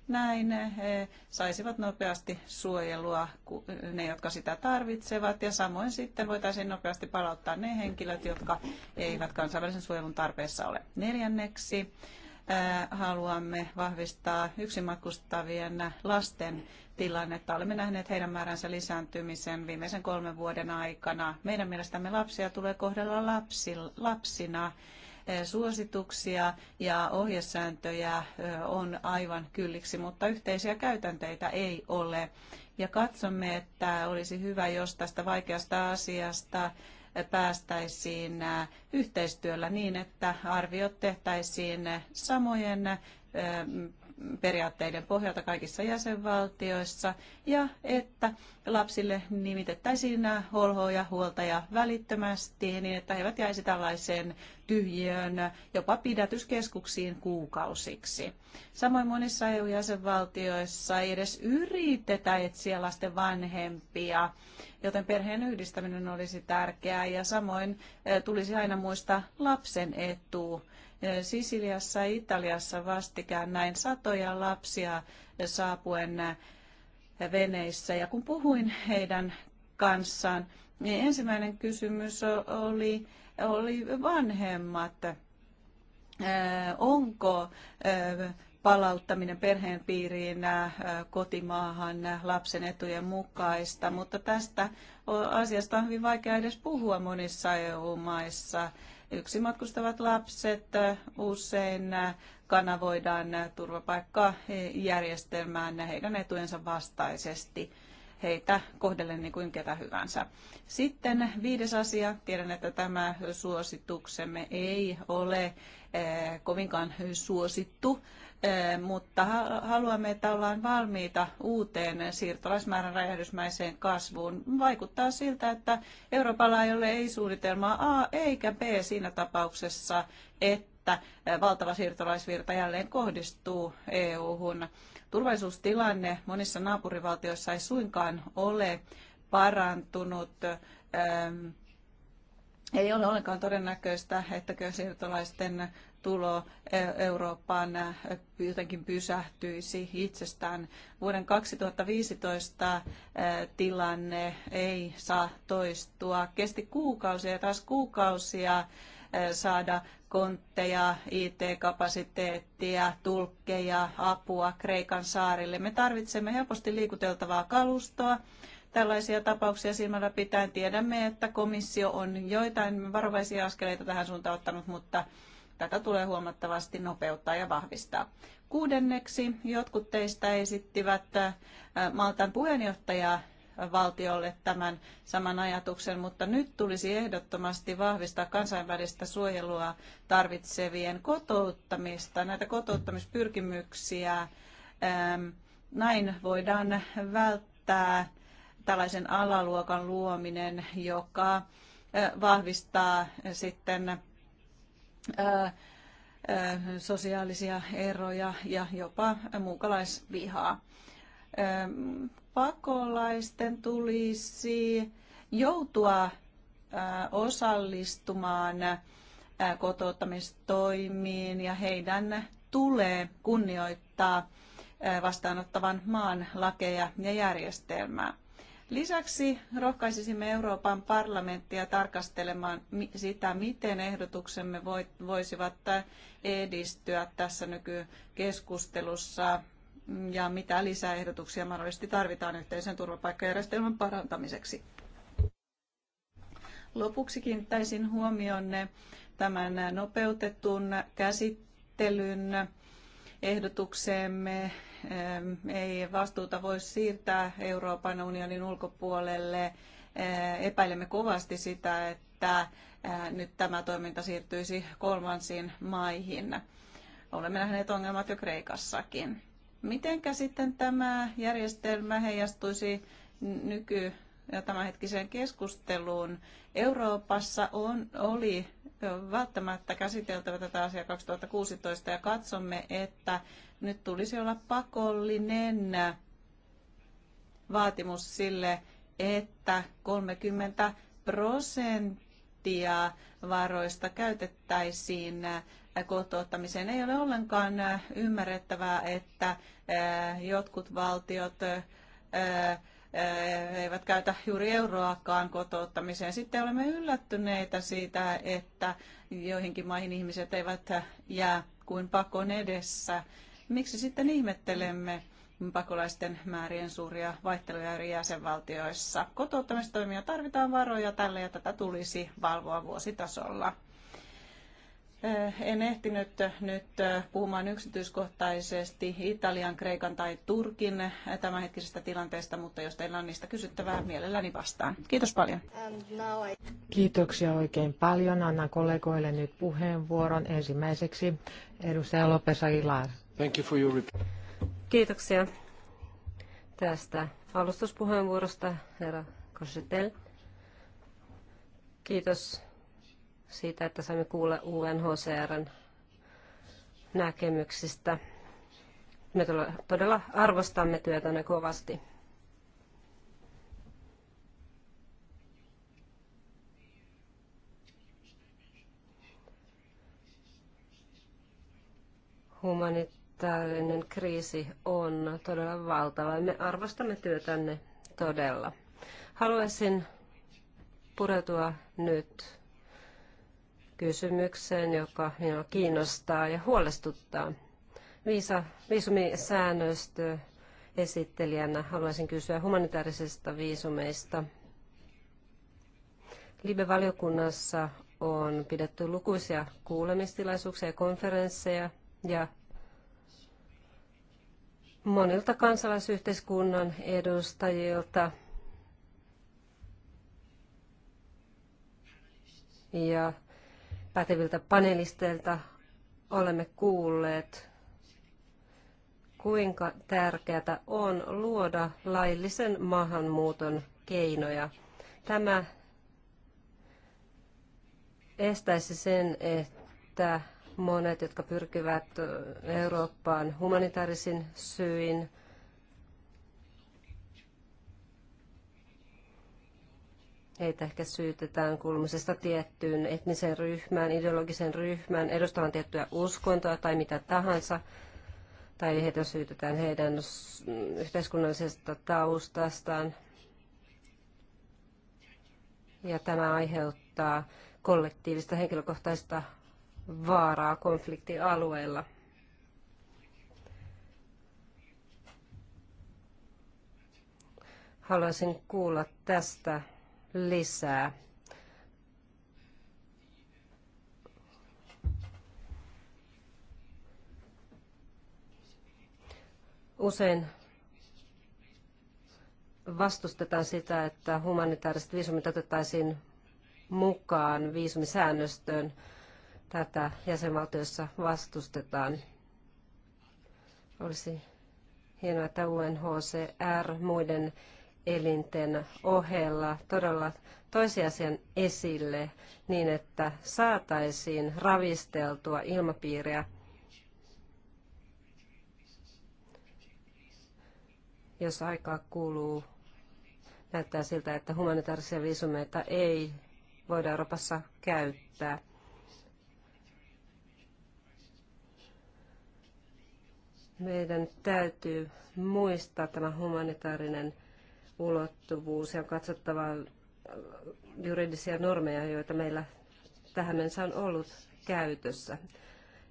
näin eh, he saisivat nopeasti suojelua eh, ne, jotka sitä tarvitsevat ja samoin sitten voitaisiin nopeasti palauttaa ne henkilöt, jotka eivät kansainvälisen suojelun tarpeessa ole. Neljänneksi eh, haluamme vahvistaa yksin matkustavien lasten tilannetta. Olemme nähneet heidän määränsä lisääntymisen viimeisen kolmen vuoden aikana. Meidän mielestämme lapsia tulee kohdella lapsi, lapsina suosituksia ja ohjesääntöjä on aivan kylliksi, mutta yhteisiä käytänteitä ei ole. Ja katsomme, että olisi hyvä, jos tästä vaikeasta asiasta päästäisiin yhteistyöllä niin, että arviot tehtäisiin samojen periaatteiden pohjalta kaikissa jäsenvaltioissa ja että lapsille nimitettäisiin nämä ja huoltaja välittömästi niin, että he eivät jäisi tällaiseen tyhjiöön jopa pidätyskeskuksiin kuukausiksi. Samoin monissa EU-jäsenvaltioissa ei edes yritetä etsiä lasten vanhempia, joten perheen yhdistäminen olisi tärkeää ja samoin eh, tulisi aina muistaa lapsen etu Sisiliassa ja Italiassa vastikään näin satoja lapsia saapuen veneissä. Ja kun puhuin heidän kanssaan, niin ensimmäinen kysymys oli, oli vanhemmat. Onko palauttaminen perheen piiriin kotimaahan lapsen etujen mukaista, mutta tästä asiasta on hyvin vaikea edes puhua monissa EU-maissa. Yksi matkustavat lapset äh, usein äh, kanavoidaan turvapaikkajärjestelmään heidän etujensa vastaisesti heitä kohdellen niin kuin ketä hyvänsä. Sitten viides asia. Tiedän, että tämä suosituksemme ei ole eh, kovinkaan suosittu, eh, mutta haluamme, että ollaan valmiita uuteen siirtolaismäärän räjähdysmäiseen kasvuun. Vaikuttaa siltä, että Euroopalla ei ole ei-suunnitelmaa A eikä B siinä tapauksessa, että että valtava siirtolaisvirta jälleen kohdistuu EU-hun. Turvallisuustilanne monissa naapurivaltioissa ei suinkaan ole parantunut. Ei ole ollenkaan todennäköistä, että siirtolaisten tulo Eurooppaan jotenkin pysähtyisi itsestään. Vuoden 2015 tilanne ei saa toistua. Kesti kuukausia ja taas kuukausia saada kontteja, IT-kapasiteettia, tulkkeja, apua Kreikan saarille. Me tarvitsemme helposti liikuteltavaa kalustoa. Tällaisia tapauksia silmällä pitäen tiedämme, että komissio on joitain varovaisia askeleita tähän suuntaan ottanut, mutta tätä tulee huomattavasti nopeuttaa ja vahvistaa. Kuudenneksi jotkut teistä esittivät Maltan puheenjohtajaa valtiolle tämän saman ajatuksen, mutta nyt tulisi ehdottomasti vahvistaa kansainvälistä suojelua tarvitsevien kotouttamista, näitä kotouttamispyrkimyksiä. Näin voidaan välttää tällaisen alaluokan luominen, joka vahvistaa sitten sosiaalisia eroja ja jopa muukalaisvihaa pakolaisten tulisi joutua osallistumaan kotouttamistoimiin ja heidän tulee kunnioittaa vastaanottavan maan lakeja ja järjestelmää. Lisäksi rohkaisisimme Euroopan parlamenttia tarkastelemaan sitä, miten ehdotuksemme voisivat edistyä tässä nykykeskustelussa ja mitä lisäehdotuksia mahdollisesti tarvitaan yhteisen turvapaikkajärjestelmän parantamiseksi. Lopuksi kiinnittäisin huomionne tämän nopeutetun käsittelyn ehdotukseemme ei vastuuta voi siirtää Euroopan unionin ulkopuolelle. Epäilemme kovasti sitä, että nyt tämä toiminta siirtyisi kolmansiin maihin. Olemme nähneet ongelmat jo Kreikassakin. Mitenkä sitten tämä järjestelmä heijastuisi nyky- ja tämänhetkiseen keskusteluun? Euroopassa on, oli välttämättä käsiteltävä tätä asiaa 2016 ja katsomme, että nyt tulisi olla pakollinen vaatimus sille, että 30 prosenttia varoista käytettäisiin kotouttamiseen. Ei ole ollenkaan äh, ymmärrettävää, että äh, jotkut valtiot äh, eivät käytä juuri euroakaan kotouttamiseen. Sitten olemme yllättyneitä siitä, että joihinkin maihin ihmiset eivät jää kuin pakon edessä. Miksi sitten ihmettelemme pakolaisten määrien suuria vaihteluja eri jäsenvaltioissa? Kotouttamistoimia tarvitaan varoja tälle ja tätä tulisi valvoa vuositasolla. Eh, en ehtinyt nyt eh, puhumaan yksityiskohtaisesti Italian, Kreikan tai Turkin eh, tämänhetkisestä tilanteesta, mutta jos teillä on niistä kysyttävää, mielelläni vastaan. Kiitos paljon. Kiitoksia oikein paljon. Annan kollegoille nyt puheenvuoron ensimmäiseksi. Edustaja Lopes Aguilar. Thank you for your... Kiitoksia tästä alustuspuheenvuorosta, herra Kosetel. Kiitos siitä, että saimme kuulla UNHCRn näkemyksistä. Me todella arvostamme työtänne kovasti. humanitaarinen kriisi on todella valtava. Me arvostamme työtänne todella. Haluaisin pureutua nyt kysymykseen, joka minua kiinnostaa ja huolestuttaa. Viisa, viisumisäännöstö esittelijänä haluaisin kysyä humanitaarisista viisumeista. Libe-valiokunnassa on pidetty lukuisia kuulemistilaisuuksia ja konferensseja ja monilta kansalaisyhteiskunnan edustajilta ja päteviltä panelisteilta olemme kuulleet, kuinka tärkeää on luoda laillisen maahanmuuton keinoja. Tämä estäisi sen, että monet, jotka pyrkivät Eurooppaan humanitaarisin syin, Heitä ehkä syytetään kuulumisesta tiettyyn etniseen ryhmään, ideologisen ryhmään, edustavan tiettyä uskontoa tai mitä tahansa. Tai heitä syytetään heidän yhteiskunnallisesta taustastaan. Ja tämä aiheuttaa kollektiivista henkilökohtaista vaaraa konfliktialueilla. Haluaisin kuulla tästä lisää. Usein vastustetaan sitä, että humanitaariset viisumit otettaisiin mukaan viisumisäännöstöön. Tätä jäsenvaltioissa vastustetaan. Olisi hienoa, että UNHCR muiden elinten ohella todella toisiasian esille niin, että saataisiin ravisteltua ilmapiiriä, jos aikaa kuluu. Näyttää siltä, että humanitaarisia viisumeita ei voida Euroopassa käyttää. Meidän täytyy muistaa tämä humanitaarinen ulottuvuus ja on katsottava äh, juridisia normeja, joita meillä tähän mennessä on ollut käytössä.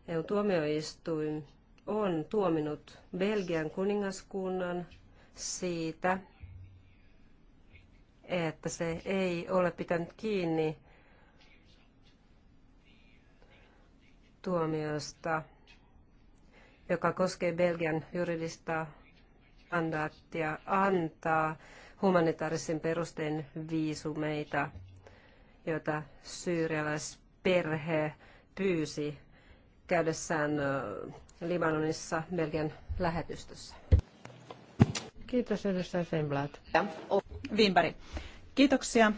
EU-tuomioistuin on tuominut Belgian kuningaskunnan siitä, että se ei ole pitänyt kiinni tuomiosta, joka koskee Belgian juridista mandaattia antaa humanitaarisen perusteen viisumeita, joita syyrialaisperhe pyysi käydessään Libanonissa Belgian lähetystössä. Kiitos edustaja Femblad. Viimpari. Kiitoksia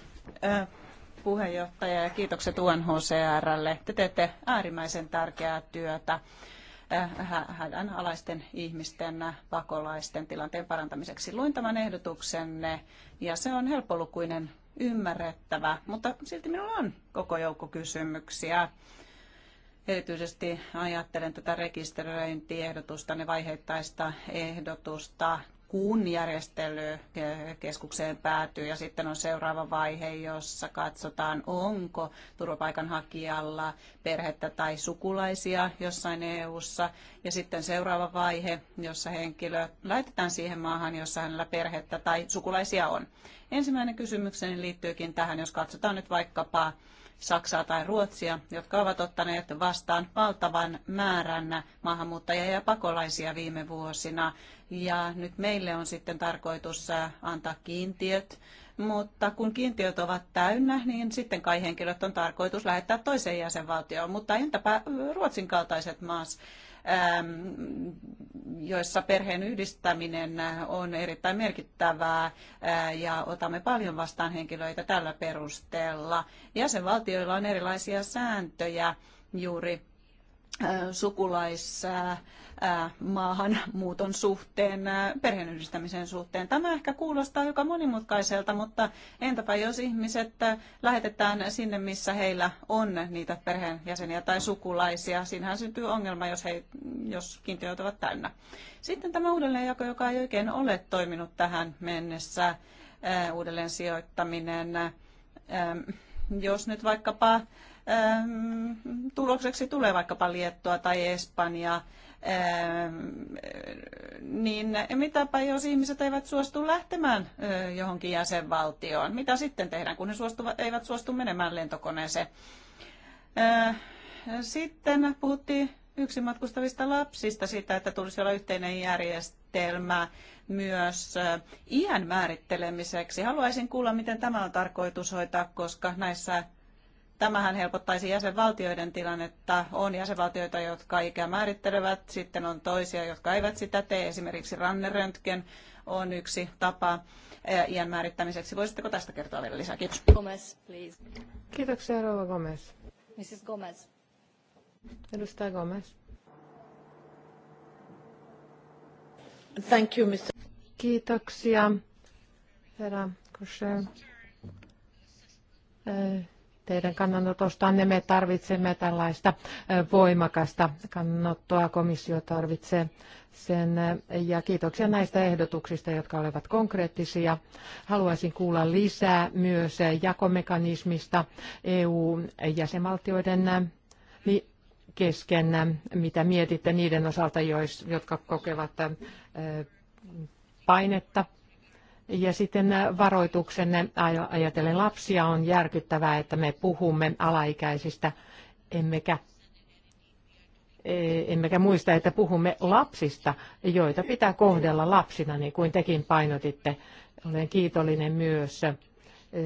puheenjohtaja ja kiitokset UNHCRlle. Te teette äärimmäisen tärkeää työtä Äh, hädänalaisten ihmisten äh, pakolaisten tilanteen parantamiseksi. Luin tämän ehdotuksenne ja se on helppolukuinen ymmärrettävä, mutta silti minulla on koko joukko kysymyksiä. Erityisesti ajattelen tätä rekisteröintiehdotusta, ne vaiheittaista ehdotusta, kun järjestelykeskukseen päätyy ja sitten on seuraava vaihe, jossa katsotaan, onko turvapaikanhakijalla perhettä tai sukulaisia jossain EU-ssa. Ja sitten seuraava vaihe, jossa henkilö laitetaan siihen maahan, jossa hänellä perhettä tai sukulaisia on. Ensimmäinen kysymykseni liittyykin tähän, jos katsotaan nyt vaikkapa Saksaa tai Ruotsia, jotka ovat ottaneet vastaan valtavan määrän maahanmuuttajia ja pakolaisia viime vuosina. Ja nyt meille on sitten tarkoitus äh, antaa kiintiöt, mutta kun kiintiöt ovat täynnä, niin sitten kai henkilöt on tarkoitus lähettää toiseen jäsenvaltioon. Mutta entäpä äh, Ruotsin kaltaiset maat? Ähm, joissa perheen yhdistäminen on erittäin merkittävää äh, ja otamme paljon vastaan henkilöitä tällä perusteella. Jäsenvaltioilla on erilaisia sääntöjä juuri äh, sukulais- maahanmuuton suhteen, perheenyhdistämisen suhteen. Tämä ehkä kuulostaa joka monimutkaiselta, mutta entäpä jos ihmiset lähetetään sinne, missä heillä on niitä perheenjäseniä tai sukulaisia. Siinähän syntyy ongelma, jos, he, jos kiintiöt ovat täynnä. Sitten tämä uudelleenjako, joka ei oikein ole toiminut tähän mennessä, uudelleen sijoittaminen. Jos nyt vaikkapa tulokseksi tulee vaikkapa Liettua tai Espanjaa, Ehm, niin mitäpä jos ihmiset eivät suostu lähtemään johonkin jäsenvaltioon? Mitä sitten tehdään, kun ne suostuvat, eivät suostu menemään lentokoneeseen? Ehm, sitten puhuttiin yksin matkustavista lapsista siitä, että tulisi olla yhteinen järjestelmä myös iän määrittelemiseksi. Haluaisin kuulla, miten tämä on tarkoitus hoitaa, koska näissä Tämähän helpottaisi jäsenvaltioiden tilannetta. On jäsenvaltioita, jotka ikä määrittelevät, sitten on toisia, jotka eivät sitä tee. Esimerkiksi ranneröntgen on yksi tapa eh, iän määrittämiseksi. Voisitteko tästä kertoa vielä lisää? Kiitos. Gomez, please. Kiitoksia, Rova Gomez. Mrs. Gomez. Edustaja Gomez. Thank you, Mr. Kiitoksia, herra Kosher. Eh, teidän kannanotostanne. Me tarvitsemme tällaista voimakasta kannanottoa. Komissio tarvitsee sen. Ja kiitoksia näistä ehdotuksista, jotka olivat konkreettisia. Haluaisin kuulla lisää myös jakomekanismista EU-jäsenvaltioiden kesken, mitä mietitte niiden osalta, jotka kokevat painetta ja sitten varoituksenne ajatellen lapsia on järkyttävää, että me puhumme alaikäisistä, emmekä, e, emmekä muista, että puhumme lapsista, joita pitää kohdella lapsina, niin kuin tekin painotitte. Olen kiitollinen myös e,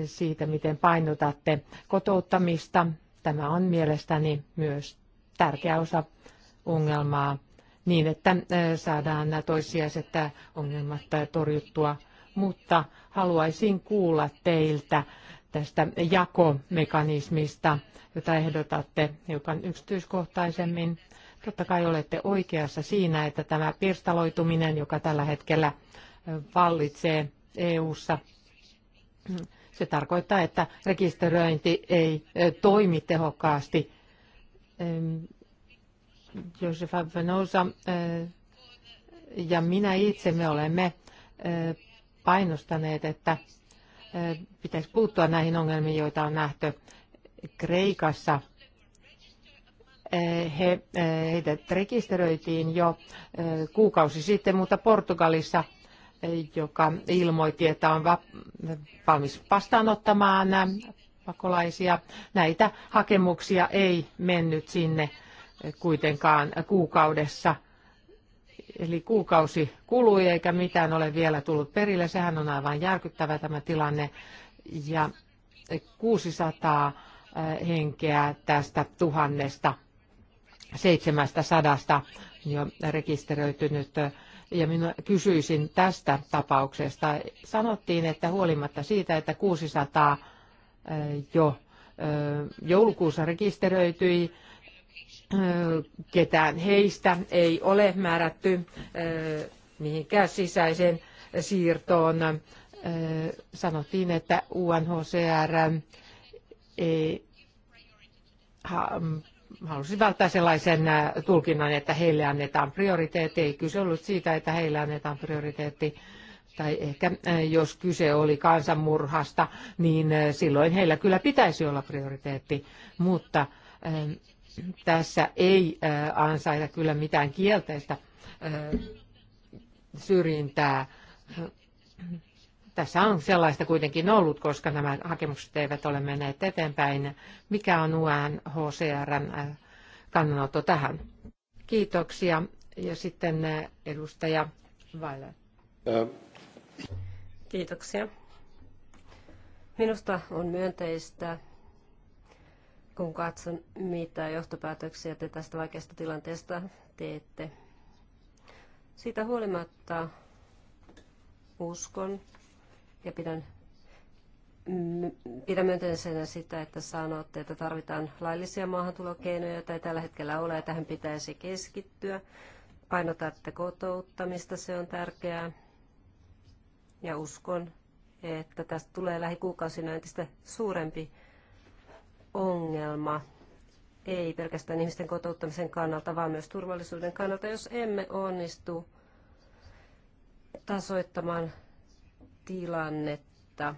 siitä, miten painotatte kotouttamista. Tämä on mielestäni myös tärkeä osa ongelmaa niin, että e, saadaan nämä toissijaiset ongelmat torjuttua mutta haluaisin kuulla teiltä tästä jakomekanismista, jota ehdotatte hiukan yksityiskohtaisemmin. Totta kai olette oikeassa siinä, että tämä pirstaloituminen, joka tällä hetkellä vallitsee EU:ssa, se tarkoittaa, että rekisteröinti ei toimi tehokkaasti. Josefa Venosa ja minä itse me olemme painostaneet, että pitäisi puuttua näihin ongelmiin, joita on nähty Kreikassa. He, heidät rekisteröitiin jo kuukausi sitten, mutta Portugalissa, joka ilmoitti, että on valmis vastaanottamaan pakolaisia, näitä hakemuksia ei mennyt sinne kuitenkaan kuukaudessa – eli kuukausi kului eikä mitään ole vielä tullut perille. Sehän on aivan järkyttävä tämä tilanne. Ja 600 eh, henkeä tästä tuhannesta 700 jo rekisteröitynyt. Ja minä kysyisin tästä tapauksesta. Sanottiin, että huolimatta siitä, että 600 eh, jo eh, joulukuussa rekisteröityi, ketään heistä ei ole määrätty mihinkään sisäiseen siirtoon. Sanottiin, että UNHCR ei halusi välttää sellaisen tulkinnan, että heille annetaan prioriteetti. Ei kyse ollut siitä, että heille annetaan prioriteetti tai ehkä jos kyse oli kansanmurhasta, niin silloin heillä kyllä pitäisi olla prioriteetti, mutta tässä ei ansaita kyllä mitään kielteistä syrjintää. Tässä on sellaista kuitenkin ollut, koska nämä hakemukset eivät ole menneet eteenpäin. Mikä on UNHCRn kannanotto tähän? Kiitoksia. Ja sitten edustaja Vaila. Kiitoksia. Minusta on myönteistä, kun katson, mitä johtopäätöksiä te tästä vaikeasta tilanteesta teette. Siitä huolimatta uskon ja pidän, pidän myönteisenä sitä, että sanotte, että tarvitaan laillisia maahantulokeinoja, joita ei tällä hetkellä ole, ja tähän pitäisi keskittyä. Painotatte kotouttamista, se on tärkeää. Ja uskon, että tästä tulee lähikuukausina entistä suurempi ongelma, ei pelkästään ihmisten kotouttamisen kannalta, vaan myös turvallisuuden kannalta, jos emme onnistu tasoittamaan tilannetta.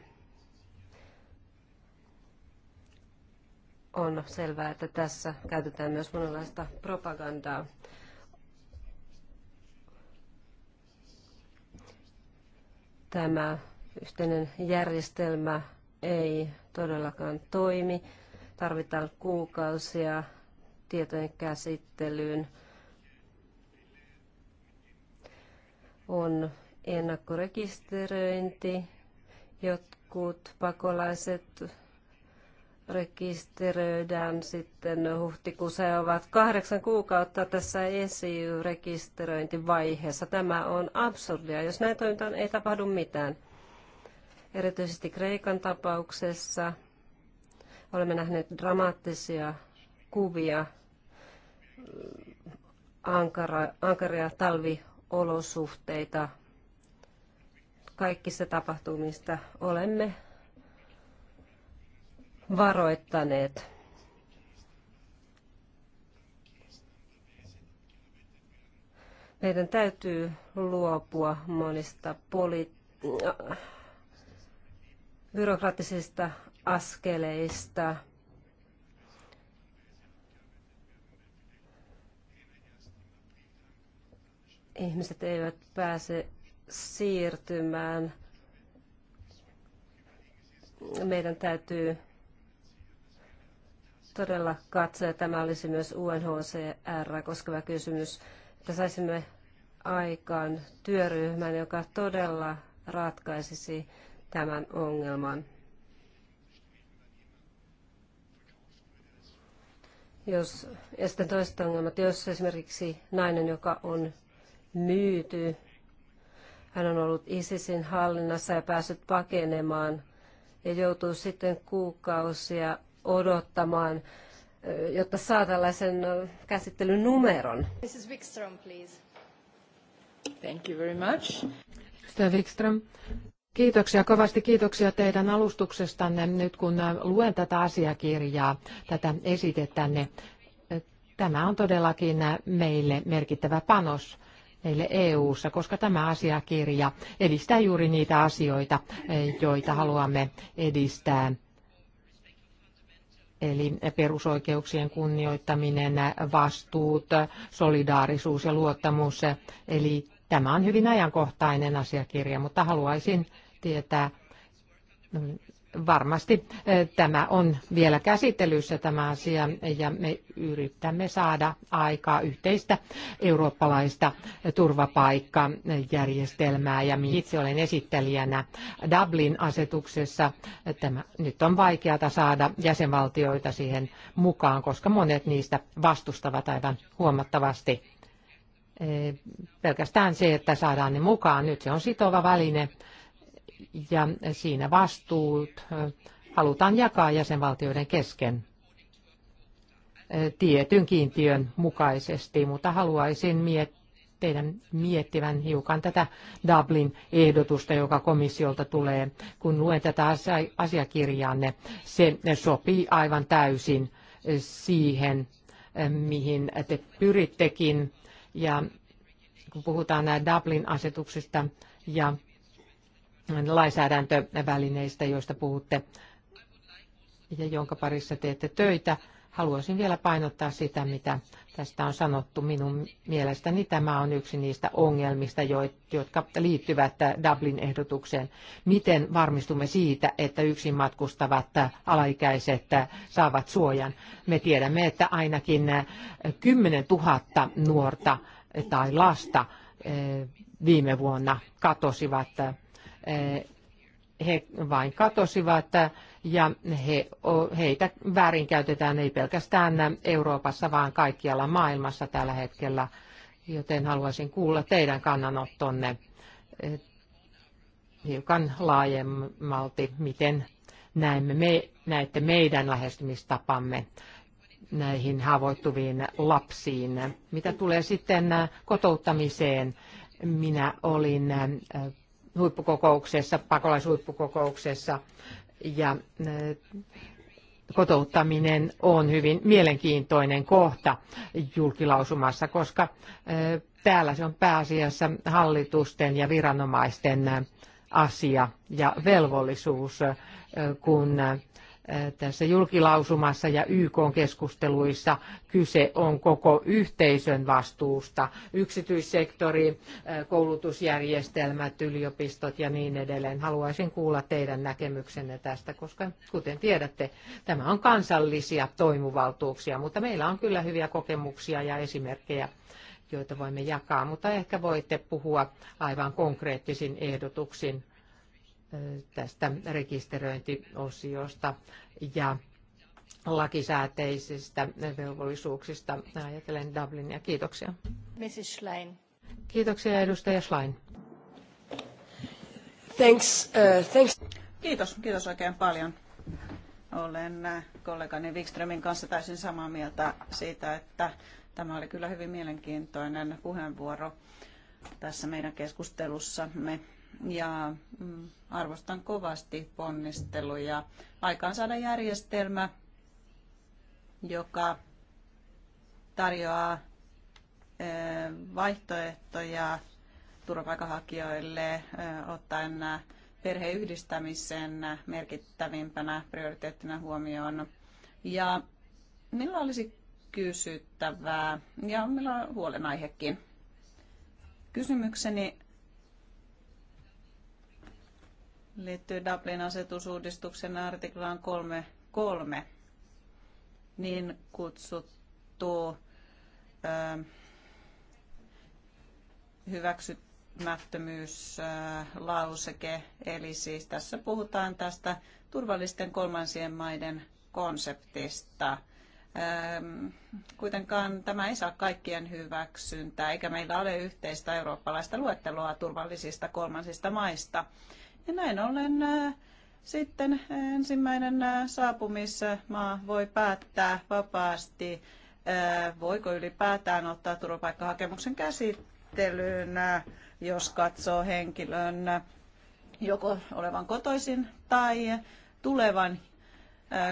On selvää, että tässä käytetään myös monenlaista propagandaa. Tämä yhteinen järjestelmä ei todellakaan toimi tarvitaan kuukausia tietojen käsittelyyn. On ennakkorekisteröinti. Jotkut pakolaiset rekisteröidään sitten huhtikuussa ja ovat kahdeksan kuukautta tässä ESI-rekisteröintivaiheessa. Tämä on absurdia. Jos näin toimitaan, ei tapahdu mitään. Erityisesti Kreikan tapauksessa – Olemme nähneet dramaattisia kuvia, ankara, ankaria talviolosuhteita. Kaikki se tapahtuu, mistä olemme varoittaneet. Meidän täytyy luopua monista poli- äh, byrokraattisista askeleista. Ihmiset eivät pääse siirtymään. Meidän täytyy todella katsoa, tämä olisi myös UNHCR koskeva kysymys, että saisimme aikaan työryhmän, joka todella ratkaisisi tämän ongelman. Jos, ja sitten toiset ongelmat, jos esimerkiksi nainen, joka on myyty, hän on ollut ISISin hallinnassa ja päässyt pakenemaan ja joutuu sitten kuukausia odottamaan, jotta saa tällaisen käsittelyn numeron. Mrs. Wikström, please. Thank you very much. Mr. Wikström, Kiitoksia kovasti, kiitoksia teidän alustuksestanne. Nyt kun luen tätä asiakirjaa, tätä esitettänne, tämä on todellakin meille merkittävä panos meille EU-ssa, koska tämä asiakirja edistää juuri niitä asioita, joita haluamme edistää. Eli perusoikeuksien kunnioittaminen, vastuut, solidaarisuus ja luottamus. Eli tämä on hyvin ajankohtainen asiakirja, mutta haluaisin tietää. Varmasti eh, tämä on vielä käsittelyssä tämä asia ja me yritämme saada aikaa yhteistä eurooppalaista turvapaikkajärjestelmää ja itse olen esittelijänä Dublin-asetuksessa. Tämä nyt on vaikeata saada jäsenvaltioita siihen mukaan, koska monet niistä vastustavat aivan huomattavasti eh, pelkästään se, että saadaan ne mukaan. Nyt se on sitova väline ja siinä vastuut halutaan jakaa jäsenvaltioiden kesken tietyn kiintiön mukaisesti, mutta haluaisin miettiä teidän miettivän hiukan tätä Dublin-ehdotusta, joka komissiolta tulee. Kun luen tätä asiakirjaanne, se sopii aivan täysin siihen, mihin te pyrittekin. Ja kun puhutaan nämä Dublin-asetuksista ja lainsäädäntövälineistä, joista puhutte ja jonka parissa teette töitä. Haluaisin vielä painottaa sitä, mitä tästä on sanottu. Minun mielestäni tämä on yksi niistä ongelmista, jotka liittyvät Dublin-ehdotukseen. Miten varmistumme siitä, että yksin matkustavat alaikäiset saavat suojan? Me tiedämme, että ainakin 10 000 nuorta tai lasta eh, viime vuonna katosivat he vain katosivat ja he, heitä väärinkäytetään ei pelkästään Euroopassa, vaan kaikkialla maailmassa tällä hetkellä. Joten haluaisin kuulla teidän kannanottonne hiukan laajemmalti, miten näemme me, näette meidän lähestymistapamme näihin haavoittuviin lapsiin. Mitä tulee sitten kotouttamiseen, minä olin huippukokouksessa, pakolaishuippukokouksessa. Ja eh, kotouttaminen on hyvin mielenkiintoinen kohta julkilausumassa, koska eh, täällä se on pääasiassa hallitusten ja viranomaisten eh, asia ja velvollisuus, kun tässä julkilausumassa ja YK-keskusteluissa kyse on koko yhteisön vastuusta, yksityissektori, koulutusjärjestelmät, yliopistot ja niin edelleen. Haluaisin kuulla teidän näkemyksenne tästä, koska kuten tiedätte, tämä on kansallisia toimivaltuuksia, mutta meillä on kyllä hyviä kokemuksia ja esimerkkejä joita voimme jakaa, mutta ehkä voitte puhua aivan konkreettisin ehdotuksin tästä rekisteröintiosiosta ja lakisääteisistä velvollisuuksista ajatellen Dublinia. Kiitoksia. Mrs. Schlein. Kiitoksia edustaja Schlein. Thanks, uh, thanks. Kiitos, kiitos oikein paljon. Olen äh, kollegani Wikströmin kanssa täysin samaa mieltä siitä, että tämä oli kyllä hyvin mielenkiintoinen puheenvuoro tässä meidän keskustelussamme ja mm, arvostan kovasti ponnisteluja saada järjestelmä, joka tarjoaa eh, vaihtoehtoja turvapaikanhakijoille eh, ottaen eh, perheyhdistämisen merkittävimpänä prioriteettina huomioon. Ja millä olisi kysyttävää ja millä on huolenaihekin? Kysymykseni liittyy Dublin-asetusuudistuksen artiklaan 3.3, niin kutsuttu ää, hyväksymättömyyslauseke. Eli siis tässä puhutaan tästä turvallisten kolmansien maiden konseptista. Kuitenkaan tämä ei saa kaikkien hyväksyntää, eikä meillä ole yhteistä eurooppalaista luetteloa turvallisista kolmansista maista. Ja näin ollen äh, sitten ensimmäinen äh, saapumismaa voi päättää vapaasti, äh, voiko ylipäätään ottaa turvapaikkahakemuksen käsittelyyn, jos katsoo henkilön joko olevan kotoisin tai tulevan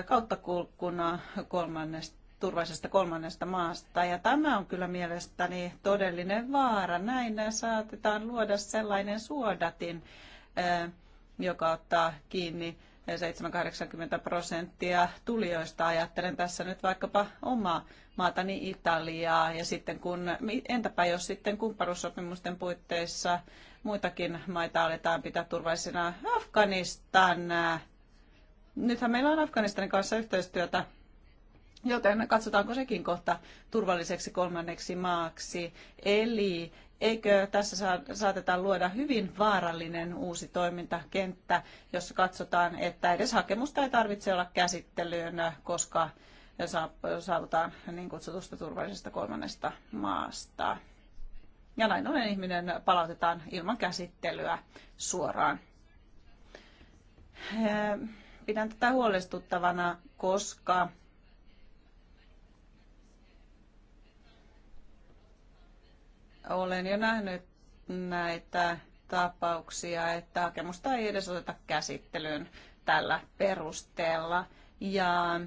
kauttakulkuna kolmannesta turvallisesta kolmannesta maasta. Ja tämä on kyllä mielestäni todellinen vaara. Näin saatetaan luoda sellainen suodatin, joka ottaa kiinni 70-80 prosenttia tulijoista. Ajattelen tässä nyt vaikkapa omaa maatani Italiaa ja sitten kun, entäpä jos sitten kumppanuussopimusten puitteissa muitakin maita aletaan pitää turvallisena Afganistan. Nythän meillä on Afganistanin kanssa yhteistyötä, joten katsotaanko sekin kohta turvalliseksi kolmanneksi maaksi. Eli Eikö tässä saateta luoda hyvin vaarallinen uusi toimintakenttä, jossa katsotaan, että edes hakemusta ei tarvitse olla käsittelyyn, koska saavutaan niin kutsutusta turvallisesta kolmannesta maasta. Ja näin ollen ihminen palautetaan ilman käsittelyä suoraan. Pidän tätä huolestuttavana, koska olen jo nähnyt näitä tapauksia, että hakemusta ei edes oteta käsittelyyn tällä perusteella. Ja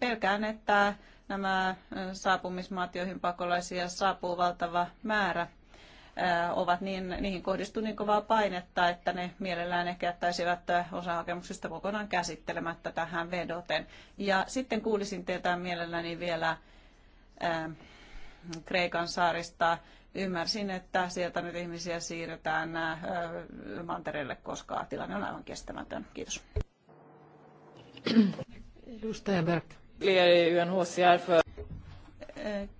pelkään, että nämä saapumismaat, joihin pakolaisia saapuu valtava määrä, ovat niin, niihin kohdistuu niin kovaa painetta, että ne mielellään ehkä jättäisivät osa hakemuksista kokonaan käsittelemättä tähän vedoten. Ja sitten kuulisin teiltä mielelläni vielä Kreikan saarista. Ymmärsin, että sieltä nyt ihmisiä siirretään äh, mantereelle, koska tilanne on aivan kestämätön. Kiitos. Edustaja Berg.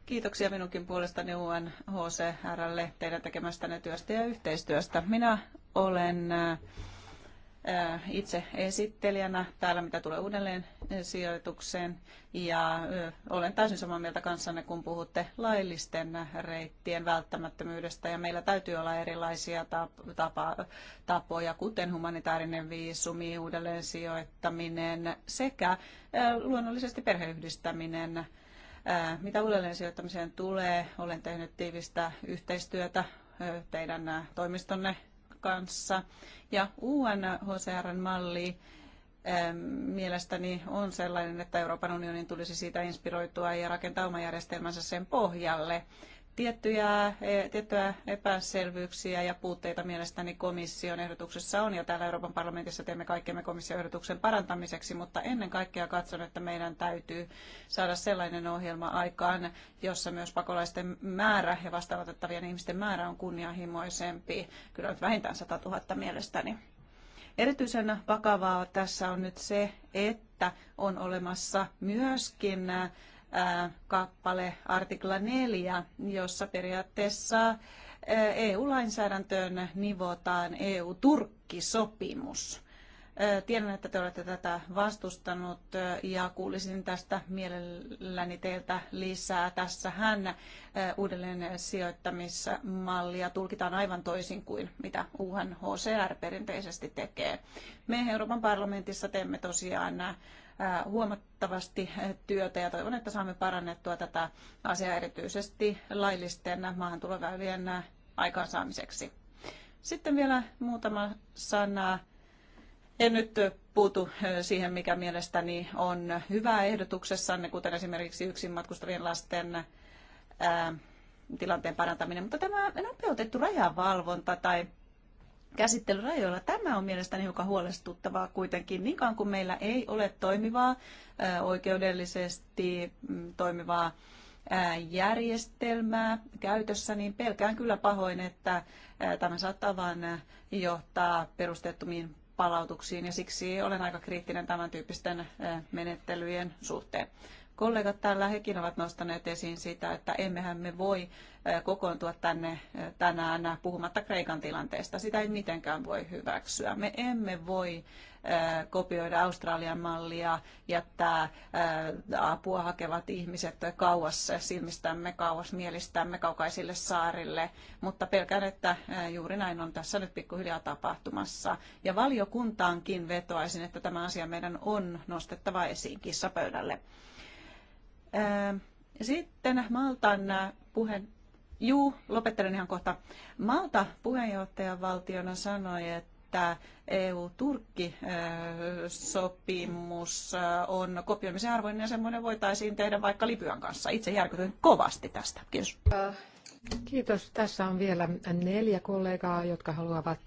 Kiitoksia minunkin puolestani UNHCRlle teidän tekemästänne työstä ja yhteistyöstä. Minä olen äh, itse esittelijänä täällä, mitä tulee uudelleen sijoitukseen. Ja olen täysin samaa mieltä kanssanne, kun puhutte laillisten reittien välttämättömyydestä. Ja meillä täytyy olla erilaisia tapa, tapoja, kuten humanitaarinen viisumi, uudelleen sijoittaminen sekä luonnollisesti perheyhdistäminen. Mitä uudelleen sijoittamiseen tulee, olen tehnyt tiivistä yhteistyötä teidän toimistonne kanssa. Ja UNHCRn malli ähm, mielestäni on sellainen, että Euroopan unionin tulisi siitä inspiroitua ja rakentaa oma järjestelmänsä sen pohjalle. Tiettyjä, e, tiettyjä epäselvyyksiä ja puutteita mielestäni komission ehdotuksessa on, ja täällä Euroopan parlamentissa teemme kaikkemme komission ehdotuksen parantamiseksi, mutta ennen kaikkea katson, että meidän täytyy saada sellainen ohjelma aikaan, jossa myös pakolaisten määrä ja vastaanotettavien ihmisten määrä on kunnianhimoisempi, kyllä nyt vähintään 100 000 mielestäni. Erityisen vakavaa tässä on nyt se, että on olemassa myöskin kappale, artikla 4, jossa periaatteessa EU-lainsäädäntöön nivotaan EU-Turkki-sopimus. Tiedän, että te olette tätä vastustanut ja kuulisin tästä mielelläni teiltä lisää. Tässähän uudelleen sijoittamismallia tulkitaan aivan toisin kuin mitä UNHCR perinteisesti tekee. Me Euroopan parlamentissa teemme tosiaan huomattavasti työtä ja toivon, että saamme parannettua tätä asiaa erityisesti laillisten maahantuloväylien aikaansaamiseksi. Sitten vielä muutama sana. En nyt puutu siihen, mikä mielestäni on hyvää ehdotuksessanne, kuten esimerkiksi yksin matkustavien lasten tilanteen parantaminen, mutta tämä nopeutettu rajavalvonta tai käsittelyrajoilla. Tämä on mielestäni hiukan huolestuttavaa kuitenkin. Niin kauan kuin meillä ei ole toimivaa, oikeudellisesti mm, toimivaa järjestelmää käytössä, niin pelkään kyllä pahoin, että tämä saattaa vain johtaa perusteettomiin palautuksiin ja siksi olen aika kriittinen tämän tyyppisten menettelyjen suhteen. Kollegat täällä hekin ovat nostaneet esiin sitä, että emmehän me voi kokoontua tänne tänään puhumatta Kreikan tilanteesta. Sitä ei mitenkään voi hyväksyä. Me emme voi kopioida Australian mallia, jättää apua hakevat ihmiset kauas silmistämme, kauas mielistämme, kaukaisille saarille, mutta pelkään, että juuri näin on tässä nyt pikkuhiljaa tapahtumassa. Ja valiokuntaankin vetoaisin, että tämä asia meidän on nostettava esiin kissapöydälle. Sitten Maltan puheen, juu, lopettelen ihan kohta. Malta puheenjohtajavaltiona sanoi, että EU-Turkki-sopimus on kopioimisen arvoinen ja semmoinen voitaisiin tehdä vaikka Libyan kanssa. Itse järkytyn kovasti tästä. Kiitos. Kiitos. Tässä on vielä neljä kollegaa, jotka haluavat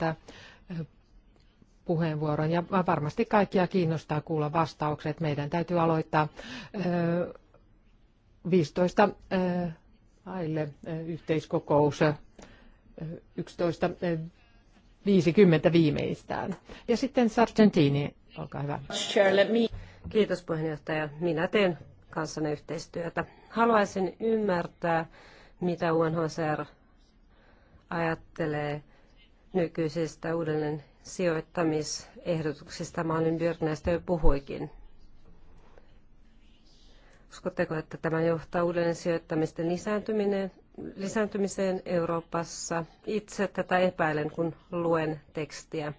puheenvuoron. Ja varmasti kaikkia kiinnostaa kuulla vastaukset. Meidän täytyy aloittaa 15 maille äh, äh, yhteiskokous 11.50 äh, viimeistään. Ja sitten Sargentini, olkaa hyvä. Kiitos puheenjohtaja. Minä teen kanssanne yhteistyötä. Haluaisin ymmärtää, mitä UNHCR ajattelee nykyisistä uudelleen sijoittamisehdotuksista. Malin Björk näistä jo puhuikin. Uskotteko, että tämä johtaa uuden sijoittamisten lisääntymiseen Euroopassa? Itse tätä epäilen, kun luen tekstiä.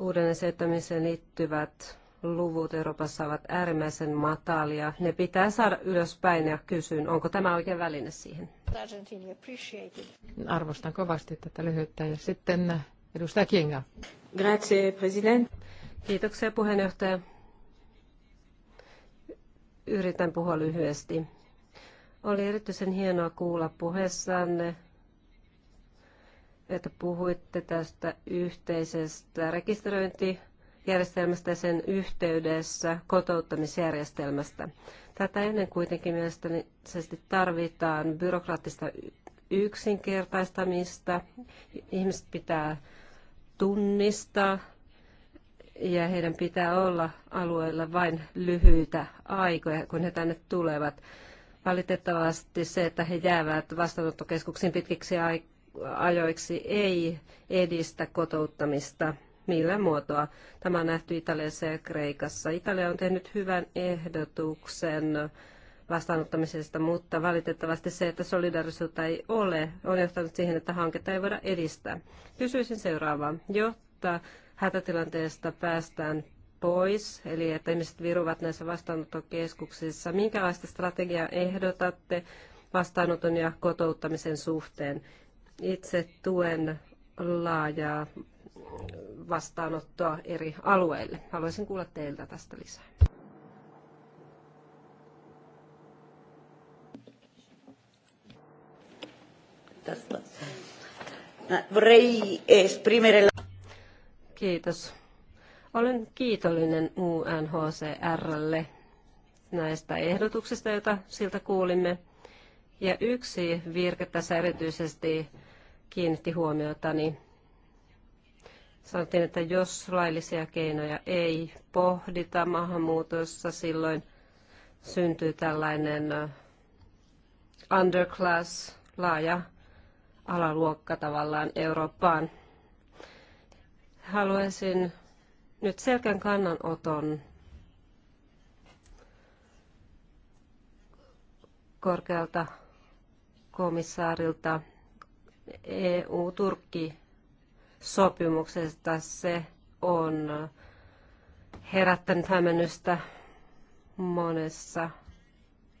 Uuden sijoittamiseen liittyvät luvut Euroopassa ovat äärimmäisen matalia. Ne pitää saada ylöspäin ja kysyn, onko tämä oikein väline siihen? Arvostan kovasti tätä lyhyttä ja sitten äh, edustaja Kinga. Grazie, president. Kiitoksia puheenjohtaja. Yritän puhua lyhyesti. Oli erityisen hienoa kuulla puheessanne, että puhuitte tästä yhteisestä rekisteröintijärjestelmästä ja sen yhteydessä kotouttamisjärjestelmästä. Tätä ennen kuitenkin mielestäni tarvitaan byrokraattista yksinkertaistamista. Ihmiset pitää tunnistaa ja heidän pitää olla alueella vain lyhyitä aikoja, kun he tänne tulevat. Valitettavasti se, että he jäävät vastaanottokeskuksiin pitkiksi ajoiksi, ei edistä kotouttamista millään muotoa. Tämä on nähty Italiassa ja Kreikassa. Italia on tehnyt hyvän ehdotuksen vastaanottamisesta, mutta valitettavasti se, että solidarisuutta ei ole, on johtanut siihen, että hanketta ei voida edistää. Kysyisin seuraavaa. Jotta hätätilanteesta päästään pois, eli että ihmiset viruvat näissä vastaanottokeskuksissa. Minkälaista strategiaa ehdotatte vastaanoton ja kotouttamisen suhteen? Itse tuen laajaa vastaanottoa eri alueille. Haluaisin kuulla teiltä tästä lisää. Vorrei esprimere la... Kiitos. Olen kiitollinen UNHCRlle näistä ehdotuksista, joita siltä kuulimme. Ja yksi virke tässä erityisesti kiinnitti niin Sanottiin, että jos laillisia keinoja ei pohdita maahanmuutossa, silloin syntyy tällainen underclass, laaja alaluokka tavallaan Eurooppaan. Haluaisin nyt selkeän kannanoton korkealta komissaarilta EU-Turkki-sopimuksesta. Se on herättänyt hämmennystä monessa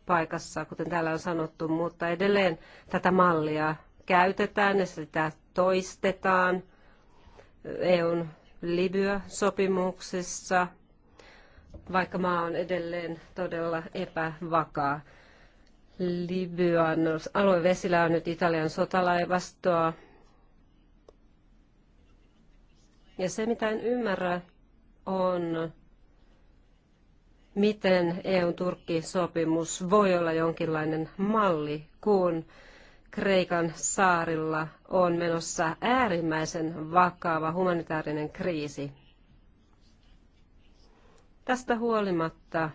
paikassa, kuten täällä on sanottu, mutta edelleen tätä mallia käytetään ja sitä toistetaan – EUn Libya-sopimuksessa, vaikka maa on edelleen todella epävakaa. Libyan aluevesillä on nyt Italian sotalaivastoa. Ja se, mitä en ymmärrä, on, miten Eun turkki sopimus voi olla jonkinlainen malli, kun Kreikan saarilla on menossa äärimmäisen vakava humanitaarinen kriisi. Tästä huolimatta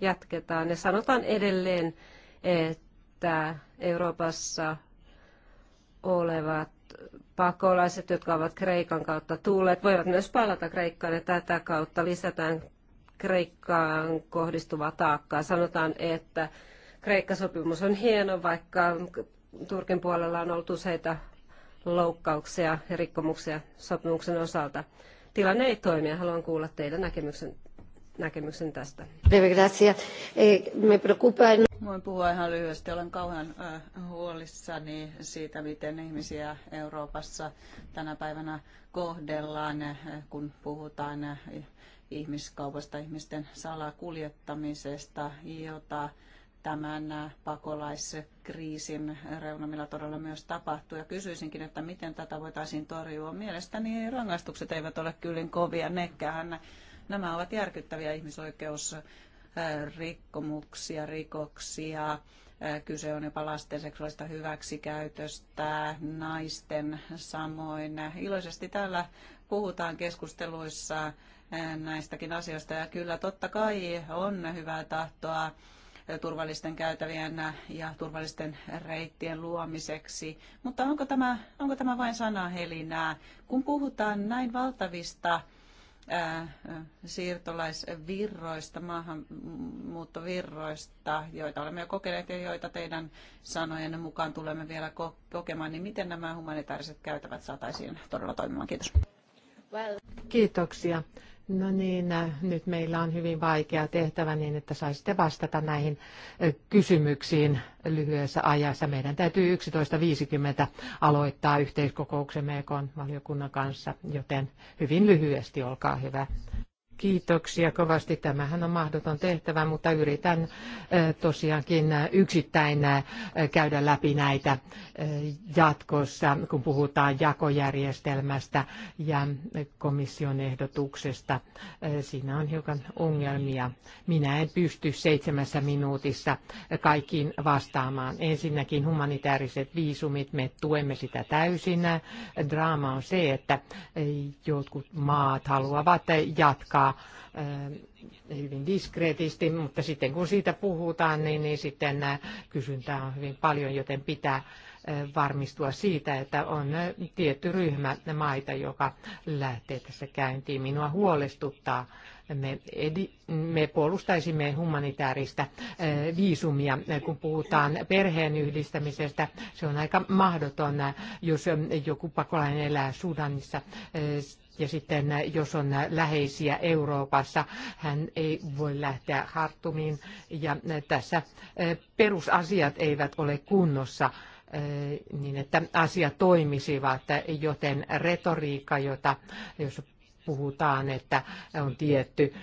jatketaan ja sanotaan edelleen, että Euroopassa olevat pakolaiset, jotka ovat Kreikan kautta tulleet, voivat myös palata Kreikkaan ja tätä kautta lisätään Kreikkaan kohdistuvaa taakkaa. Sanotaan, että Kreikka-sopimus on hieno, vaikka Turkin puolella on ollut useita loukkauksia ja rikkomuksia sopimuksen osalta. Tilanne ei toimi ja haluan kuulla teidän näkemyksen, näkemyksen tästä. E, Voin puhua ihan lyhyesti. Olen kauhean huolissani siitä, miten ihmisiä Euroopassa tänä päivänä kohdellaan, kun puhutaan ihmiskaupasta, ihmisten salakuljettamisesta, jota tämän äh, pakolaiskriisin reunamilla todella myös tapahtuu. Ja kysyisinkin, että miten tätä voitaisiin torjua. Mielestäni rangaistukset eivät ole kyllin kovia nekään. Nämä ovat järkyttäviä ihmisoikeusrikkomuksia, rikoksia. Äh, kyse on jopa lasten seksuaalista hyväksikäytöstä, naisten samoin. Iloisesti täällä puhutaan keskusteluissa äh, näistäkin asioista ja kyllä totta kai on hyvää tahtoa turvallisten käytävien ja turvallisten reittien luomiseksi. Mutta onko tämä, onko tämä vain sanahelinää? Kun puhutaan näin valtavista siirtolaisvirroista, maahanmuuttovirroista, joita olemme jo kokeneet ja joita teidän sanojen mukaan tulemme vielä kokemaan, niin miten nämä humanitaariset käytävät saataisiin todella toimimaan? Kiitos. Kiitoksia. No niin, äh, nyt meillä on hyvin vaikea tehtävä niin, että saisitte vastata näihin kysymyksiin lyhyessä ajassa. Meidän täytyy 11.50 aloittaa yhteiskokouksemme EKon valiokunnan kanssa, joten hyvin lyhyesti, olkaa hyvä. Kiitoksia kovasti. Tämähän on mahdoton tehtävä, mutta yritän tosiaankin yksittäin käydä läpi näitä jatkossa, kun puhutaan jakojärjestelmästä ja komission ehdotuksesta. Siinä on hiukan ongelmia. Minä en pysty seitsemässä minuutissa kaikkiin vastaamaan. Ensinnäkin humanitaariset viisumit, me tuemme sitä täysin. Draama on se, että jotkut maat haluavat jatkaa Eh, hyvin diskreetisti, mutta sitten kun siitä puhutaan, niin, niin sitten eh, kysyntää on hyvin paljon, joten pitää eh, varmistua siitä, että on tietty ryhmä maita, joka lähtee tässä käyntiin. Minua huolestuttaa. Me, edi, me puolustaisimme humanitaarista viisumia, kun puhutaan perheen yhdistämisestä. Se on aika mahdoton, jos joku pakolainen elää Sudanissa ja sitten äh, jos on äh, läheisiä Euroopassa, hän ei voi lähteä Hartumiin. Ja äh, tässä perusasiat eivät ole kunnossa niin, että asiat toimisivat, joten retoriikka, jota jos puhutaan, että on tietty,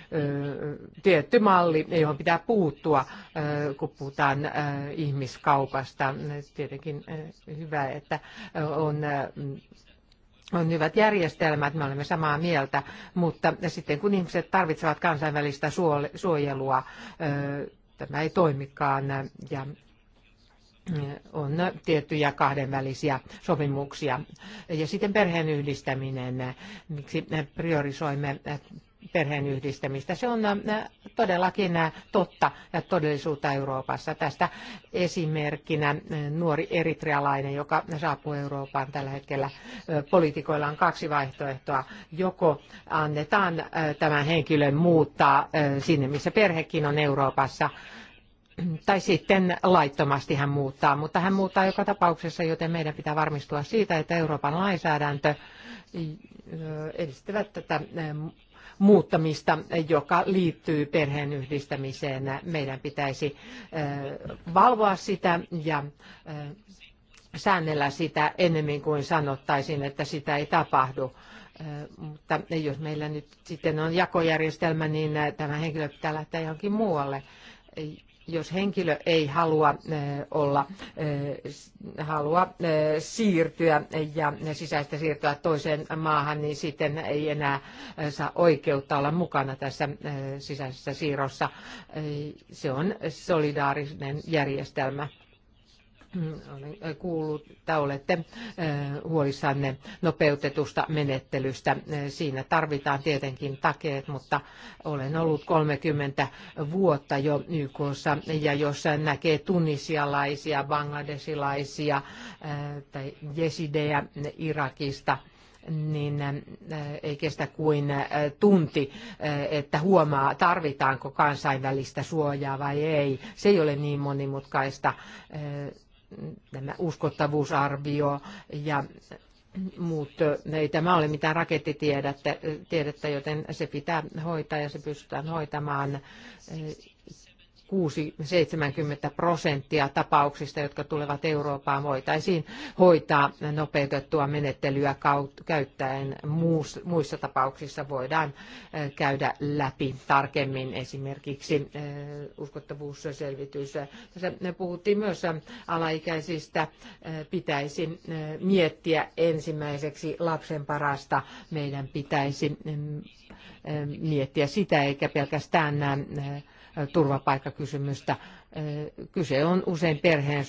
tietty malli, johon pitää puuttua, kun puhutaan ihmiskaupasta. Tietenkin hyvä, että on on hyvät järjestelmät, me olemme samaa mieltä, mutta sitten kun ihmiset tarvitsevat kansainvälistä suojelua, tämä ei toimikaan ja on tiettyjä kahdenvälisiä sopimuksia. Ja sitten perheen yhdistäminen, miksi priorisoimme yhdistämistä. Se on äh, todellakin äh, totta ja todellisuutta Euroopassa. Tästä esimerkkinä äh, nuori eritrealainen, joka saapuu Eurooppaan tällä hetkellä. Poliitikoilla on kaksi vaihtoehtoa. Joko annetaan tämän henkilön muuttaa sinne, missä perhekin on Euroopassa, tai sitten laittomasti hän muuttaa, mutta hän muuttaa joka tapauksessa, joten meidän pitää varmistua siitä, että Euroopan lainsäädäntö edistävät tätä muuttamista, joka liittyy perheen yhdistämiseen. Meidän pitäisi valvoa sitä ja säännellä sitä enemmän kuin sanottaisiin, että sitä ei tapahdu. Mutta jos meillä nyt sitten on jakojärjestelmä, niin tämä henkilö pitää lähteä johonkin muualle jos henkilö ei halua eh, olla, eh, halua eh, siirtyä ja sisäistä siirtyä toiseen maahan, niin sitten ei enää saa oikeutta olla mukana tässä sisäisessä siirrossa. Se on solidaarinen järjestelmä olen kuullut, että olette äh, huolissanne nopeutetusta menettelystä. Äh, siinä tarvitaan tietenkin takeet, mutta olen ollut 30 vuotta jo YKssa ja jos näkee tunisialaisia, bangladesilaisia äh, tai jesidejä Irakista, niin ei kestä kuin tunti, että huomaa, tarvitaanko kansainvälistä suojaa vai ei. Se ei ole niin monimutkaista tämä uskottavuusarvio ja muut, ei tämä ole mitään rakettitiedettä, joten se pitää hoitaa ja se pystytään hoitamaan 60-70 prosenttia tapauksista, jotka tulevat Eurooppaan, voitaisiin hoitaa nopeutettua menettelyä käyttäen. Muissa tapauksissa voidaan eh, käydä läpi tarkemmin esimerkiksi eh, uskottavuusselvitys. Tässä puhuttiin myös alaikäisistä. Eh, pitäisi miettiä ensimmäiseksi lapsen parasta. Meidän pitäisi mm, miettiä sitä, eikä pelkästään nämä turvapaikkakysymystä. Kyse on usein perheen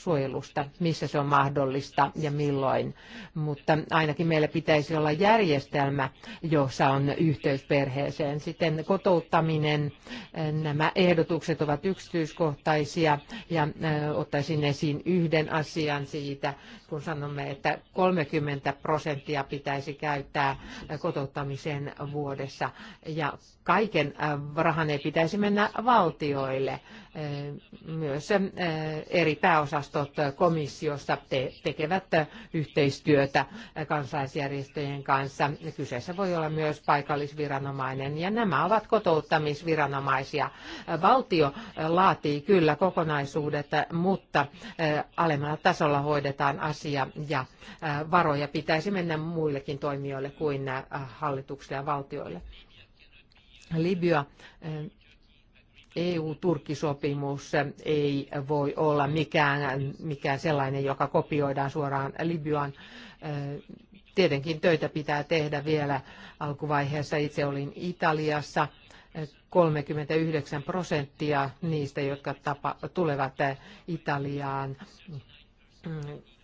suojelusta, missä se on mahdollista ja milloin. Mutta ainakin meillä pitäisi olla järjestelmä, jossa on yhteys perheeseen. Sitten kotouttaminen. Nämä ehdotukset ovat yksityiskohtaisia ja ottaisin esiin yhden asian siitä, kun sanomme, että 30 prosenttia pitäisi käyttää kotouttamiseen vuodessa ja kaiken rahan ei pitäisi mennä valtioille myös eh, eri pääosastot komissiossa tekevät yhteistyötä kansalaisjärjestöjen kanssa. Kyseessä voi olla myös paikallisviranomainen ja nämä ovat kotouttamisviranomaisia. Valtio laatii kyllä kokonaisuudet, mutta eh, alemmalla tasolla hoidetaan asia ja eh, varoja pitäisi mennä muillekin toimijoille kuin hallituksille ja valtioille. Libya eu sopimus ei voi olla mikään, mikään sellainen, joka kopioidaan suoraan Libyan. Tietenkin töitä pitää tehdä vielä alkuvaiheessa. Itse olin Italiassa. 39 prosenttia niistä, jotka tapa, tulevat Italiaan,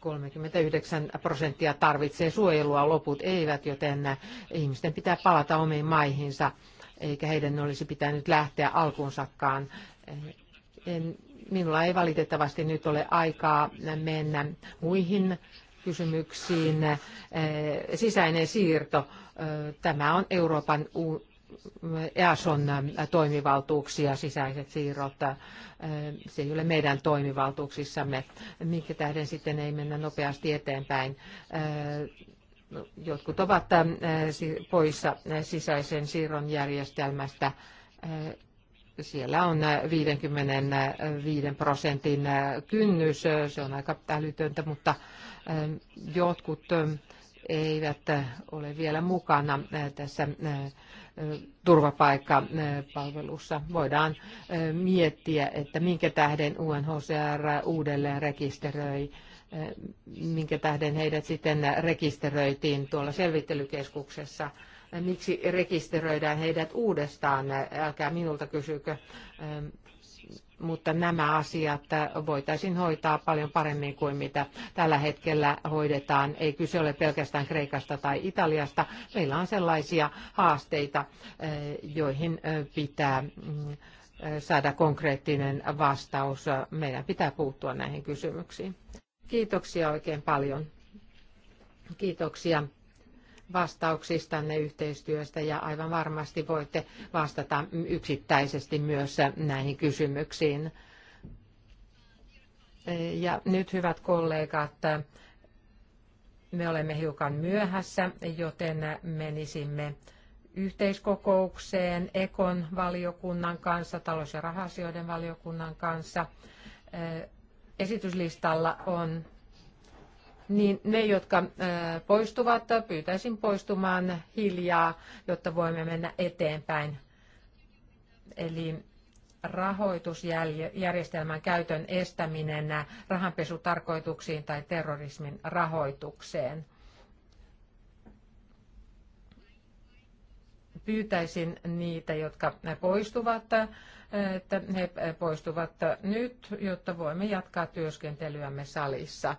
39 prosenttia tarvitsee suojelua, loput eivät, joten ihmisten pitää palata omiin maihinsa eikä heidän olisi pitänyt lähteä alkuunsakaan. En, minulla ei valitettavasti nyt ole aikaa mennä muihin kysymyksiin. Sisäinen siirto, tämä on Euroopan EASON toimivaltuuksia, sisäiset siirrot, se ei ole meidän toimivaltuuksissamme, minkä tähden sitten ei mennä nopeasti eteenpäin. Jotkut ovat äh, poissa äh, sisäisen siirron järjestelmästä. Äh, siellä on 55 prosentin kynnys, se on aika älytöntä, mutta jotkut eivät ole vielä mukana tässä turvapaikkapalvelussa. Voidaan miettiä, että minkä tähden UNHCR uudelleen rekisteröi minkä tähden heidät sitten rekisteröitiin tuolla selvittelykeskuksessa. Miksi rekisteröidään heidät uudestaan, älkää minulta kysykö, mutta nämä asiat voitaisiin hoitaa paljon paremmin kuin mitä tällä hetkellä hoidetaan. Ei kyse ole pelkästään Kreikasta tai Italiasta. Meillä on sellaisia haasteita, joihin pitää mm, saada konkreettinen vastaus. Meidän pitää puuttua näihin kysymyksiin. Kiitoksia oikein paljon. Kiitoksia vastauksistanne yhteistyöstä ja aivan varmasti voitte vastata yksittäisesti myös näihin kysymyksiin. Ja nyt hyvät kollegat, me olemme hiukan myöhässä, joten menisimme yhteiskokoukseen Ekon valiokunnan kanssa, talous- ja rahasioiden valiokunnan kanssa esityslistalla on, niin ne, jotka poistuvat, pyytäisin poistumaan hiljaa, jotta voimme mennä eteenpäin. Eli rahoitusjärjestelmän käytön estäminen rahanpesutarkoituksiin tai terrorismin rahoitukseen. Pyytäisin niitä, jotka poistuvat, että ne poistuvat nyt, jotta voimme jatkaa työskentelyämme salissa.